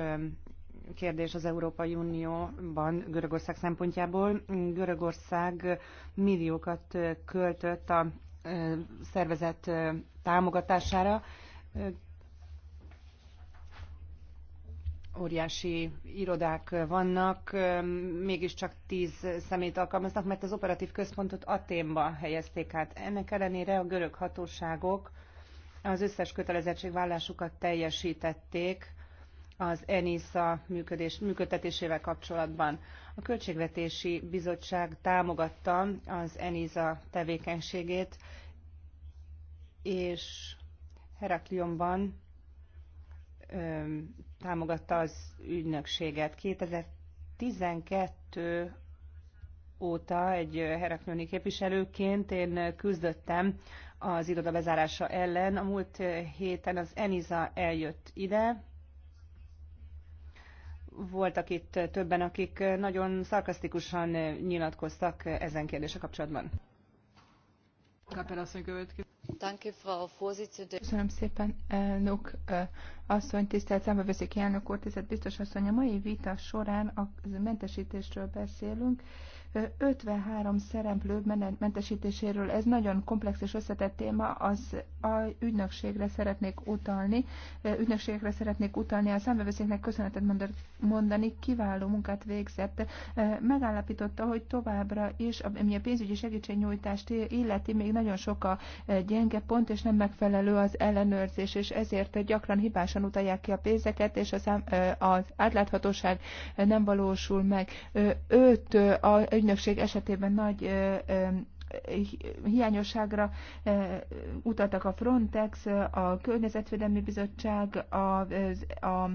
kérdés az Európai Unióban Görögország szempontjából. Görögország milliókat költött a szervezet támogatására. óriási irodák vannak, mégiscsak tíz szemét alkalmaznak, mert az operatív központot Aténba helyezték át. Ennek ellenére a görög hatóságok az összes kötelezettségvállásukat teljesítették az ENISA működés, működtetésével kapcsolatban. A Költségvetési Bizottság támogatta az ENISA tevékenységét, és Heraklionban támogatta az ügynökséget. 2012 óta egy Heraklóni képviselőként én küzdöttem az iroda bezárása ellen. A múlt héten az Eniza eljött ide, voltak itt többen, akik nagyon szarkasztikusan nyilatkoztak ezen kérdése kapcsolatban. Köszönöm szépen, elnök asszony, tisztelt számbevőszéki elnök úr, tisztelt biztos asszony. A mai vita során a mentesítésről beszélünk, 53 szereplő mentesítéséről. Ez nagyon komplex és összetett téma, az a ügynökségre szeretnék utalni. Ügynökségre szeretnék utalni, a számbevőszéknek köszönetet mondani, kiváló munkát végzett. Megállapította, hogy továbbra is, ami a pénzügyi segítségnyújtást illeti, még nagyon sok a gyenge pont, és nem megfelelő az ellenőrzés, és ezért gyakran hibásan utalják ki a pénzeket, és az, az átláthatóság nem valósul meg. Öt a ügynökség esetében nagy hiányosságra utaltak a Frontex, a Környezetvédelmi Bizottság, az, a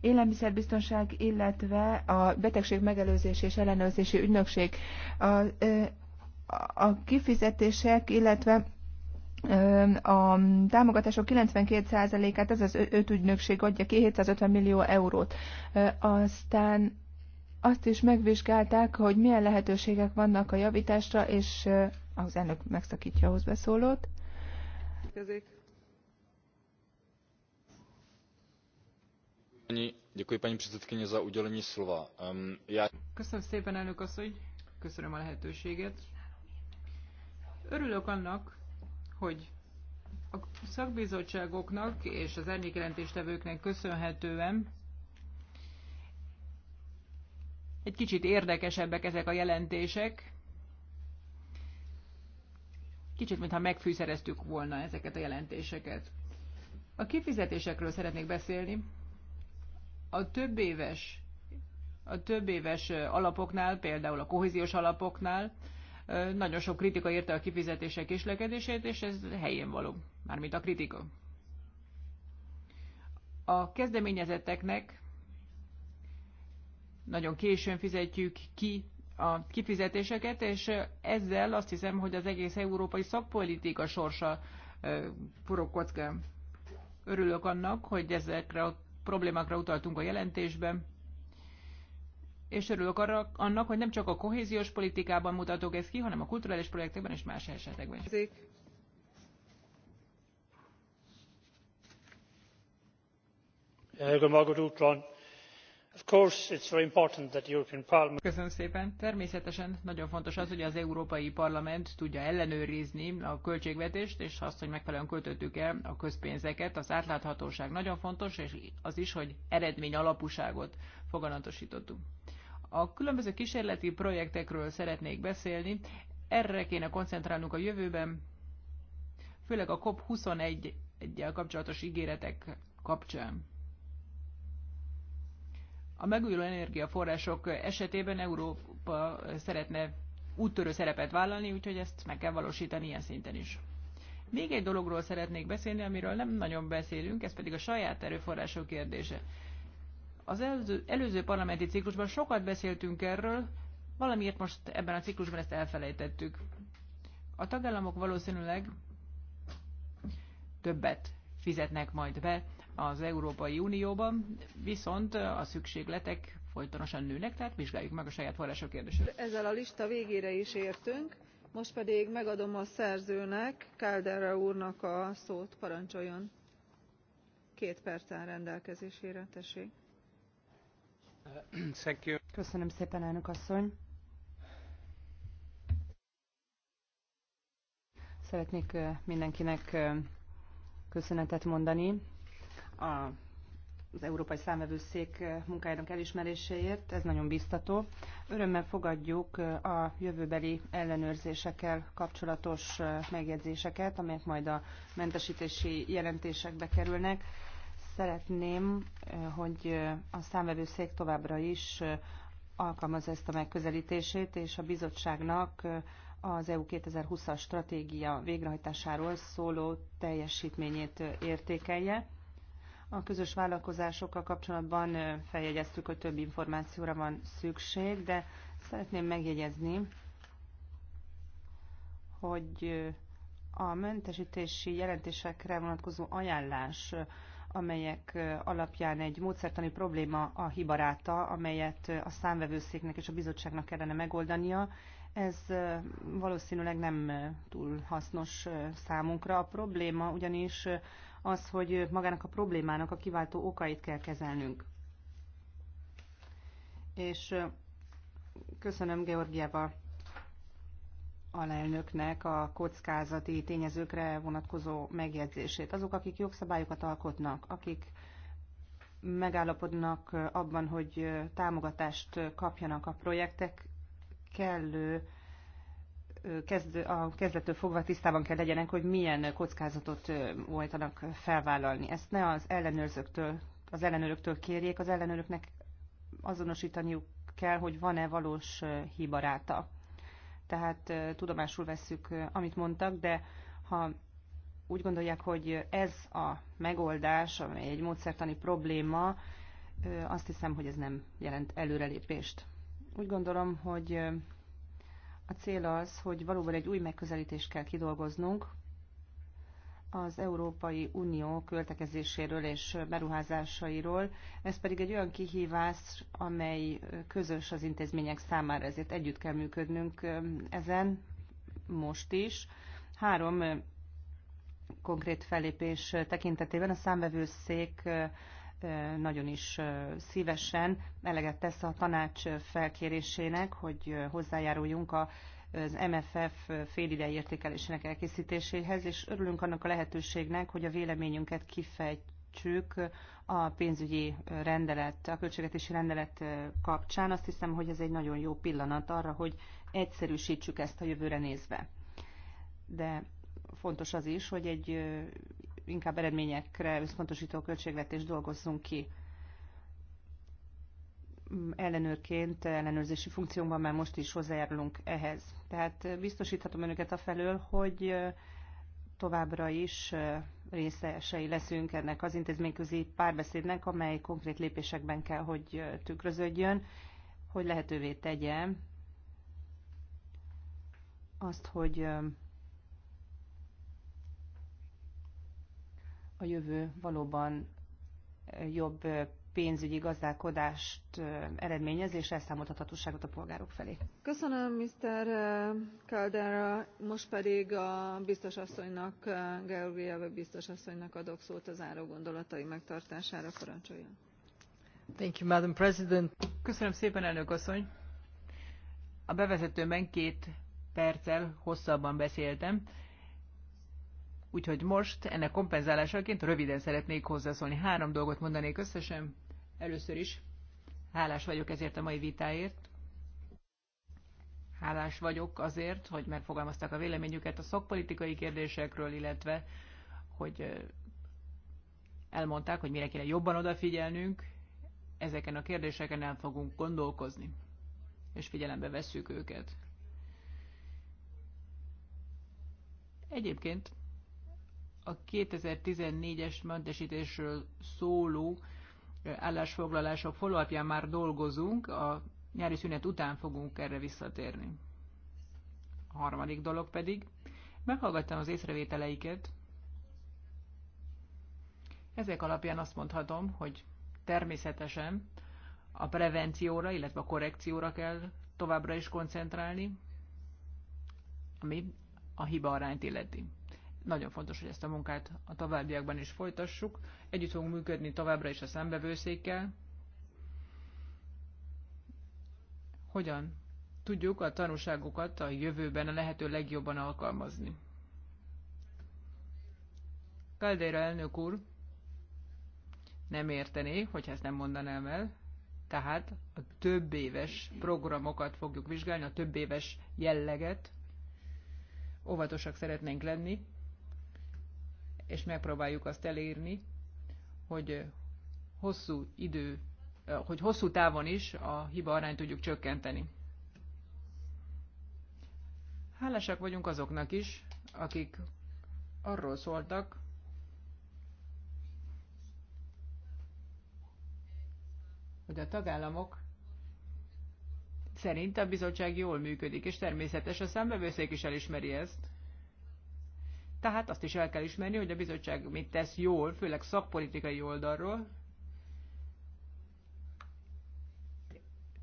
élelmiszerbiztonság, illetve a betegség megelőzési és ellenőrzési ügynökség. A, a kifizetések, illetve a támogatások 92%-át ez az öt ügynökség adja ki, 750 millió eurót. Aztán azt is megvizsgálták, hogy milyen lehetőségek vannak a javításra, és az elnök megszakítja ahhoz beszólót. Köszönöm szépen, elnök asszony, köszönöm a lehetőséget. Örülök annak, hogy a szakbizottságoknak és az árnyékjelentéstevőknek köszönhetően egy kicsit érdekesebbek ezek a jelentések. Kicsit, mintha megfűszereztük volna ezeket a jelentéseket. A kifizetésekről szeretnék beszélni. A több éves, a több éves alapoknál, például a kohéziós alapoknál, nagyon sok kritika érte a kifizetések kislekedését, és ez helyén való, mármint a kritika. A kezdeményezetteknek nagyon későn fizetjük ki a kifizetéseket, és ezzel azt hiszem, hogy az egész európai szakpolitika sorsa forog Örülök annak, hogy ezekre a problémákra utaltunk a jelentésben, és örülök arra, annak, hogy nem csak a kohéziós politikában mutatok ezt ki, hanem a kulturális projektekben és más esetekben is. Köszönöm. Köszönöm szépen. természetesen nagyon fontos az hogy az európai parlament tudja ellenőrizni a költségvetést és azt hogy megfelelően költöttük e a közpénzeket az átláthatóság nagyon fontos és az is hogy eredmény alapúságot A különböző kísérleti projektekről szeretnék beszélni. Erre kéne koncentrálnunk a jövőben, főleg a COP21-gyel kapcsolatos ígéretek kapcsán a megújuló energiaforrások esetében Európa szeretne úttörő szerepet vállalni, úgyhogy ezt meg kell valósítani ilyen szinten is. Még egy dologról szeretnék beszélni, amiről nem nagyon beszélünk, ez pedig a saját erőforrások kérdése. Az előző, előző parlamenti ciklusban sokat beszéltünk erről, valamiért most ebben a ciklusban ezt elfelejtettük. A tagállamok valószínűleg többet fizetnek majd be az Európai Unióban, viszont a szükségletek folytonosan nőnek, tehát vizsgáljuk meg a saját források kérdését. Ezzel a lista végére is értünk, most pedig megadom a szerzőnek, Kálderra úrnak a szót, parancsoljon. Két perc áll rendelkezésére, tessék. Köszönöm szépen, elnök asszony. Szeretnék mindenkinek köszönetet mondani a az Európai Számvevőszék munkájának elismeréséért, ez nagyon biztató. Örömmel fogadjuk a jövőbeli ellenőrzésekkel kapcsolatos megjegyzéseket, amelyek majd a mentesítési jelentésekbe kerülnek. Szeretném, hogy a számvevőszék továbbra is alkalmazza ezt a megközelítését, és a bizottságnak az EU 2020-as stratégia végrehajtásáról szóló teljesítményét értékelje a közös vállalkozásokkal kapcsolatban feljegyeztük, hogy több információra van szükség, de szeretném megjegyezni, hogy a mentesítési jelentésekre vonatkozó ajánlás, amelyek alapján egy módszertani probléma a hibaráta, amelyet a számvevőszéknek és a bizottságnak kellene megoldania, ez valószínűleg nem túl hasznos számunkra. A probléma ugyanis az, hogy magának a problémának a kiváltó okait kell kezelnünk. És köszönöm Georgiába alelnöknek a kockázati tényezőkre vonatkozó megjegyzését. Azok, akik jogszabályokat alkotnak, akik megállapodnak abban, hogy támogatást kapjanak a projektek, kellő kezd, a kezdettől fogva tisztában kell legyenek, hogy milyen kockázatot voltanak felvállalni. Ezt ne az ellenőrzőktől, az ellenőröktől kérjék, az ellenőröknek azonosítaniuk kell, hogy van-e valós hibaráta. Tehát tudomásul vesszük, amit mondtak, de ha úgy gondolják, hogy ez a megoldás, ami egy módszertani probléma, azt hiszem, hogy ez nem jelent előrelépést. Úgy gondolom, hogy a cél az, hogy valóban egy új megközelítést kell kidolgoznunk az Európai Unió költekezéséről és beruházásairól. Ez pedig egy olyan kihívás, amely közös az intézmények számára, ezért együtt kell működnünk um, ezen most is. Három um, konkrét fellépés tekintetében a számvevőszék uh, Hát, nagyon is szívesen eleget tesz a tanács felkérésének, hogy hozzájáruljunk a az MFF félidei értékelésének elkészítéséhez, és örülünk annak a lehetőségnek, hogy a véleményünket kifejtsük a pénzügyi rendelet, a költségvetési rendelet kapcsán. Azt hiszem, hogy ez egy nagyon jó pillanat arra, hogy egyszerűsítsük ezt a jövőre nézve. De fontos az is, hogy egy inkább eredményekre összpontosító költségvetés dolgozzunk ki. Ellenőrként, ellenőrzési funkciónkban már most is hozzájárulunk ehhez. Tehát biztosíthatom önöket a felől, hogy továbbra is részesei leszünk ennek az intézményközi párbeszédnek, amely konkrét lépésekben kell, hogy tükröződjön, hogy lehetővé tegye azt, hogy a jövő valóban jobb pénzügyi gazdálkodást eredményez, és elszámoltathatóságot a polgárok felé. Köszönöm, Mr. Caldera. Most pedig a biztos asszonynak, Georgieva biztos asszonynak adok szót az áró gondolatai megtartására. Parancsoljon. Thank you, Madam President. Köszönöm szépen, elnök asszony. A bevezetőben két perccel hosszabban beszéltem. Úgyhogy most ennek kompenzálásaként röviden szeretnék hozzászólni. Három dolgot mondanék összesen. Először is hálás vagyok ezért a mai vitáért. Hálás vagyok azért, hogy megfogalmazták a véleményüket a szakpolitikai kérdésekről, illetve hogy elmondták, hogy mire kéne jobban odafigyelnünk, ezeken a kérdéseken el fogunk gondolkozni, és figyelembe vesszük őket. Egyébként a 2014-es mentesítésről szóló állásfoglalások folyapján már dolgozunk, a nyári szünet után fogunk erre visszatérni. A harmadik dolog pedig, meghallgattam az észrevételeiket, ezek alapján azt mondhatom, hogy természetesen a prevencióra, illetve a korrekcióra kell továbbra is koncentrálni, ami a hiba arányt illeti. Nagyon fontos, hogy ezt a munkát a továbbiakban is folytassuk. Együtt fogunk működni továbbra is a szembevőszékkel. Hogyan tudjuk a tanúságokat a jövőben a lehető legjobban alkalmazni? Caldeira elnök úr nem értené, hogyha ezt nem mondanám el, tehát a több éves programokat fogjuk vizsgálni, a több éves jelleget. Óvatosak szeretnénk lenni, és megpróbáljuk azt elérni, hogy hosszú idő, hogy hosszú távon is a hiba arányt tudjuk csökkenteni. Hálásak vagyunk azoknak is, akik arról szóltak, hogy a tagállamok szerint a bizottság jól működik, és természetes a számbevőszék is elismeri ezt. Tehát azt is el kell ismerni, hogy a bizottság mit tesz jól, főleg szakpolitikai oldalról.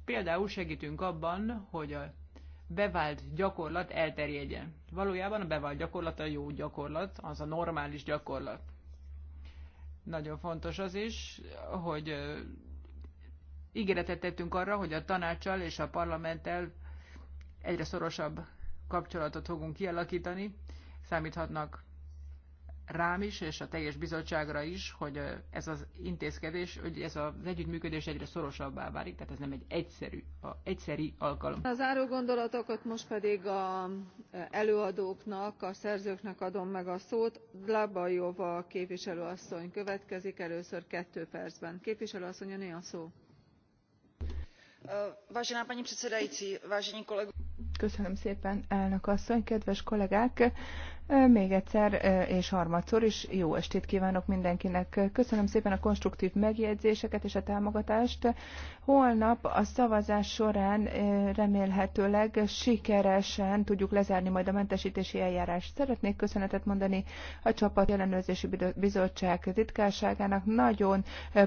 Például segítünk abban, hogy a bevált gyakorlat elterjedjen. Valójában a bevált gyakorlat a jó gyakorlat, az a normális gyakorlat. Nagyon fontos az is, hogy ígéretet tettünk arra, hogy a tanácssal és a parlamenttel egyre szorosabb kapcsolatot fogunk kialakítani számíthatnak rám is, és a teljes bizottságra is, hogy ez az intézkedés, hogy ez az együttműködés egyre szorosabbá válik, tehát ez nem egy egyszerű, a egyszeri alkalom. Az záró gondolatokat most pedig a előadóknak, a szerzőknek adom meg a szót. Dlabajova képviselőasszony következik, először kettő percben. Képviselőasszony, öné a szó. Vážená pani předsedající, vážení kolegové. Köszönöm szépen, elnök asszony, kedves kollégák! Még egyszer és harmadszor is jó estét kívánok mindenkinek. Köszönöm szépen a konstruktív megjegyzéseket és a támogatást. Holnap a szavazás során remélhetőleg sikeresen tudjuk lezárni majd a mentesítési eljárást. Szeretnék köszönetet mondani a csapat ellenőrzési bizottság titkárságának. Nagyon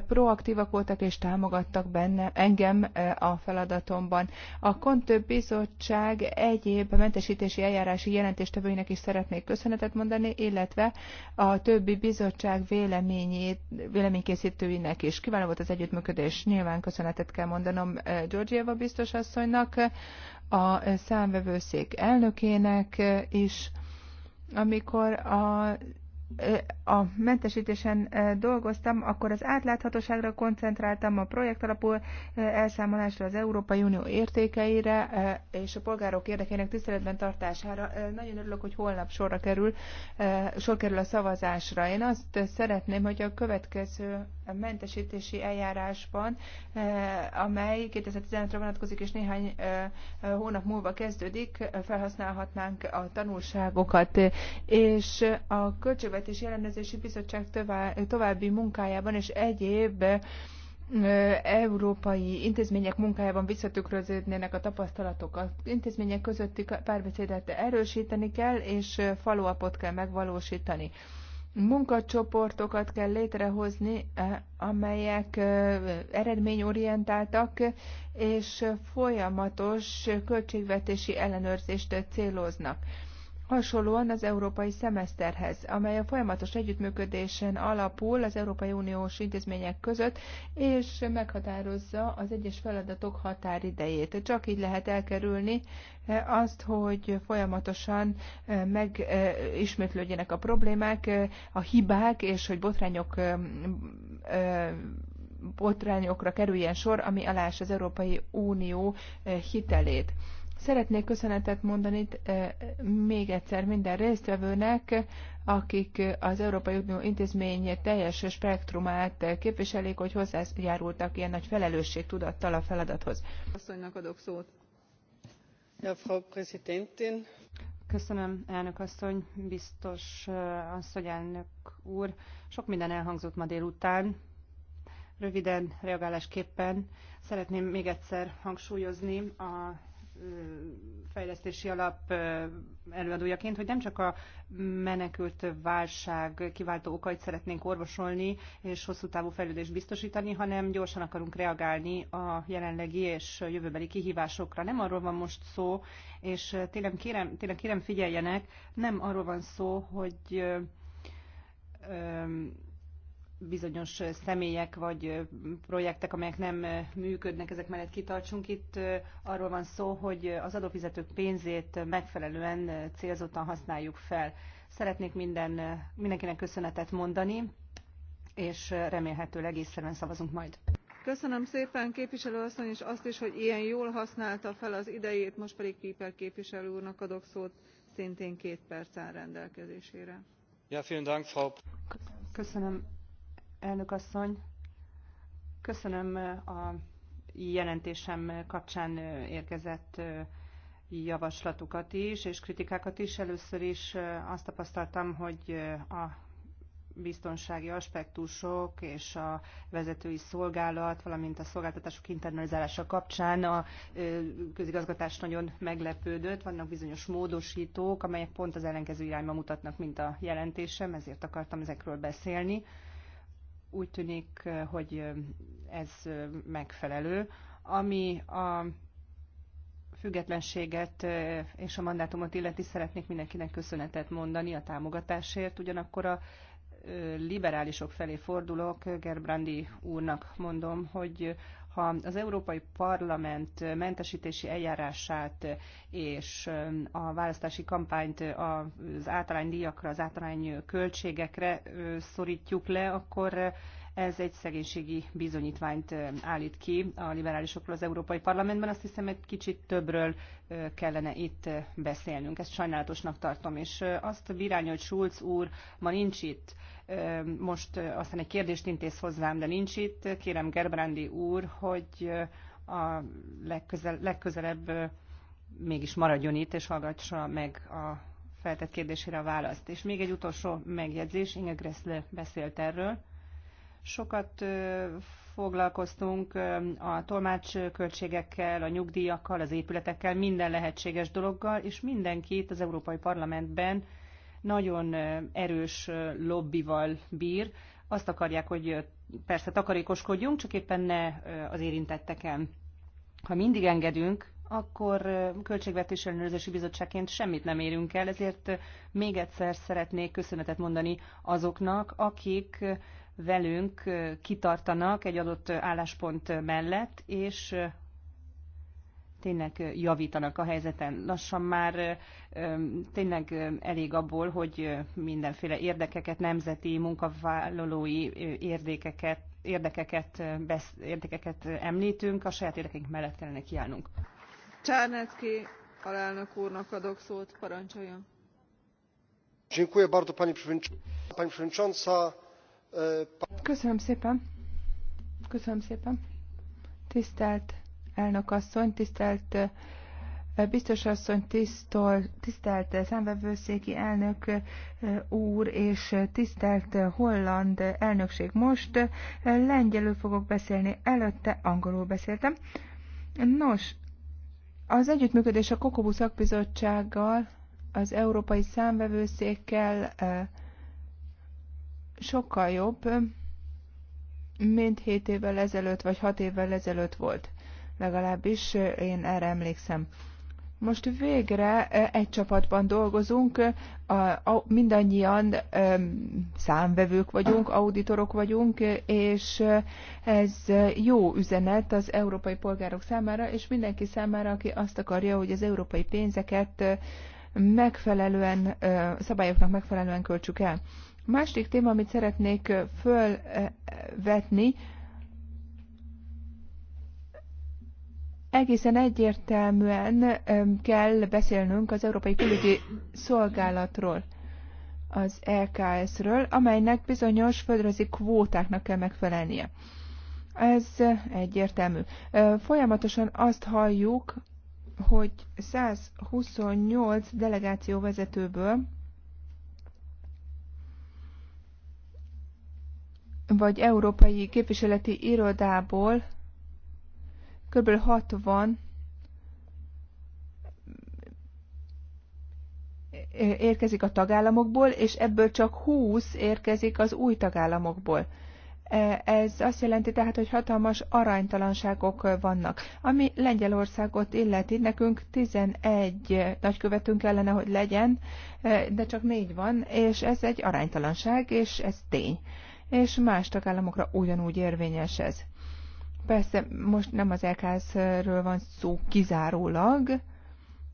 proaktívak voltak és támogattak benne engem a feladatomban. A Kontő Bizottság egyéb mentesítési eljárási jelentéstevőinek is szeretnék köszönetet mondani, illetve a többi bizottság véleményét, véleménykészítőinek is. Kiváló volt az együttműködés, nyilván köszönetet kell mondanom eh, Georgieva biztos asszonynak, a számvevőszék elnökének eh, is, amikor a a mentesítésen dolgoztam, akkor az átláthatóságra koncentráltam, a projekt alapú elszámolásra, az Európai Unió értékeire és a polgárok érdekének tiszteletben tartására. Nagyon örülök, hogy holnap sorra kerül, sor kerül a szavazásra. Én azt szeretném, hogy a következő mentesítési eljárásban, amely 2015-re vonatkozik és néhány hónap múlva kezdődik, felhasználhatnánk a tanulságokat, és a költségvetés Költségvetési Ellenőrzési Bizottság további munkájában és egyéb európai intézmények munkájában visszatükröződnének a tapasztalatok. Az intézmények közötti párbeszédet erősíteni kell, és faluapot kell megvalósítani. Munkacsoportokat kell létrehozni, amelyek eredményorientáltak, és folyamatos költségvetési ellenőrzést céloznak. Hasonlóan az európai szemeszterhez, amely a folyamatos együttműködésen alapul az Európai Uniós intézmények között, és meghatározza az egyes feladatok határidejét. Csak így lehet elkerülni eh, azt, hogy folyamatosan eh, megismétlődjenek eh, a problémák, a hibák, és hogy botrányok botrányokra kerüljen sor, ami alás az Európai Unió hitelét. Szeretnék köszönetet mondani eh, még egyszer minden résztvevőnek, akik az Európai Unió intézmény teljes spektrumát képviselik, hogy hozzájárultak ilyen nagy felelősségtudattal a feladathoz. Asszonynak adok szót. Ja, Frau Präsidentin. Köszönöm, elnök asszony, biztos eh, asszony, elnök úr. Sok minden elhangzott ma délután. Röviden reagálásképpen szeretném még egyszer hangsúlyozni a fejlesztési alap előadójaként, hogy nem csak a menekült válság kiváltó okait szeretnénk orvosolni és hosszú távú fejlődést biztosítani, hanem gyorsan akarunk reagálni a jelenlegi és jövőbeli kihívásokra. Nem arról van most szó, és tényleg kérem, tényleg kérem figyeljenek, nem arról van szó, hogy bizonyos személyek vagy projektek, amelyek nem működnek, ezek mellett kitartsunk. Itt arról van szó, hogy az adófizetők pénzét megfelelően célzottan használjuk fel. Szeretnék minden, mindenkinek köszönetet mondani, és remélhetőleg észszerűen szavazunk majd. Köszönöm szépen képviselő asszony, és azt is, hogy ilyen jól használta fel az idejét, most pedig Piper képviselő úrnak adok szót, szintén két perc áll rendelkezésére. Ja, vielen Dank, Frau. Köszönöm Elnök asszony, köszönöm a jelentésem kapcsán érkezett javaslatukat is, és kritikákat is. Először is azt tapasztaltam, hogy a biztonsági aspektusok és a vezetői szolgálat, valamint a szolgáltatások internalizálása kapcsán a közigazgatás nagyon meglepődött. Vannak bizonyos módosítók, amelyek pont az ellenkező irányba mutatnak, mint a jelentésem, ezért akartam ezekről beszélni úgy tűnik, hogy ez megfelelő. Ami a függetlenséget és a mandátumot illeti, szeretnék mindenkinek köszönetet mondani a támogatásért, ugyanakkor a liberálisok felé fordulok, Gerbrandi úrnak mondom, hogy ha az Európai Parlament mentesítési eljárását és a választási kampányt az általány díjakra, az általány költségekre szorítjuk le, akkor ez egy szegénységi bizonyítványt állít ki a liberálisokról az Európai Parlamentben. Azt hiszem, egy kicsit többről kellene itt beszélnünk. Ezt sajnálatosnak tartom, és azt bírálni, hogy Schulz úr ma nincs itt, most aztán egy kérdést intéz hozzám, de nincs itt. Kérem Gerbrandi úr, hogy a legközel, legközelebb mégis maradjon itt, és hallgassa meg a feltett kérdésére a választ. És még egy utolsó megjegyzés, Inge Gressle beszélt erről. Sokat foglalkoztunk a tolmács költségekkel, a nyugdíjakkal, az épületekkel, minden lehetséges dologgal, és mindenkit az Európai Parlamentben nagyon erős lobbival bír. Azt akarják, hogy persze takarékoskodjunk, csak éppen ne az érintetteken. Ha mindig engedünk, akkor Költségvetés Ellenőrzési Bizottságként semmit nem érünk el, ezért még egyszer szeretnék köszönetet mondani azoknak, akik velünk kitartanak egy adott álláspont mellett, és tényleg javítanak a helyzeten. Lassan már tényleg elég abból, hogy mindenféle érdekeket, nemzeti munkavállalói érdekeket, érdekeket, besz, érdekeket említünk, a saját érdekeink mellett kellene kiállnunk. Csárnecki alelnök úrnak adok szót, parancsoljon. Dziękuję bardzo pani przewodnicząca. Pani przewodnicząca Köszönöm szépen. Köszönöm szépen. Tisztelt elnök asszony, tisztelt biztos asszony, tisztol, tisztelt szemvevőszéki elnök úr és tisztelt holland elnökség. Most lengyelül fogok beszélni, előtte angolul beszéltem. Nos, az együttműködés a Kokobu szakbizottsággal, az Európai Számvevőszékkel, sokkal jobb, mint 7 évvel ezelőtt, vagy 6 évvel ezelőtt volt. Legalábbis én erre emlékszem. Most végre egy csapatban dolgozunk, mindannyian számvevők vagyunk, auditorok vagyunk, és ez jó üzenet az európai polgárok számára, és mindenki számára, aki azt akarja, hogy az európai pénzeket megfelelően, szabályoknak megfelelően költsük el. A második téma, amit szeretnék fölvetni, egészen egyértelműen kell beszélnünk az Európai Külügyi Szolgálatról, az EKS-ről, amelynek bizonyos földrajzi kvótáknak kell megfelelnie. Ez egyértelmű. Folyamatosan azt halljuk, hogy 128 delegáció vezetőből vagy európai képviseleti irodából kb. 60 érkezik a tagállamokból, és ebből csak 20 érkezik az új tagállamokból. E, ez azt jelenti tehát, hogy hatalmas aránytalanságok vannak. Ami Lengyelországot illeti, nekünk 11 nagykövetünk kellene, hogy legyen, e, de csak 4 van, és ez egy aránytalanság, és ez tény és más tagállamokra ugyanúgy érvényes ez. Persze most nem az EKS-ről van szó kizárólag,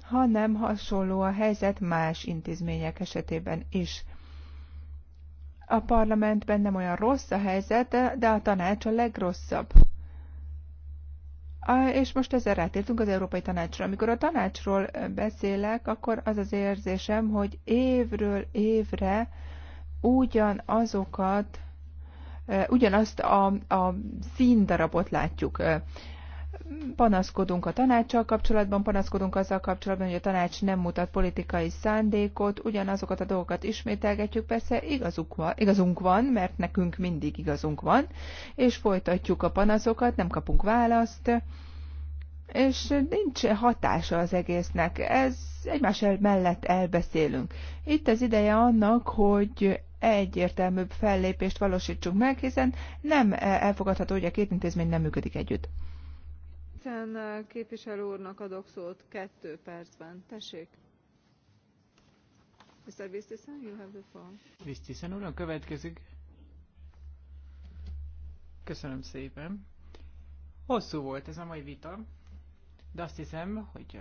hanem hasonló a helyzet más intézmények esetében is. A parlamentben nem olyan rossz a helyzet, de a tanács a legrosszabb. És most ezzel rátértünk az Európai Tanácsra. Amikor a tanácsról beszélek, akkor az az érzésem, hogy évről évre ugyanazokat ugyanazt a, a színdarabot látjuk. Panaszkodunk a tanácssal kapcsolatban, panaszkodunk azzal kapcsolatban, hogy a tanács nem mutat politikai szándékot, ugyanazokat a dolgokat ismételgetjük, persze igazuk van, igazunk van, mert nekünk mindig igazunk van, és folytatjuk a panaszokat, nem kapunk választ, és nincs hatása az egésznek. Ez egymás mellett elbeszélünk. Itt az ideje annak, hogy egyértelműbb fellépést valósítsunk meg, hiszen nem e, elfogadható, hogy a két intézmény nem működik együtt. Hiszen e, képviselő úrnak adok szót kettő percben. Tessék! Mr. Vistisen, you have the phone. Vistisen úr, következik. Köszönöm szépen. Hosszú volt ez a mai vita, de azt hiszem, hogy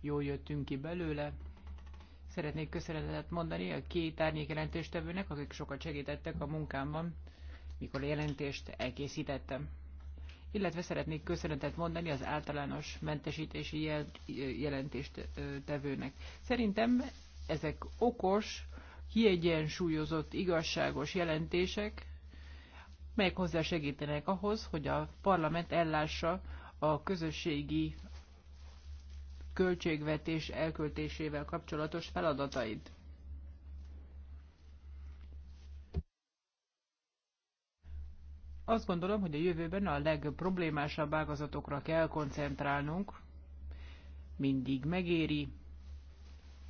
jól jöttünk ki belőle, Szeretnék köszönetet mondani a két árnyék jelentéstevőnek, akik sokat segítettek a munkámban, mikor a jelentést elkészítettem. Illetve szeretnék köszönetet mondani az általános mentesítési jel jelentést Szerintem ezek okos, kiegyensúlyozott, igazságos jelentések, melyek hozzá segítenek ahhoz, hogy a parlament ellássa a közösségi költségvetés elköltésével kapcsolatos feladataid? Azt gondolom, hogy a jövőben a legproblémásabb ágazatokra kell koncentrálnunk. Mindig megéri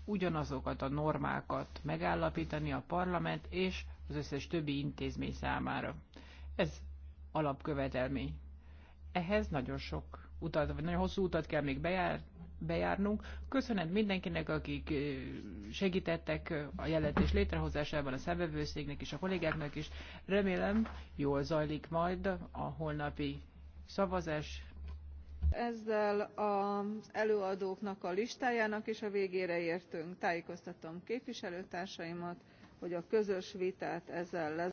ugyanazokat a normákat megállapítani a parlament és az összes többi intézmény számára. Ez alapkövetelmény. Ehhez nagyon sok utat, vagy nagyon hosszú utat kell még bejárni bejárnunk. Köszönet mindenkinek, akik segítettek a jelentés létrehozásában, a szembevőszéknek és a kollégáknak is. Remélem, jól zajlik majd a holnapi szavazás. Ezzel az előadóknak a listájának is a végére értünk. Tájékoztatom képviselőtársaimat, hogy a közös vitát ezzel lezárjuk.